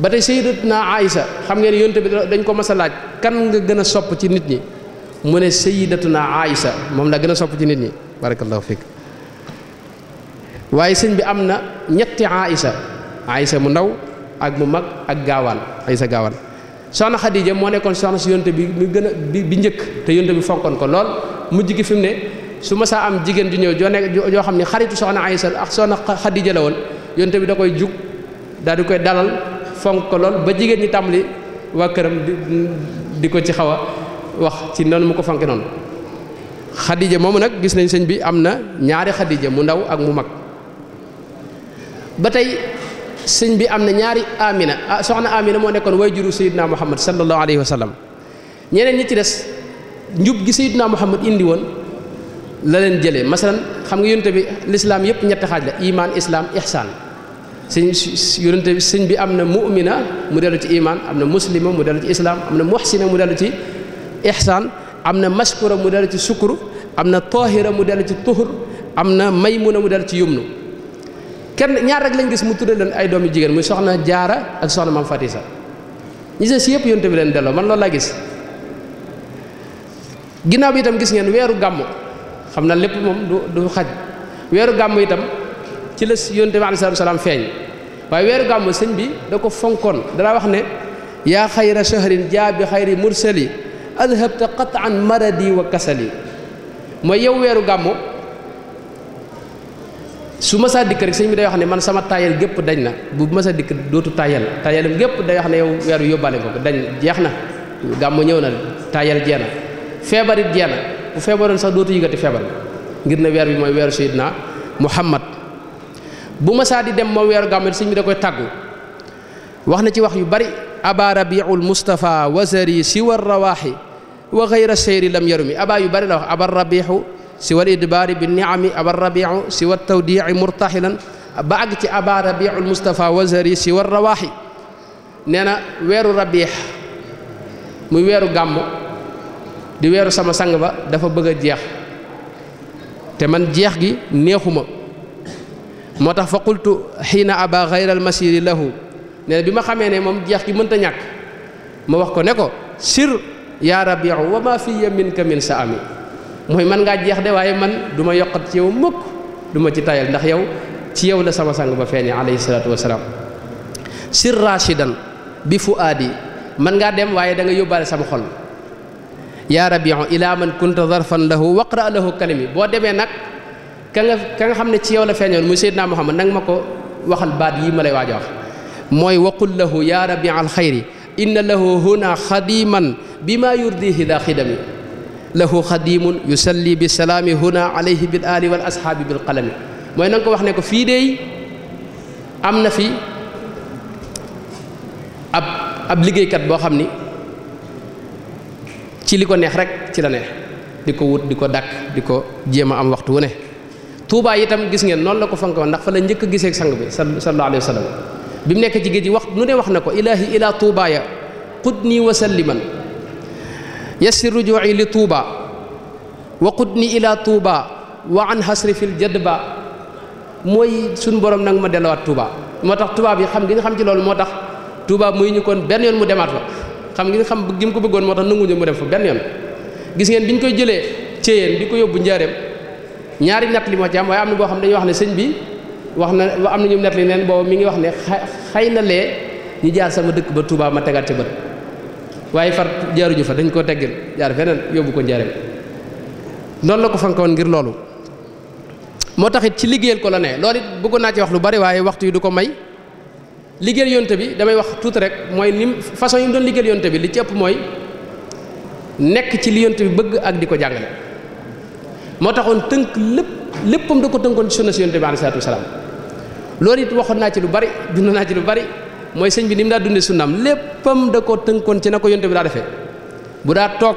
ba tey Sayyidatuna Aïsa xam ngeen yonte bi dañ ko mas a laaj kan nga gën a sopp ci nit ñi mu ne Sayyidatuna Aïsa moom la gën a sopp ci nit ñi barakallahu fiik waaye sëñ bi am na ñetti Aïsa Aïsa mu ndaw ak mu mag ak gaawaan Aïsa gaawaan soxna Xadija moo nekkoon soxna si yonte bi bi gën a bi njëkk te yonte bi fonkoon ko lool mu gi fi ne su masaa am jigéen ju ñëw joo nekk joo xam ne xaritu soxna Aysa ak soxna Xadija la woon yonte bi da koy jug daal di koy dalal fonk ko lool ba jigéen ñi tàmbali waa këram di ko ci xaw a wax ci noonu mu ko fonke noonu Xadija moomu nag gis nañ sëñ bi am na ñaari Xadija mu ndaw ak mu mag ba tey sëñ bi am na ñaari amina ah, soxna amina moo nekkoon way juru sayidna muhammad sallallahu alayhi wa sallam ñeneen ñi ci des njub gi sayidna muhammad indi woon la leen jëlee masalan xam nga yonente bi lislaam yëpp ñetti xaaj la iman islam ihsaan sëñ yonente bi sëñ bi am na mu'mina mu dellu ci imaan am na muslima mu dellu ci islam am na muhsina mu dellu ci ihsaan am na maskura mu dellu ci sukkur am na tahira mu dellu ci tuhur am na maymuna mu dellu ci yumnu kenn ñaar rek lañ gis mu tudde leen ay doomi jigéen muy soxna jaara ak soxna maam Fatisa ñi sa si yëpp yonte bi leen delloo man loolu laa gis ginnaaw bi itam gis ngeen weeru gàmmu xam na lépp moom du du xaj weeru gàmmu itam ci la yonte bi aleyhi salaatu salaam feeñ waaye weeru gàmmu sëñ bi da ko fonkoon danaa wax ne yaa xayra shahrin jaa bi xayri mursali adhabta qatan maradi wa kasali mooy yow weeru gàmmu su masaa dikk rek sëñ bi day wax ne man sama taayal gépp dañ na bu masa dikk dootu taayal taayalam gépp day wax ne yow weer wi yóbbaale ko dañ jeex na gàmmu ñëw na taayal jee na feebar it jee na bu feebaroon sax dootu yëgati feebar ngir ne weer bi mooy weeru Seydina Muhammad bu masaa di dem moom weeru gàmmu sëñ bi da koy tàggu wax na ci wax yu bari aba rabiul mustafa wasari siwa rawaaxi wa xayra seyri lam yarumi aba yu bari la wax aba siwa al idbaari bi niami aba rabiu siwa tawdici murtaxilan ba àgg ci aba rabiul mustapha wazari siwa rawaaxi nee na weeru rabiix muy weeru gàmm di weeru sama sang ba dafa bëgg a jeex te man jeex gi neexuma moo tax fa qultu xiina aba gayra almasiri lahu nee na bi ma xamee ne moom jeex gi mënta ñàkk ma wax ko ne ko sir yaa rabiu wa ma fiya minka min sa ami mooy man ngaa jeex de waaye man du ma yokkat ci yow mukk du ma ci tayal ndax yow ci yow la sama sang ba feeñee alayhi salaatu wasalaam sir rachidan bi fu aadi man ngaa dem waaye dangay nga yóbbaale sama xol yaa rabiu ila man kunta zarfan lahu waqra lahu kalimi boo demee nag ka ka nga xam ne ci yow la feeñoon muy seydnaa muhammad nanga ma ko waxal baat yi ma lay waaj a wax mooy waqul lahu yaa rabiu alxayri inna lahu huna xadiman bi ma yurdihi daa xidami lahu xadimun yusalli bi salaami huna alayhi bil aali wal ashaabi bil qalami mooy nan ko wax ne ko fii dey am na fi ab ab liggéeykat boo xam ni ci li ko neex rek ci la neex di ko wut di ko dàkk di ko jéem am waxtu wu ne Tuubaa itam gis ngeen noon la ko fankoon ndax fa la njëkk a gisee sang bi sallallahu alayhi wa sallam bi mu nekk ci géej gi wax nu ne wax na ko ilaahi ilaa Tuubaa ya qudni wa salliman yassir rujuuci li tuuba wa qudni ila tuuba wa an hasri fil ba mooy suñ borom nag ma delluwaat tuuba moo tax tubaab yi xam ngi nga xam ci loolu moo tax tuuba muy ñu kon benn yoon mu demaat fa xam ngi nga xam gi mu ko bëggoon moo tax nanguñu mu dem fa benn yoon gis ngeen bi ñu koy jëlee céyeen di ko yóbbu njaareem ñaari nett li moo ci am waaye am na boo xam ne dañuy wax ne sëñ bi wax na am na ñu nett li neen boobu mi ngi wax ne xay na lee ñu jaar sama dëkk ba tuuba ma tegaat ci waaye far jaaruñu fa dañ koo teggil jaar feneen yóbbu ko njaareem noonu la ko fankoon ngir loolu moo tax it ci liggéeyal ko la ne loolu it bëggoon naa ci wax lu bari waaye waxtu yi du ko may liggéeyal yonte bi damay wax tuuti rek mooy nim façon yi mu bi li ci mooy nekk ci li bi bëgg ak di ko jàngale moo taxoon tënk lépp léppam da ko tënkoon ci sunna si yonte bi alayhi naa ci lu bari dund naa ci lu bari mooy sëñ bi ni mu daa dundee sunnaam léppam da koo tënkoon ci na ko yonte bi daa defee bu daa toog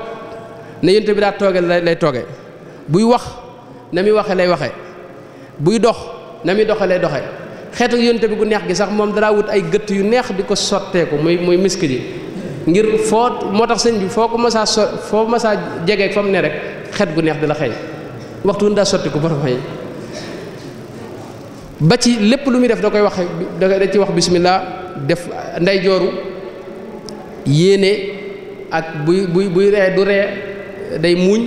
ne yonte bi daa toogee lay toogee buy wax na muy waxee lay waxe buy dox na muy doxee lay doxee xeetu yonte bi gu neex gi sax moom danaa wut ay gëtt yu neex di ko sotteeku muy muy miski ji ngir foo moo tax sëñ bi foo ko masaa so foo masaa jege fa mu ne rek xet gu neex di la xëy waxtu wun daa sotti ko borom yi ba ci lépp lu muy def da koy waxe da ci wax bismillah def nday jooru yéene ak buy buy buy ree du ree day muuñ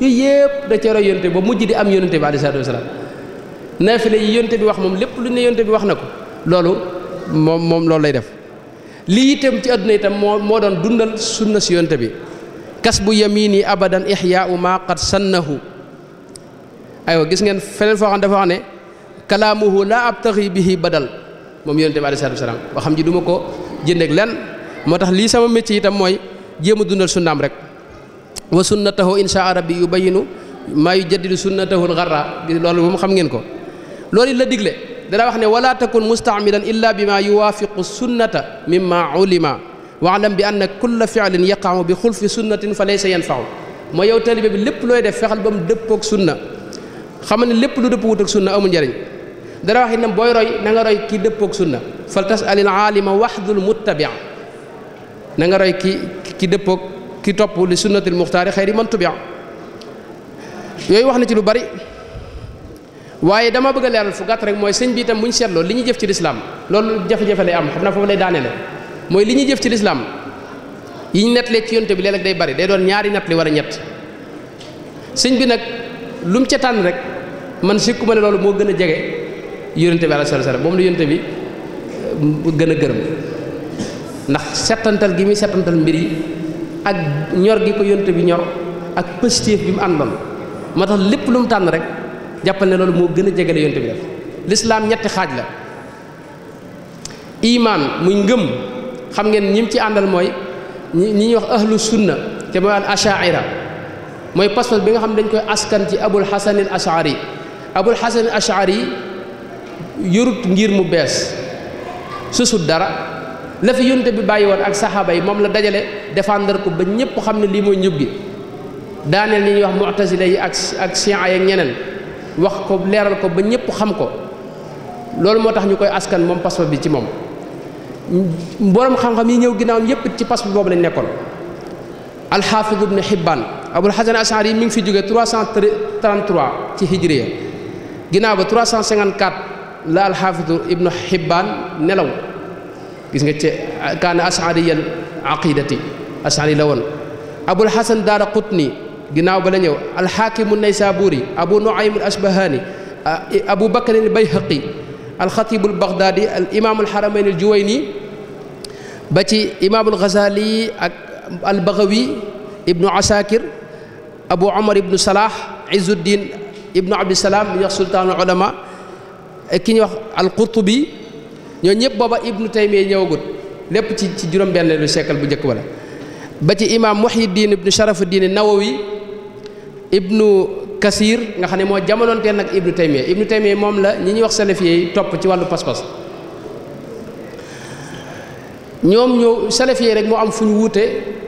yooyu yëpp da ca roy yonte bi ba mujj di am yonte bi alayhi salaatu wasalaam naafile yi yonte bi wax moom lépp lu ne yonte bi wax na ko loolu moom moom loolu lay def li itam ci àdduna itam moo moo doon dundal sunna si yonte bi kas bu yamini abadan ixyaau maa qad sannahu aywa gis ngeen feneen foo xam ne dafa wax ne kalaamuhu laa abtaxi bihi badal moom yonent bi alayhi salaam boo xam ji du ma ko jëndeeg lenn moo tax lii sama métier tam mooy jéem a dundal sunnaam rek wa sunnatahu insha rabbi yubayinu maa yujaddidu sunnatahu al-gharra loolu moom xam ngeen ko loolu la digle danaa wax ne wala takun mustaamilan illa bima yuwaafiqu sunnata mimma ulima waalam bi anna kulla fi'lin yaqa'u bi xulfi sunnatin fa laysa yanfa'u mooy yow taalibe bi lépp looy def fexal ba mu dëppoog sunna xam ne lépp lu dëpp wut ak sunna njariñ dara wax na booy roy na nga roy kii dëppoog sunna fal tas alil aalima waxdul muttabia na nga roy ki ki dëppook ki topp li sunnatil muxtaari xayri man tubia yooyu wax na ci lu bari waaye dama bëgg a leeral fu gàtt rek mooy sëñ bi itam bu seetloo li ñu jëf ci lislaam loolu jafe-jafe lay am xam naa foofu lay daanele mooy li ñu jëf ci lislaam yi ñu nettalee ci yonte bi léeg-léeg day bari day doon ñaari nettali wala ñett sëñ bi nag lu mu ca tànn rek man sikku ma ne loolu moo gën a jege yónnente bi alayhi salaam moom la yoonte bi euh, gën a gërëm ndax settantal gi muy settantal mbir yi ak ñor gi ko yónnente bi ñor ak positif bi mu àndoon moo tax lépp lu mu tànn rek jàppal ne loolu moo gën a jegale yónnente bi def lislaam ñetti xaaj la imaan muy ngëm xam ngeen ñi mu ci àndal mooy ñi ñuy wax ahlu sunna te mooy al ashaira mooy pas-pas bi nga xam ne dañ koy askan ci abul hasanil ashari abul hasanil ashari yorut ngir mu bees susut dara lafi fi yonte bi bàyyi woon ak saxaaba yi moom la dajale défendre ko ba ñëpp xam ne lii mooy njub gi daaneel li ñuy wax mu'tazila yi ak ak shi'a yi ak ñeneen wax ko leeral ko ba ñëpp xam ko loolu moo tax ñu koy askan moom pas bi ci moom boroom xam-xam yi ñëw ginnaawam yëpp ci pas bi boobu lañ nekkoon alxaafiz ibn Hibbaan abul xasan ashari mi ngi fi jóge 333 ci hijriya ginnaaw ba 354 la alxaafidu ibnu xibbaan nelaw gis nga ci kaana ashariyal aqidati ashari la woon abul xasan daara qutni ginnaaw ba la ñëw alxaakimu naysaburi abu nuaym al ashbahaani abu bakar al bayhaqi alxatibu al bagdaadi al imaamu al xaramayn al juwayni ba ci imaamul ghazali ak al bagawi ibnu asakir abu omar ibnu salaah izuddin ibnu abdisalaam ñu wax sultaanul ulama Eh, ki ñuy wax al-Qurtubi ñoo ñëpp booba ibnu Taymiya ñëwagut lépp ci ci juróom-benneelu siècle bu njëkk ba la ba ci imaam Muhyiddin ibnu Sharafuddin Nawawi ibnu Kasir nga xam ne moo jamonoonteel nag ibnu Taymiya ibnu Taymiya moom la ñi ñuy wax salafiyé yi topp ci wàllu pas-pas ñoom ñoo salafiyé rek moo am fu ñu wuute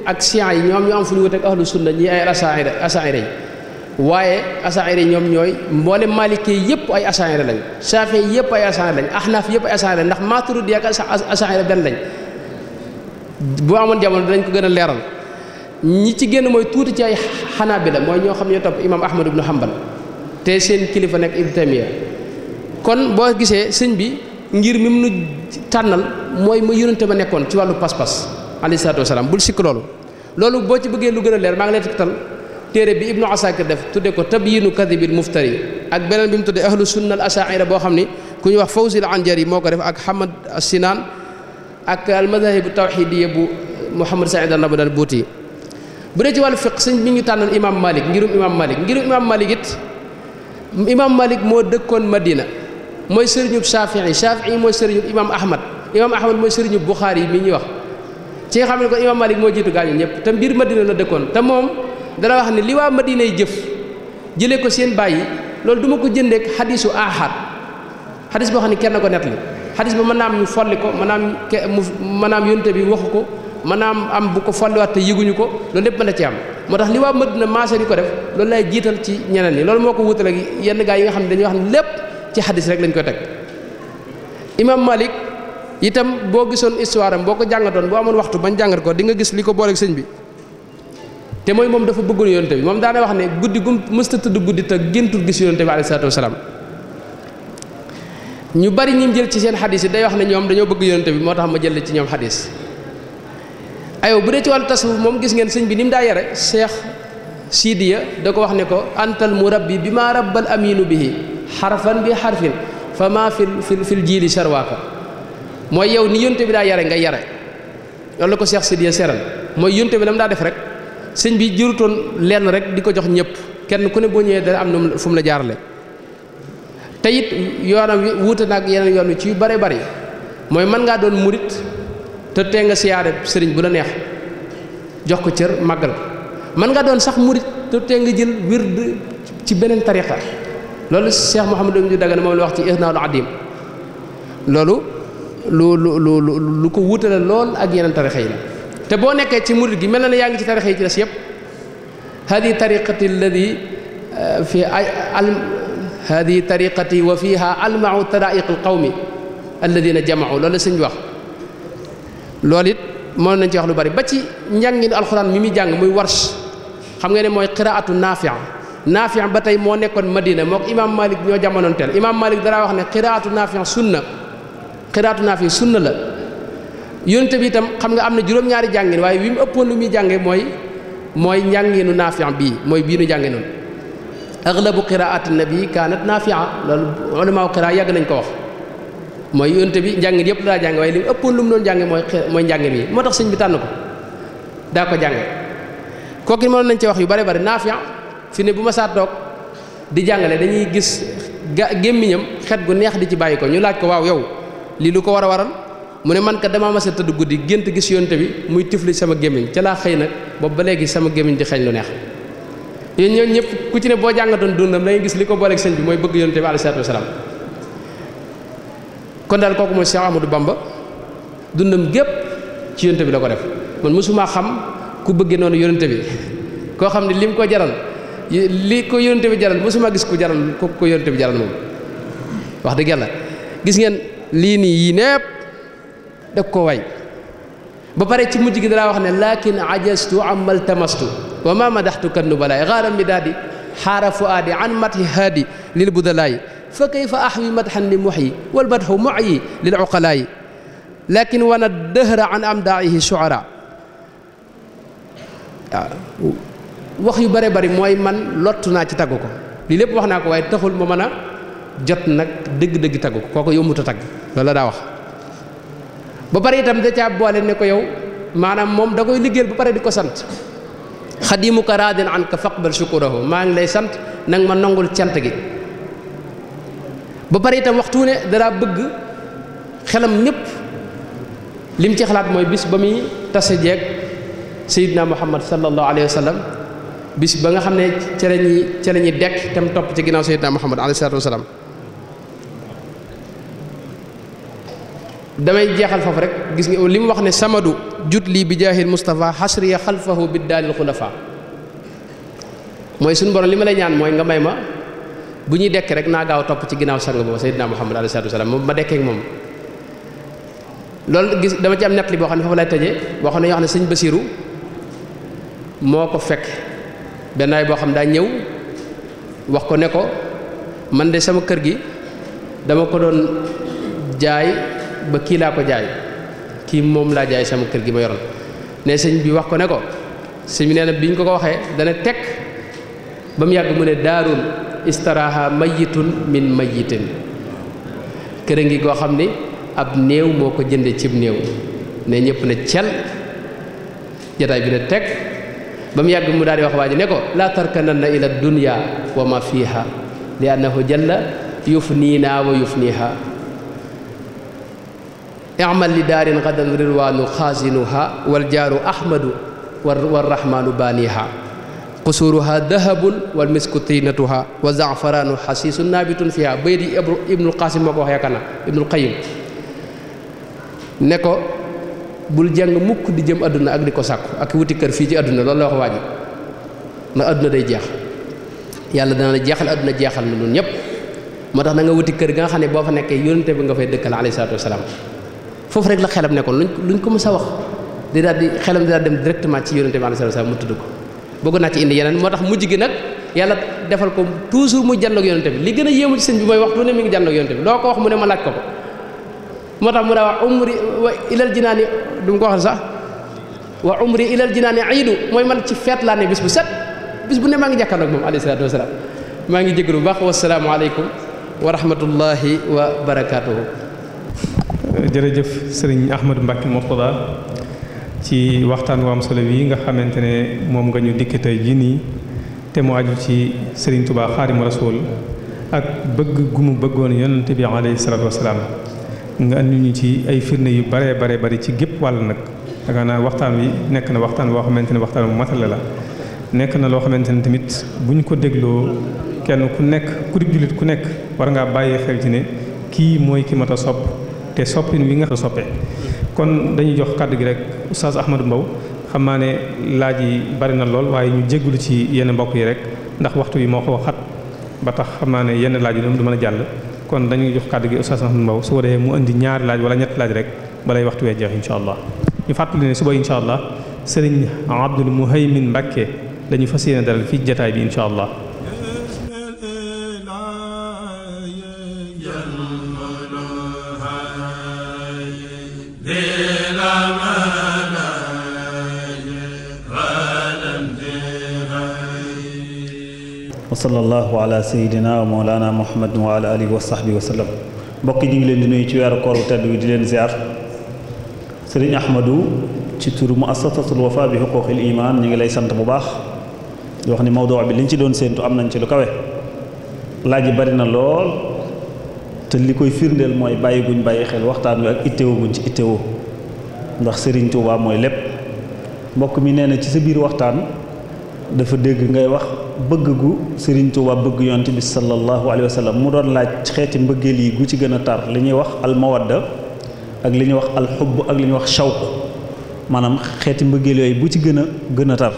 ak siyan yi ñoom ñoo am fu ñu wute ak ahlu sunna ñi ay asaira asaira yi waaye asaari ñoom ñooy mboole maliki yëpp ay asaari lañ saafi yëpp ay asaari lañ axnaaf yëpp ay asaari lañ ndax maturidi ak asaari benn lañ bu amoon jamono dañ ko gën a leeral ñi ci génn mooy tuuti ci ay xanaa bi xanaabila mooy ñoo xam ñoo topp imaam ahmad ibnu hambal te seen kilifa nekk ibnu taymiya kon boo gisee sëñ bi ngir mi mu tànnal mooy mu yonente ma nekkoon ci wàllu pas-pas alayhi salaatu wasalaam bul sikk loolu loolu boo ci bëggee lu gën a leer maa ngi lay téere bi ibnu asakir def tudde ko tabyinu kadibil muftari ak beneen bi mu tudde ahlu sunna al asaira boo xam ni ku ñuy wax fawzil anjari moo ko def ak hamad sinan ak al madahibu tawxidiya bu mouhamad na al ramadan buuti bu dee ci wàllu fiq sëñ bi ñu tànnal imam malik ngirum imam malik ngirum imam malik it imam malik moo dëkkoon madina mooy sëriñub shafii shafii mooy sëriñub imam ahmad imam ahmad mooy sëriñub buxaari yi mi ñuy wax ci nga xam ne moo jiitu gaañu ñëpp te mbir madina la dëkkoon dana wax ne li waa madinay jëf jëlee ko seen bàyyi loolu duma ma ko jëndeek xadisu ahad xadis boo xam ne kenn ko net li xadis ba maanaam ñu folli ko maanaam ke mu maanaam bi waxu ko maanaam am bu ko folliwaat te yëguñu ko loolu lépp mën na ci am moo tax li waa madina maasé di ko def loolu lay jiital ci ñeneen yi loolu moo ko wutal ak yenn gaa yi nga xam ne dañuy wax ne lépp ci xadis rek lañ ko teg imam malik itam boo gisoon histoire boo ko jàngatoon boo amoon waxtu bañ jàngat ko di gis li ko booleeg sëñ bi te mooy moom dafa bëggoon yonte bi moom daana wax ne guddi gum mësta tëdd guddi te géntul gis yonte bi alayhi salaatu wasalaam ñu bari jël ci seen xadis day wax ne ñoom dañoo bëgg yonte bi moo tax ma jël ci ñoom xadis ayo bu dee ci moom gis ngeen sëñ bi ni mu daa yare seex siidiya da ko wax ne ko antal murabbi bi maa rabbal aminu bihi xarfan bi xarfin fa maa fil fil fil jiili sarwaaka mooy yow ni yonte bi daa yare nga yare loolu ko seex siidiya seral mooy yonte bi la mu daa def rek sëñ bi jërutoon lenn rek di ko jox ñëpp kenn ku ne boo ñëwee da am na fu la jaarale te yoonam wi wuute ak yeneen yoon wi ci yu bari mooy mën ngaa doon murit te tee nga siyaare sëriñ bu la neex jox ko cër màggal mën ngaa doon sax murit te tee nga jël wird ci beneen tariqa loolu Cheikh Mouhamadou Ibn Dagana moom la wax ci Irnaul Adim loolu lu lu lu lu ko wuutale lool ak yeneen tarixa yi la te boo nekkee ci murid gi mel na ne yaa ngi ci tarixa yi ci des yëpp hadi tariqati alladi eh, fi hadi tariqati wa fiha almau taraiq alqawmi alladina jamau loolu la wax loolu it moom nañ ci wax lu bari ba ci njàngin alxuraan mi muy jàng muy warsh xam nga ne mooy qiraatu naafia naafia ba tey moo nekkoon madina moo ko imaam malik ñoo jamonoon teel imaam malik dara wax ne qiraatu naafia sunna qiraatu naafia sunna la yonente bi itam xam nga am na juróom-ñaari jàngin waaye wi mu ëppoon lu muy jànge mooy mooy njànginu naafian bii mooy bii nu jànge noonu aglabu qiraati nabi kaanat naafia loolu ulamaaw yàgg nañ ko wax mooy yonente bi njàngin yëpp daa jànge mu ëppoon lu mu doon jànge mooy mooy njànge mi moo tax sëñ bi tànn ko daa ko jànge kooku mënoon nañ ci wax yu bare bare naafia fi ne bu ma saa toog di jàngale dañuy gis gémmiñam xet gu neex di ci bàyyi ko ñu laaj ko waaw yow lii lu ko war a waral mu ne man ka dama mas a tëdd guddi gént gis yonte bi muy tifli sama gémmiñ ca laa xëy nag boobu ba léegi sama gémmiñ di xeeñ lu neex yéen ñooñu ñëpp ku ci ne boo jàngatoon dundam da gis li ko booleeg sëñ bi mooy bëgg yonte bi alayhi salaatu wasalaam kon daal kooku mooy Cheikh Ahmadou Bamba dundam gépp ci yonte bi la ko def man mosuma xam ku bëggee noonu yonte koo xam ne lim ko jaral li ko yonte bi jaral mosuma gis ku jaral ku ko yonte bi jaral moom dëgg yàlla gis ngeen lii nii yii népp dag ko way ba pare ci mujj gi dalaa wax ne lakin ajastu amal tamastu wa ma madaxtu kannu balaay xaaram bi daal di xaara fuaadi an mathi haadi lil budalaay fa kayfa ahwi madxan li muxyi wal madxu muxyi lil uqalaay lakin wana dëhra an amdaayihi suara waaw wax yu bare bari mooy man lottu naa ci taggu ko lii lépp wax naa ko waaye taxul moo mën a jot nag dëgg-dëgg tagg ko kooku yombut a tagg loolu daa wax ba pare itam da caa boole ne ko yow maanaam moom da koy liggéeyal ba pare di ko sant mu xadimuka raadin an ka faqbal shukurahu maa ngi lay sant nang ma nangul cant gi ba pare itam waxtu ne dara bëgg xelam ñëpp lim ci xalaat mooy bis ba muy tas tase jeeg sayidna muhammad sallallahu alayhi wa sallam bis ba nga xam ne ca la ñuy ca la ñuy dekk tam topp ci ginnaaw sayidna muhammad alayhi salaatu wa salaam damay jeexal foofu rek gis nga li mu wax ne samadu jut lii bi jaahil Moustapha xasriya xalfahu bi daalil xulafa mooy suñu borom li ma lay ñaan mooy nga may ma bu ñuy dekk rek naa gaaw topp ci ginnaaw sang boobu Seydina Muhammad alayhi salaatu wasalaam ma dekkee ak moom. loolu gis dama ci am nettali boo xam ne foofu lay tëjee boo xam ne ñoo xam ne sëñ Basiiru boo xam daa ñëw ko ne ko man de sama kër gi dama ko doon jaay. ba kii laa ko jaay kii moom laa jaay sama kër gi ma yoroon ne sëñ bi wax ko ne ko sëñ bi nee na biñ ko ko waxee dana teg ba mu yàgg mu ne daarun istaraha mayitun min mayitin kër ngi goo xam ni ab néew moo ko jënde cib néew ne ñëpp ne cel jataay bi ne teg ba mu yàgg mu daal di wax waa ne ko laa tarkananna la dunya wa ma fiha li annahu jalla yufniina wa yufniha imal li daarin xadan rilwaanu xaasinuha wal jaaru ahmadu wal rahmaanu baaniha qusuuruha dahabun wal misku tiinatuha wa zaafaraanu xasiisun naabitun fiha bayit yi ibnul qaasim moo ko wax yaakaar naa ibnul qayim ne ko bul jeng mukk di jëm àdduna ak di ko sàkku ak wuti kër fii ci àdduna lool la wax waa ji ndax àdduna day jeex yàlla dana la jeexal àdduna jeexal na ñun ñëpp moo tax na nga wuti kër ga nga xam ne boo fa nekkee yónnante bi nga fay foofu rek la xelam nekkoon luñ luñ ko mës a wax di daal di xelam di daal dem directement ci yonente bi alayhi salaam mu tudd ko bëgg naa ci indi yeneen moo tax mu gi nag yàlla defal ko toujours mu jànn ak yonente bi li gën a yéemu ci sëñ bi mooy waxtu ne mi ngi jànn ak yonente bi loo ko mu ko moo tax mu daa wax umri wa ilal jinaani du mu ko waxal sax wa umri ilal jinaani iidu mooy man ci feet laa ne bis bu set bis bu ne maa ngi jàkkaarloog moom alayhi salaatu wasalaam maa ngi jégalu bu baax wasalaamualeykum wa rahmatullahi wa barakaatuhu jërëjëf sëriñ Ahmadu Mbàkke Murtada ci waxtaan wu am solo wi nga xamante ne moom nga ñu dikk tey jii nii te mu aju ci sëriñ Tuubaa Xaadimu Rasuul ak bëgg gu mu bëggoon yonent bi alayhi salaatu wasalaam nga andi ñu ci ay firnde yu bare bare bari ci gépp wàll nag danga naa waxtaan wi nekk na waxtaan woo xamante ne waxtaan bu matale la nekk na loo xamante ne tamit bu ñu ko dégloo kenn ku nekk ku di jullit ku nekk war ngaa bàyyi xel ci ne kii mooy ki mat a sopp te soppin wi nga soppee kon dañuy jox kàddu gi rek oustaz Ahmadou mbaw xam naa ne laaj yi bari na lool waaye ñu jéggulu ci yenn mbokk yi rek ndax waxtu yi moo ko xat ba tax xam naa ne yenn laaj yi du mën a jàll kon dañuy jox kàddu gi oustaz Ahmadou Mbow su ko defee mu indi ñaari laaj wala ñetti laaj rek balay waxtu wee jeex incha allah ñu fàttali ne suba incha allah sëriñ Abdul Muhaymin Mbacke dañu fas yéene dalal fii jataay bi incha allah sallallahu ala sayidina wa mawlana muhammadin wa ala alihi wa sahbihi ngi ci weeru koor bu tedd bi di leen ziar ci turu ñu ngi lay sant bu baax di wax ni mawduu liñ ci doon séentu am nañ ci lu kawe laaj yi bari na lool te li koy firndeel mooy bàyyi guñ bàyyi xel waxtaan wi ak itteewu guñ ci itteewu ndax sëriñ Tuubaa mooy lépp mbokk mi nee na ci sa biir waxtaan dafa dégg ngay wax bëgg gu Sëriñ Tuubaa bëgg yonent bi sallallahu alayhi wa sallam mu doon laaj xeeti mbëggeel yi gu ci gën a tar li ñuy wax almawadda ak li ñuy wax alxubb ak li ñuy wax shawq maanaam xeeti mbëggeel yooyu bu ci gën a gën a tar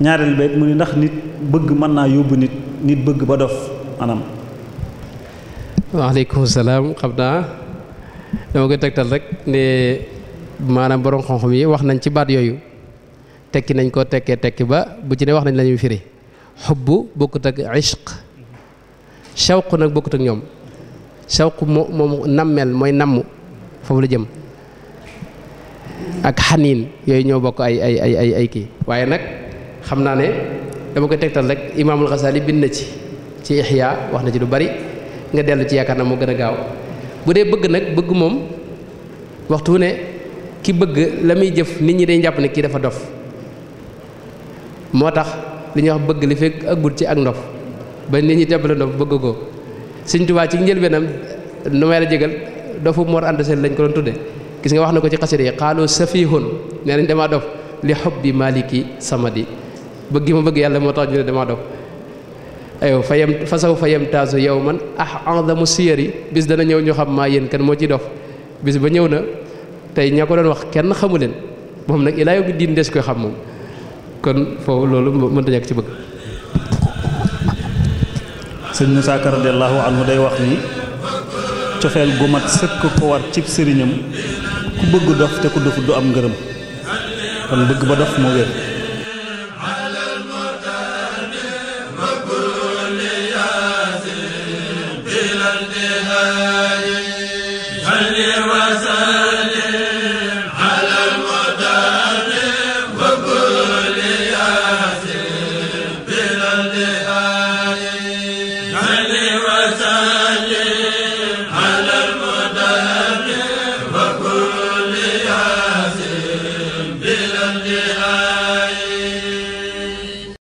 ñaareel ba mu ni ndax nit bëgg mën naa yóbbu nit nit bëgg ba dof maanaam waaleykum salaam xam naa dama koy tegtal rek ne maanaam borom xam-xam yi wax nañ ci baat yooyu tekki nañ koo tekkee tekki ba bu ci ne wax nañ la ñuy firi xubbu bokkut ak ishq shawq nag bokkut ak ñoom shawq moo moom nammel mooy namm foofu la jëm ak xaniin yooyu ñoo bokk ay ay ay kii waaye nag xam naa ne dama koy tegtal rek imaamul xasaali bind na ci ci ixya wax na ci lu bari nga dellu ci yaakaar na moo gën a gaaw bu dee bëgg nag bëgg moom waxtu ne ki bëgg la muy jëf nit ñi day jàpp ne kii dafa dof moo tax li ñu wax bëgg li fekk ak ëggul ci ak ndof ba nit ñi jàppale ndof bëgg ko Sëñ Tuubaa ci njëlbeenam nu may la jégal dofu Mor Anta Sali lañ ko doon tudde gis nga wax na ko ci xasida yi xaaloo safihun nee nañ damaa dof li di bi sama di bëgg ma bëgg yàlla moo tax ñu ne damaa dof aywa fa yem fa saw fa yem taasu yow man ah mu siyar yi bis dana ñëw ñu xam maa yéen kenn moo ci dof bis ba ñëw na tey ña ko doon wax kenn xamu leen moom nag ilaa yow des koy xam moom kon foofu loolu mënta ñàkk ci bëgg. sëñ Moussa Ka radiyallahu anhu day wax ni cofeel gu mat sëkk ko war cib sëriñam ku bëgg dof te ku dof du am ngërëm kon bëgg ba dof moo wér.